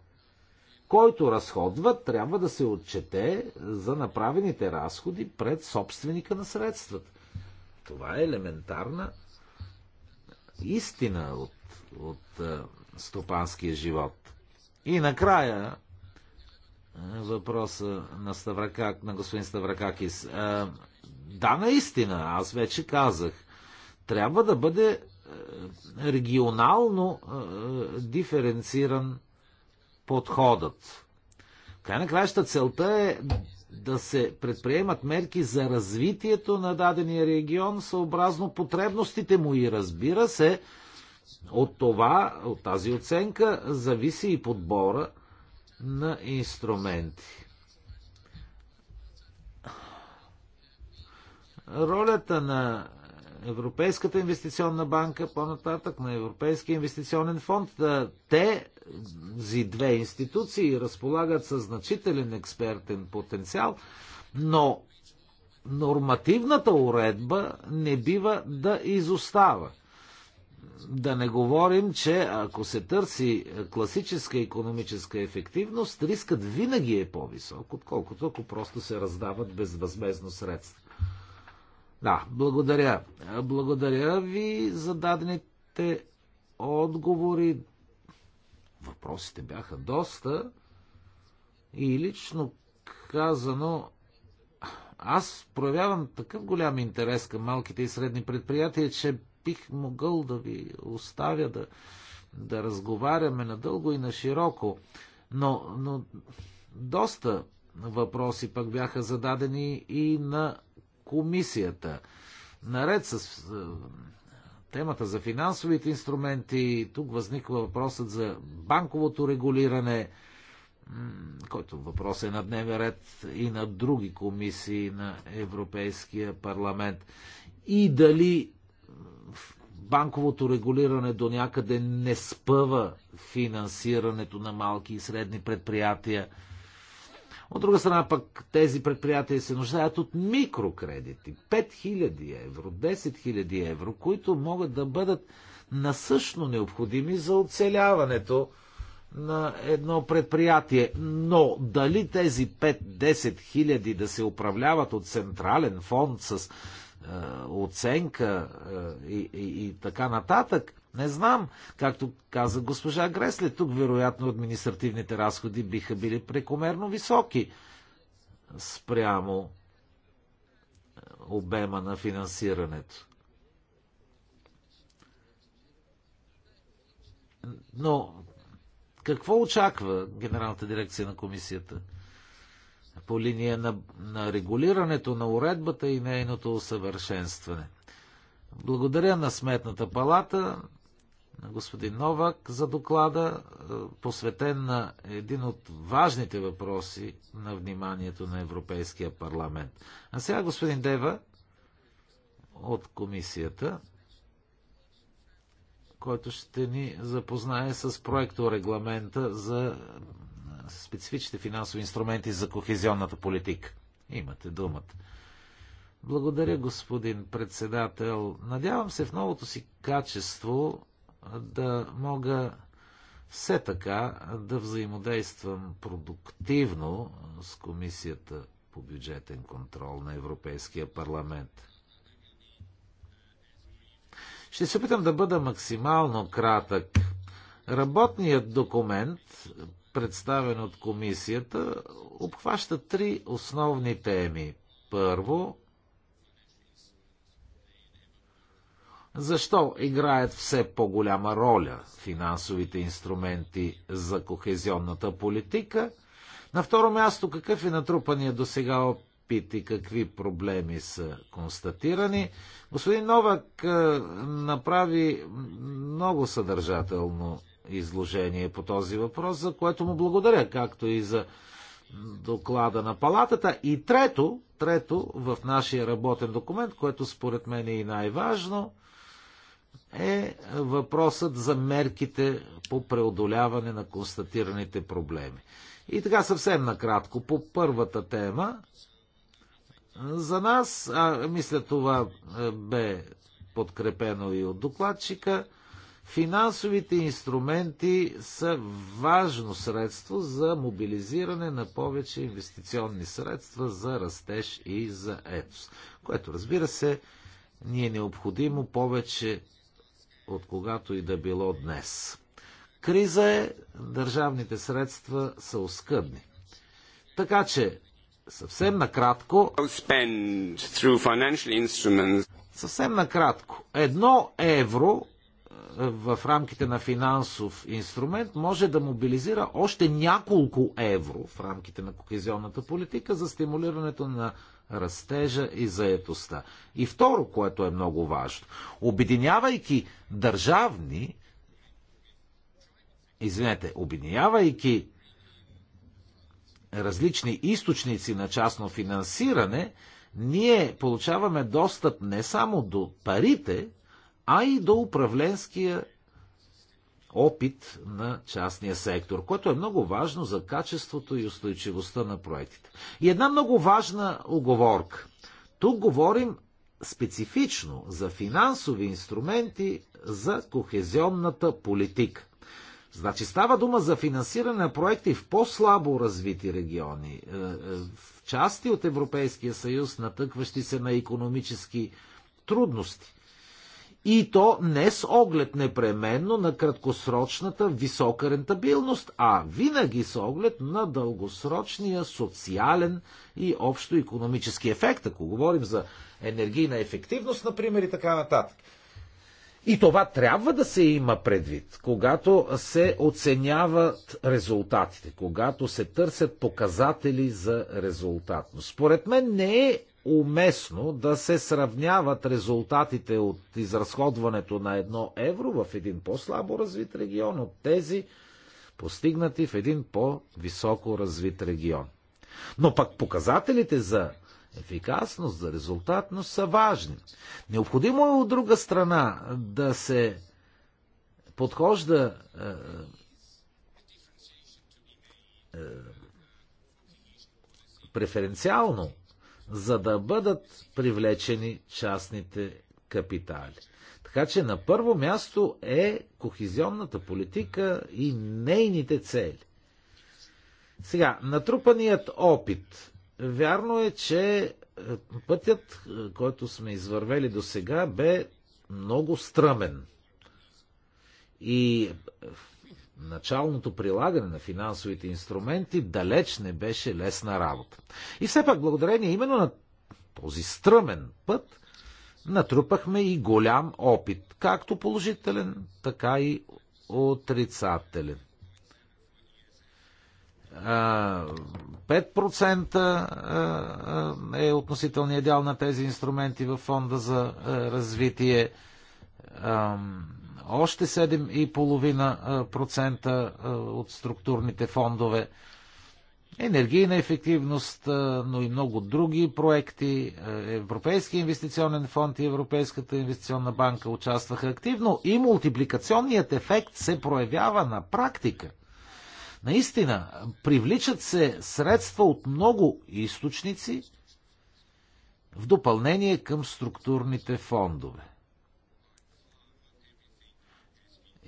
Който разходва, трябва да се отчете за направените разходи пред собственика на средствата. Това е елементарна истина от, от стопанския живот. И накрая въпроса на, Ставракак, на господин Ставракакис. Е, да, наистина, аз вече казах, трябва да бъде е, регионално е, диференциран подходът. Край на краища целта е да се предприемат мерки за развитието на дадения регион съобразно потребностите му и разбира се, от това, от тази оценка зависи и подбора на инструменти. Ролята на Европейската инвестиционна банка, по-нататък на Европейския инвестиционен фонд, те, зи две институции, разполагат със значителен експертен потенциал, но нормативната уредба не бива да изостава. Да не говорим, че ако се търси класическа економическа ефективност, рискът винаги е по-висок, отколкото ако просто се раздават безвъзмезно средства. Да, благодаря. Благодаря ви за дадените отговори. Въпросите бяха доста. И лично казано, аз проявявам такъв голям интерес към малките и средни предприятия, че бих могъл да ви оставя да, да разговаряме надълго и на широко, но, но доста въпроси пък бяха зададени и на комисията. Наред с е, темата за финансовите инструменти, тук възниква въпросът за банковото регулиране, който въпрос е на дневен ред и на други комисии на Европейския парламент. И дали банковото регулиране до някъде не спъва финансирането на малки и средни предприятия. От друга страна пък тези предприятия се нуждаят от микрокредити. 5000 евро, 10 000 евро, които могат да бъдат насъщно необходими за оцеляването на едно предприятие. Но дали тези 5-10 хиляди да се управляват от централен фонд с е, оценка е, и, и, и така нататък. Не знам. Както каза госпожа Гресле, тук вероятно административните разходи биха били прекомерно високи спрямо е, обема на финансирането. Но какво очаква Генералната дирекция на комисията? по линия на, на регулирането на уредбата и нейното усъвършенстване. Благодаря на Сметната палата, на господин Новак за доклада, е, посветен на един от важните въпроси на вниманието на Европейския парламент. А сега господин Дева от комисията, който ще ни запознае с проекто регламента за специфичните финансови инструменти за кохезионната политика. Имате думата. Благодаря, господин председател. Надявам се в новото си качество да мога все така да взаимодействам продуктивно с Комисията по бюджетен контрол на Европейския парламент. Ще се опитам да бъда максимално кратък. Работният документ представен от комисията, обхваща три основни теми. Първо, защо играят все по-голяма роля финансовите инструменти за кохезионната политика? На второ място, какъв е натрупания до сега опит и какви проблеми са констатирани? Господин Новак е, направи много съдържателно изложение по този въпрос, за което му благодаря, както и за доклада на палатата. И трето, трето в нашия работен документ, което според мен е и най-важно, е въпросът за мерките по преодоляване на констатираните проблеми. И така съвсем накратко, по първата тема, за нас, а мисля това е, бе подкрепено и от докладчика, Финансовите инструменти са важно средство за мобилизиране на повече инвестиционни средства за растеж и за етос, което разбира се ни е необходимо повече от когато и да било днес. Криза е, държавните средства са оскъдни. Така че, съвсем накратко, съвсем накратко, едно евро в рамките на финансов инструмент може да мобилизира още няколко евро в рамките на кохезионната политика за стимулирането на растежа и заетостта. И второ, което е много важно, обединявайки държавни, извинете, обединявайки различни източници на частно финансиране, ние получаваме достъп не само до парите, а и до управленския опит на частния сектор, което е много важно за качеството и устойчивостта на проектите. И една много важна оговорка. Тук говорим специфично за финансови инструменти за кохезионната политика. Значи става дума за финансиране на проекти в по-слабо развити региони, е, е, в части от Европейския съюз, натъкващи се на економически трудности. И то не с оглед непременно на краткосрочната висока рентабилност, а винаги с оглед на дългосрочния социален и общо економически ефект, ако говорим за енергийна ефективност, например, и така нататък. И това трябва да се има предвид, когато се оценяват резултатите, когато се търсят показатели за резултатност. Според мен не е уместно да се сравняват резултатите от изразходването на едно евро в един по-слабо развит регион от тези, постигнати в един по-високо развит регион. Но пък показателите за ефикасност, за резултатност са важни. Необходимо е от друга страна да се подхожда е, е, преференциално за да бъдат привлечени частните капитали. Така че на първо място е кохизионната политика и нейните цели. Сега, натрупаният опит. Вярно е, че е, пътят, е, който сме извървели до сега, бе много стръмен. И е, началното прилагане на финансовите инструменти далеч не беше лесна работа. И все пак, благодарение именно на този стръмен път, натрупахме и голям опит, както положителен, така и отрицателен. 5% е относителният дял на тези инструменти в фонда за развитие още 7,5% от структурните фондове, енергийна ефективност, но и много други проекти. Европейски инвестиционен фонд и Европейската инвестиционна банка участваха активно и мултипликационният ефект се проявява на практика. Наистина, привличат се средства от много източници в допълнение към структурните фондове.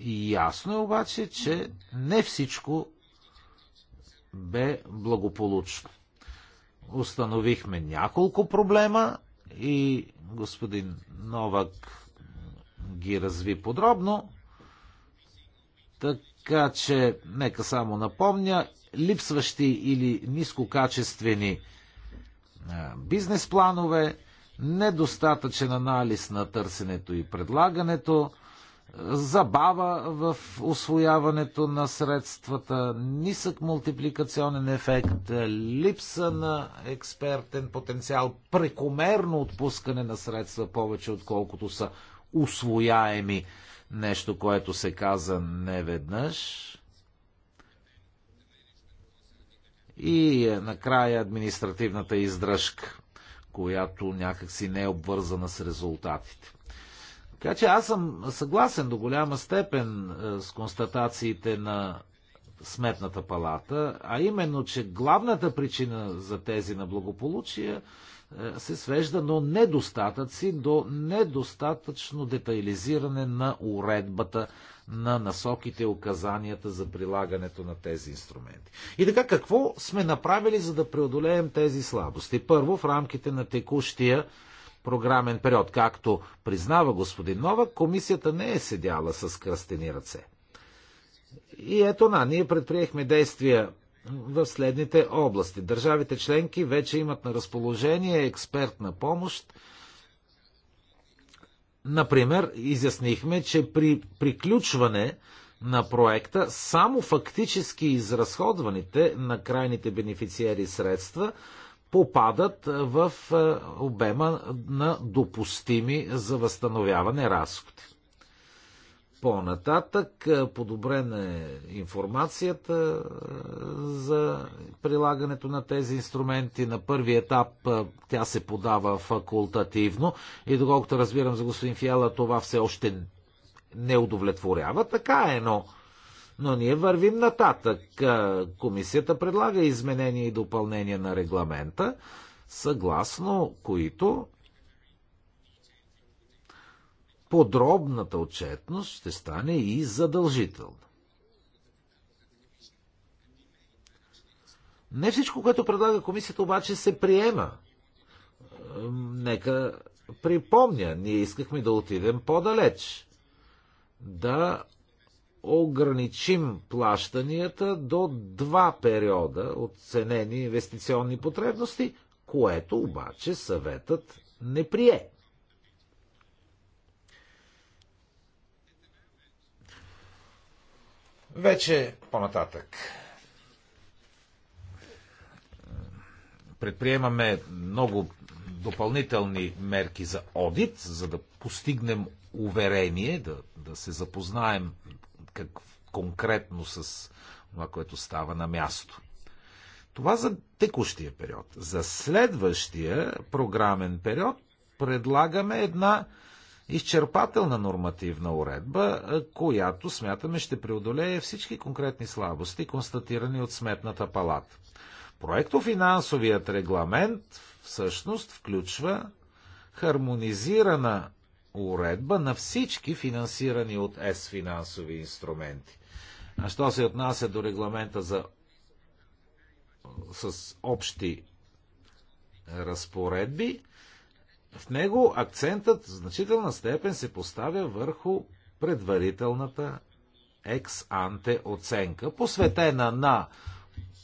Ясно е обаче, че не всичко бе благополучно. Установихме няколко проблема и господин Новак ги разви подробно. Така че, нека само напомня, липсващи или нискокачествени бизнес планове, недостатъчен анализ на търсенето и предлагането, забава в освояването на средствата, нисък мултипликационен ефект, липса на експертен потенциал, прекомерно отпускане на средства повече отколкото са освояеми. Нещо, което се каза неведнъж. И е накрая административната издръжка, която някакси не е обвързана с резултатите. Така че аз съм съгласен до голяма степен е, с констатациите на Сметната палата, а именно, че главната причина за тези на благополучие е, се свежда до недостатъци, до недостатъчно детайлизиране на уредбата на насоките и указанията за прилагането на тези инструменти. И така, какво сме направили, за да преодолеем тези слабости? Първо, в рамките на текущия програмен период. Както признава господин Нова, комисията не е седяла с кръстени ръце. И ето на, ние предприехме действия в следните области. Държавите членки вече имат на разположение експертна помощ. Например, изяснихме, че при приключване на проекта само фактически изразходваните на крайните бенефициери средства – попадат в обема на допустими за възстановяване разходи. По-нататък подобрена е информацията за прилагането на тези инструменти. На първи етап тя се подава факултативно и доколкото разбирам за господин Фиала, това все още не удовлетворява. Така е, но но ние вървим нататък. Комисията предлага изменения и допълнение на регламента, съгласно които подробната отчетност ще стане и задължителна. Не всичко, което предлага комисията, обаче се приема. Нека припомня, ние искахме да отидем по-далеч. Да ограничим плащанията до два периода оценени инвестиционни потребности, което обаче съветът не прие. Вече по-нататък. Предприемаме много допълнителни мерки за одит, за да постигнем уверение, да, да се запознаем как, конкретно с това, което става на място. Това за текущия период. За следващия програмен период предлагаме една изчерпателна нормативна уредба, която смятаме ще преодолее всички конкретни слабости, констатирани от Сметната палата. Проектофинансовият регламент всъщност включва хармонизирана уредба на всички финансирани от ЕС финансови инструменти. А що се отнася до регламента за с общи разпоредби, в него акцентът в значителна степен се поставя върху предварителната екс-анте оценка, посветена на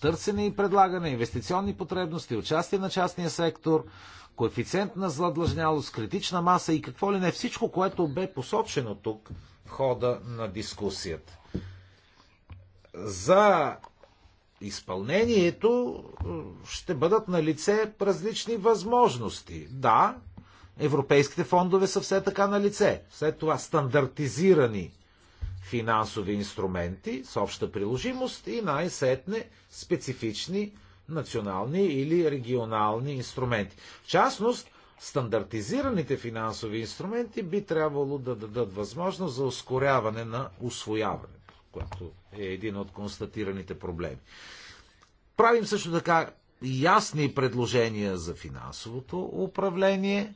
търсене и предлагане, инвестиционни потребности, участие на частния сектор, коефициент на задлъжнялост, критична маса и какво ли не всичко, което бе посочено тук в хода на дискусията. За изпълнението ще бъдат на лице различни възможности. Да, европейските фондове са все така на лице. След това стандартизирани финансови инструменти с обща приложимост и най-сетне специфични национални или регионални инструменти. В частност, стандартизираните финансови инструменти би трябвало да дадат възможност за ускоряване на освояването, което е един от констатираните проблеми. Правим също така ясни предложения за финансовото управление.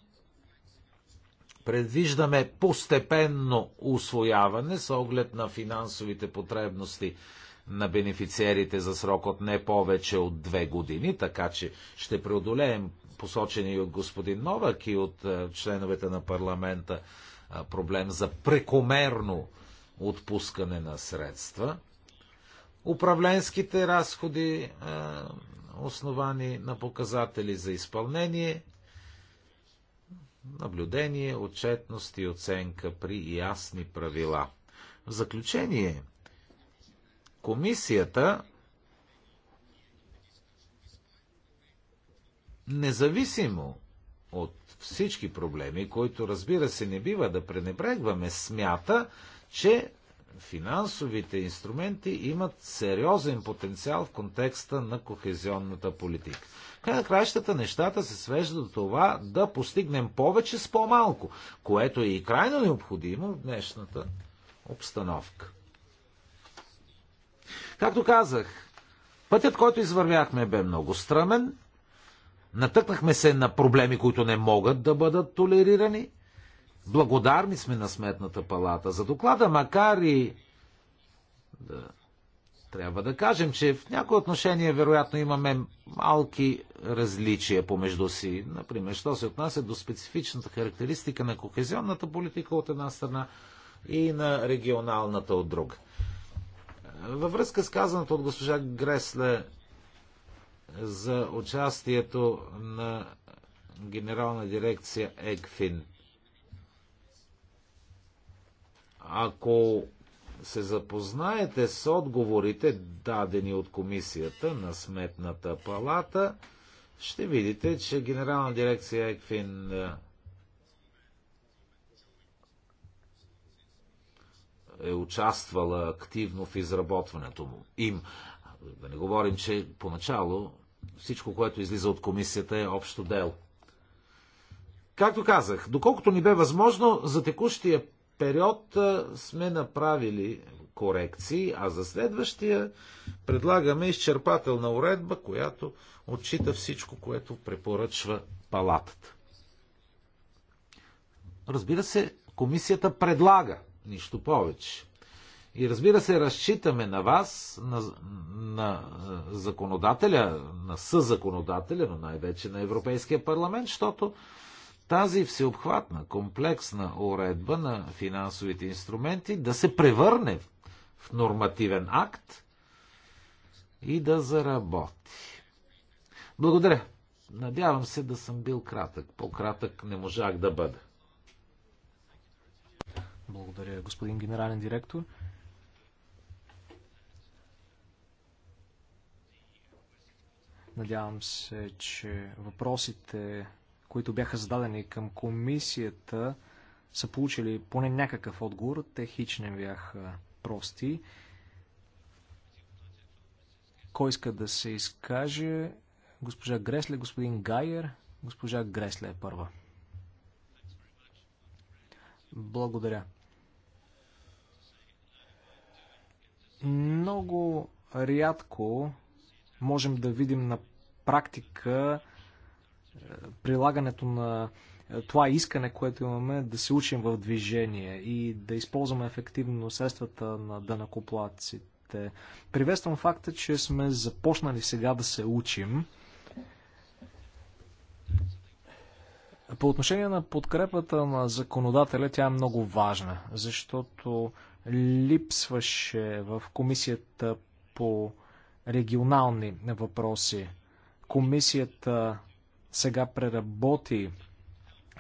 Предвиждаме постепенно освояване с оглед на финансовите потребности на бенефициерите за срок от не повече от две години, така че ще преодолеем посочени от господин Новак и от е, членовете на парламента е, проблем за прекомерно отпускане на средства. Управленските разходи, е, основани на показатели за изпълнение, наблюдение, отчетност и оценка при ясни правила. В заключение, Комисията независимо от всички проблеми, които разбира се не бива да пренебрегваме, смята, че финансовите инструменти имат сериозен потенциал в контекста на кохезионната политика. Край на краищата нещата се свежда до това да постигнем повече с по-малко, което е и крайно необходимо в днешната обстановка. Както казах, пътят, който извървяхме, бе много стръмен. Натъкнахме се на проблеми, които не могат да бъдат толерирани. Благодарни сме на Сметната палата за доклада, макар и да, трябва да кажем, че в някои отношения вероятно имаме малки различия помежду си. Например, що се отнася до специфичната характеристика на кохезионната политика от една страна и на регионалната от друга. Във връзка с казаното от госпожа Гресле за участието на генерална дирекция ЕГФИН, ако се запознаете с отговорите, дадени от комисията на Сметната палата, ще видите, че Генерална дирекция ЕКФИН е участвала активно в изработването му. Им. Да не говорим, че поначало всичко, което излиза от комисията е общо дело. Както казах, доколкото ни бе възможно, за текущия период сме направили корекции, а за следващия предлагаме изчерпателна уредба, която отчита всичко, което препоръчва палатата. Разбира се, комисията предлага нищо повече. И разбира се, разчитаме на вас, на, на законодателя, на съзаконодателя, но най-вече на Европейския парламент, защото тази всеобхватна, комплексна уредба на финансовите инструменти да се превърне в нормативен акт и да заработи. Благодаря. Надявам се да съм бил кратък. По-кратък не можах да бъда. Благодаря, господин генерален директор. Надявам се, че въпросите, които бяха зададени към комисията, са получили поне някакъв отговор. Те хич не бяха прости. Кой иска да се изкаже? Госпожа Гресле, господин Гайер. Госпожа Гресле е първа. Благодаря. Много рядко можем да видим на практика е, прилагането на е, това искане, което имаме да се учим в движение и да използваме ефективно средствата на дънакоплаците. Приветствам факта, че сме започнали сега да се учим. По отношение на подкрепата на законодателя, тя е много важна, защото липсваше в комисията по регионални въпроси. Комисията сега преработи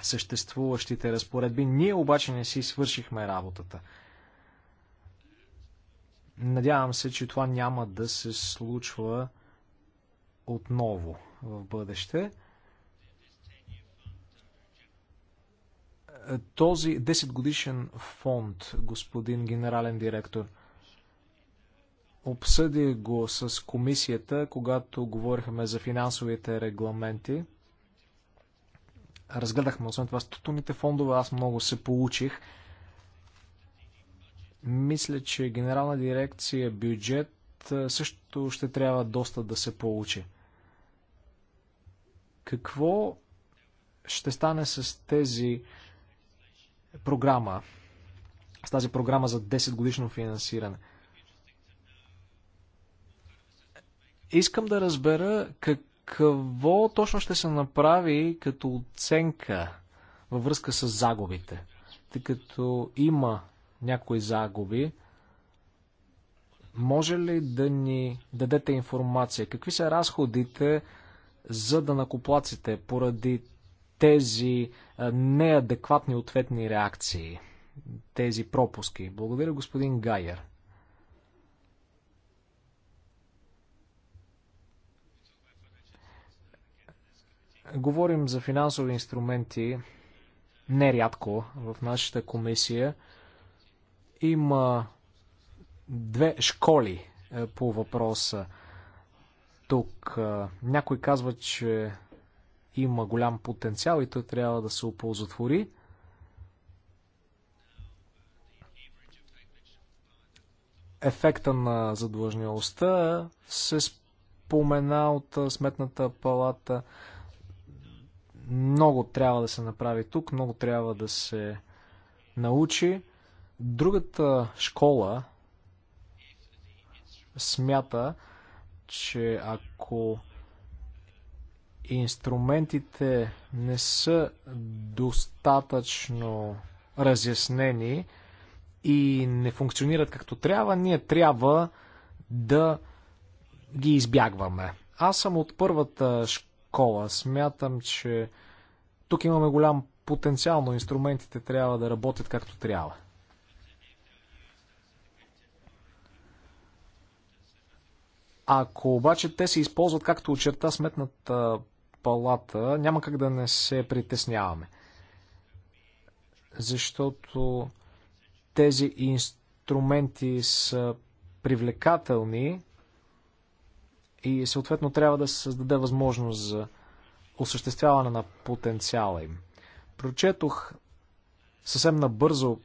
съществуващите разпоредби. Ние обаче не си свършихме работата. Надявам се, че това няма да се случва отново в бъдеще. този 10 годишен фонд, господин генерален директор, обсъди го с комисията, когато говорихме за финансовите регламенти. Разгледахме освен това структурните фондове, аз много се получих. Мисля, че генерална дирекция бюджет също ще трябва доста да се получи. Какво ще стане с тези програма, с тази програма за 10 годишно финансиране. Искам да разбера какво точно ще се направи като оценка във връзка с загубите. Тъй като има някои загуби, може ли да ни дадете информация? Какви са разходите за да накоплаците поради тези неадекватни ответни реакции, тези пропуски. Благодаря, господин Гайер. Говорим за финансови инструменти нерядко в нашата комисия. Има две школи е, по въпроса. Тук е, някой казва, че има голям потенциал и той трябва да се оползотвори. Ефекта на задлъжнялостта се спомена от Сметната палата. Много трябва да се направи тук, много трябва да се научи. Другата школа смята, че ако инструментите не са достатъчно разяснени и не функционират както трябва, ние трябва да ги избягваме. Аз съм от първата школа. Смятам, че тук имаме голям потенциал, но инструментите трябва да работят както трябва. Ако обаче те се използват както очерта сметната палата, няма как да не се притесняваме. Защото тези инструменти са привлекателни и съответно трябва да се създаде възможност за осъществяване на потенциала им. Прочетох съвсем набързо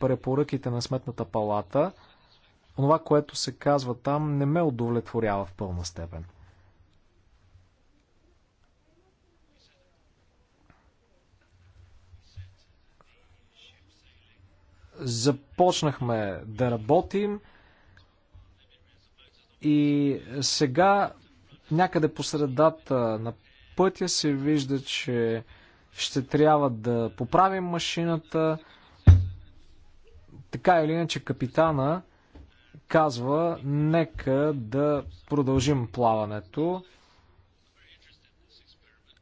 препоръките на Сметната палата – онова, което се казва там, не ме удовлетворява в пълна степен. Започнахме да работим и сега някъде по средата на пътя се вижда, че ще трябва да поправим машината. Така или иначе капитана казва, нека да продължим плаването.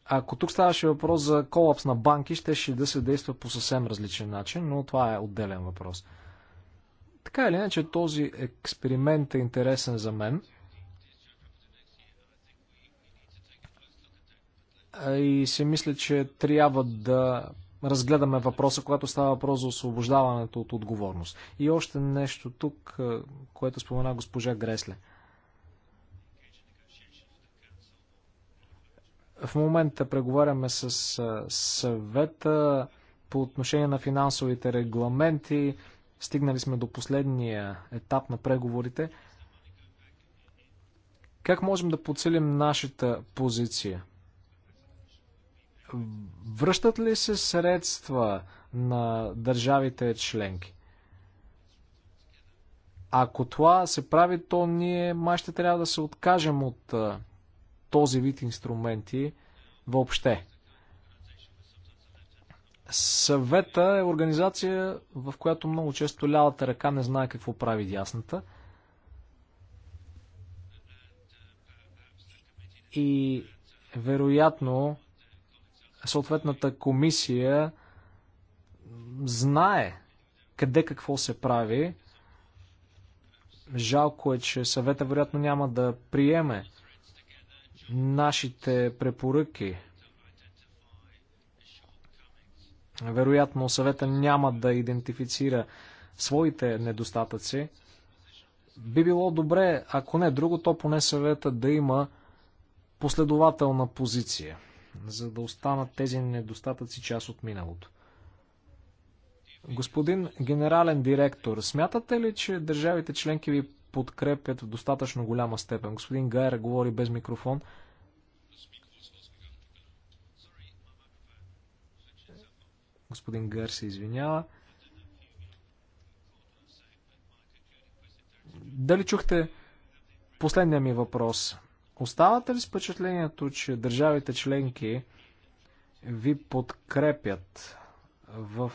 Ако тук ставаше въпрос за колапс на банки, ще, ще да се действа по съвсем различен начин, но това е отделен въпрос. Така или иначе, този експеримент е интересен за мен. И си мисля, че трябва да разгледаме въпроса, когато става въпрос за освобождаването от отговорност. И още нещо тук, е, което спомена госпожа Гресле. В момента преговаряме с е, съвета по отношение на финансовите регламенти. Стигнали сме до последния етап на преговорите. Как можем да подсилим нашата позиция? Връщат ли се средства на държавите членки? Ако това се прави, то ние май ще трябва да се откажем от този вид инструменти въобще. Съвета е организация, в която много често лявата ръка не знае какво прави дясната. И вероятно съответната комисия знае къде какво се прави. Жалко е, че съвета вероятно няма да приеме нашите препоръки. Вероятно съвета няма да идентифицира своите недостатъци. Би било добре, ако не друго, то поне съвета да има последователна позиция за да останат тези недостатъци част от миналото. Господин генерален директор, смятате ли, че държавите членки ви подкрепят в достатъчно голяма степен? Господин Гайер говори без микрофон. Господин Гайер се извинява. Дали чухте последния ми въпрос? Оставате ли с впечатлението, че държавите членки ви подкрепят в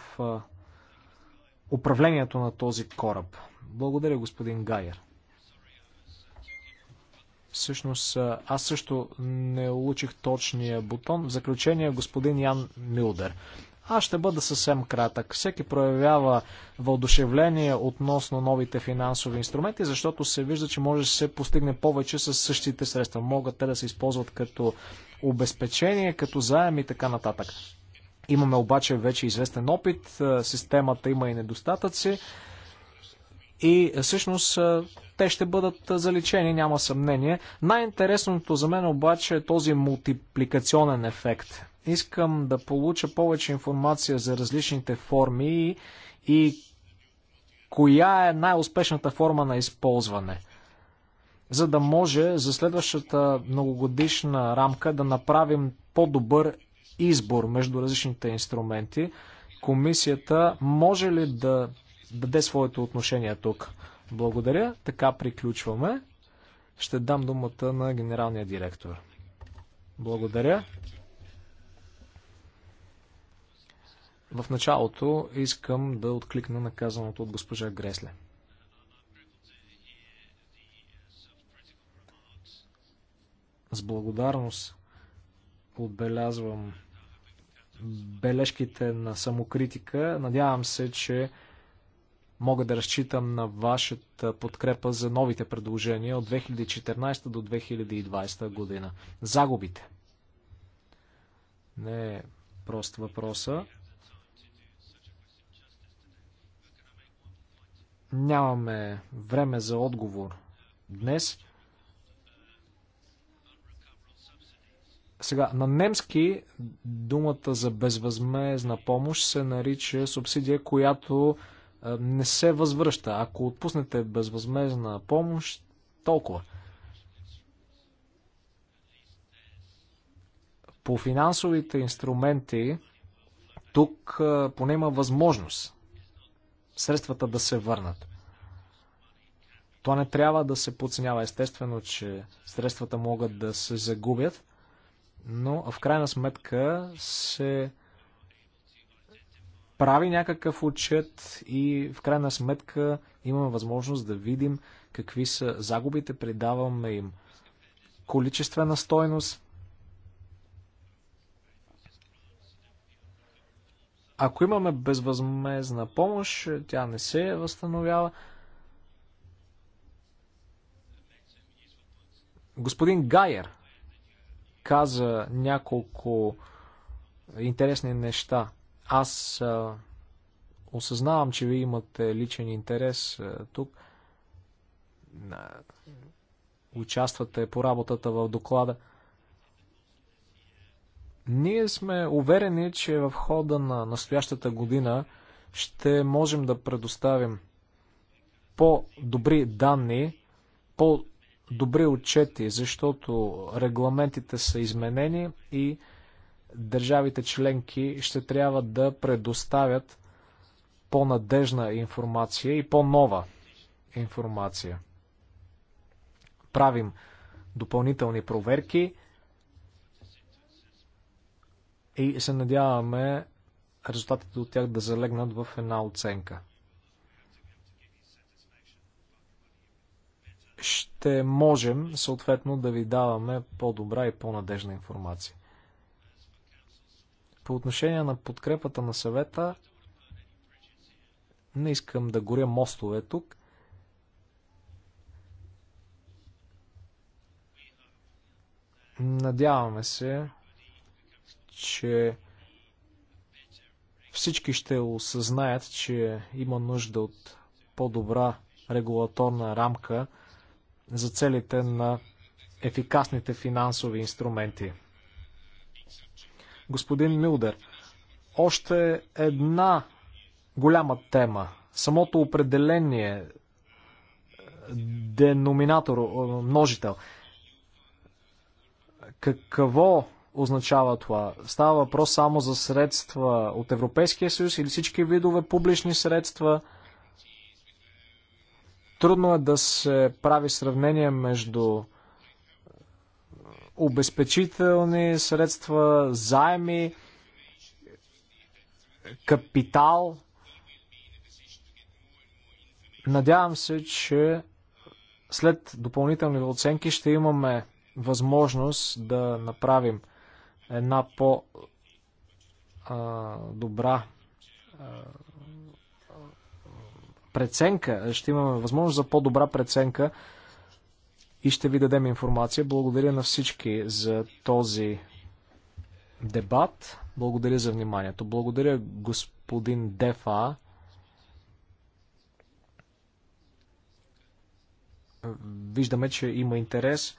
управлението на този кораб? Благодаря, господин Гайер. Всъщност, аз също не улучих точния бутон. В заключение, господин Ян Милдер. Аз ще бъда съвсем кратък. Всеки проявява въодушевление относно новите финансови инструменти, защото се вижда, че може да се постигне повече с същите средства. Могат те да се използват като обезпечение, като заем и така нататък. Имаме обаче вече известен опит, системата има и недостатъци и всъщност те ще бъдат заличени, няма съмнение. Най-интересното за мен обаче е този мултипликационен ефект. Искам да получа повече информация за различните форми и коя е най-успешната форма на използване, за да може за следващата многогодишна рамка да направим по-добър избор между различните инструменти. Комисията може ли да даде своето отношение тук? Благодаря. Така приключваме. Ще дам думата на генералния директор. Благодаря. В началото искам да откликна на казаното от госпожа Гресле. С благодарност отбелязвам бележките на самокритика. Надявам се, че мога да разчитам на вашата подкрепа за новите предложения от 2014 до 2020 година. Загубите. Не е прост въпроса. Нямаме време за отговор днес. Сега, на немски думата за безвъзмезна помощ се нарича субсидия, която не се възвръща. Ако отпуснете безвъзмезна помощ, толкова. По финансовите инструменти, тук поне има възможност средствата да се върнат. Това не трябва да се подценява. Естествено, че средствата могат да се загубят, но в крайна сметка се прави някакъв отчет и в крайна сметка имаме възможност да видим какви са загубите, придаваме им количествена стойност. Ако имаме безвъзмезна помощ, тя не се възстановява. Господин Гайер каза няколко интересни неща. Аз а, осъзнавам, че ви имате личен интерес а, тук. А, участвате по работата в доклада. А, ние сме уверени, че в хода на настоящата година ще можем да предоставим по-добри данни, по-добри отчети, защото регламентите са изменени и държавите членки ще трябва да предоставят по-надежна информация и по-нова информация. Правим допълнителни проверки и се надяваме резултатите от тях да залегнат в една оценка. Ще можем съответно да ви даваме по-добра и по-надежна информация. По отношение на подкрепата на съвета, не искам да горя мостове тук. Надяваме се, че всички ще осъзнаят, че има нужда от по-добра регулаторна рамка за целите на ефикасните финансови инструменти. Господин Милдер, още една голяма тема. Самото определение, е, деноминатор, е, множител. Какво означава това? Става въпрос само за средства от Европейския съюз или всички видове публични средства? Трудно е да се прави сравнение между обезпечителни средства, заеми, капитал. Надявам се, че след допълнителни оценки ще имаме възможност да направим една по-добра преценка, ще имаме възможност за по-добра преценка и ще ви дадем информация. Благодаря на всички за този дебат. Благодаря за вниманието. Благодаря господин Дефа. Виждаме, че има интерес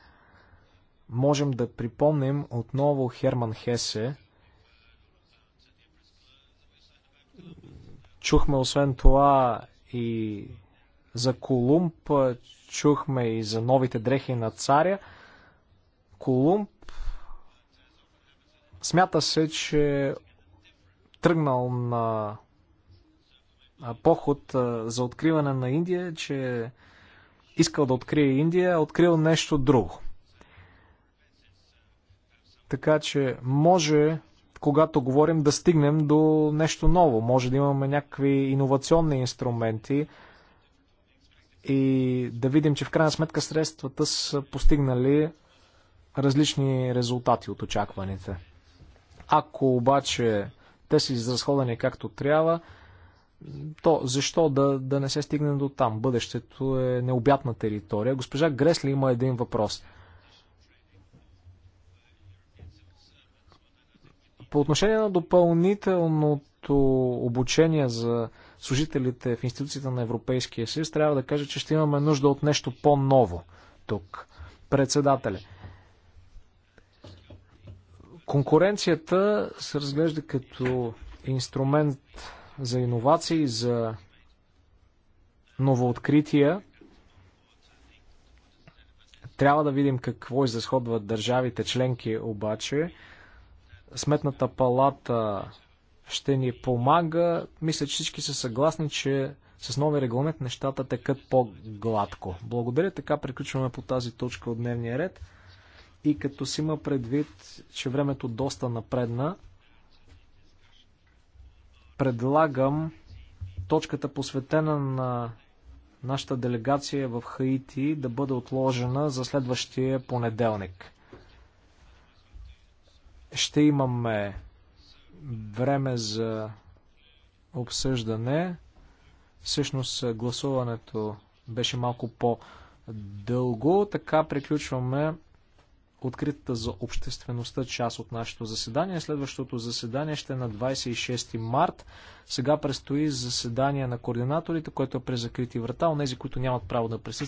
можем да припомним отново Херман Хесе. Чухме освен това и за Колумб, чухме и за новите дрехи на царя. Колумб смята се, че тръгнал на поход за откриване на Индия, че е искал да открие Индия, открил нещо друго. Така че може, когато говорим, да стигнем до нещо ново. Може да имаме някакви иновационни инструменти и да видим, че в крайна сметка средствата са постигнали различни резултати от очакваните. Ако обаче те са изразходени както трябва, то защо да, да не се стигне до там? Бъдещето е необятна територия. Госпожа Гресли има един въпрос – По отношение на допълнителното обучение за служителите в институцията на Европейския съюз, трябва да кажа, че ще имаме нужда от нещо по-ново тук. Председателе. Конкуренцията се разглежда като инструмент за иновации, за новооткрития. Трябва да видим какво изразходват държавите членки обаче. Сметната палата ще ни помага. Мисля, че всички са съгласни, че с новия регламент нещата текат по-гладко. Благодаря, така приключваме по тази точка от дневния ред. И като си има предвид, че времето доста напредна, предлагам точката посветена на нашата делегация в Хаити да бъде отложена за следващия понеделник. Ще имаме време за обсъждане. Всъщност гласуването беше малко по-дълго. Така приключваме откритата за обществеността част от нашето заседание. Следващото заседание ще е на 26 март. Сега предстои заседание на координаторите, което е през закрити врата. Онези, които нямат право да присъстват,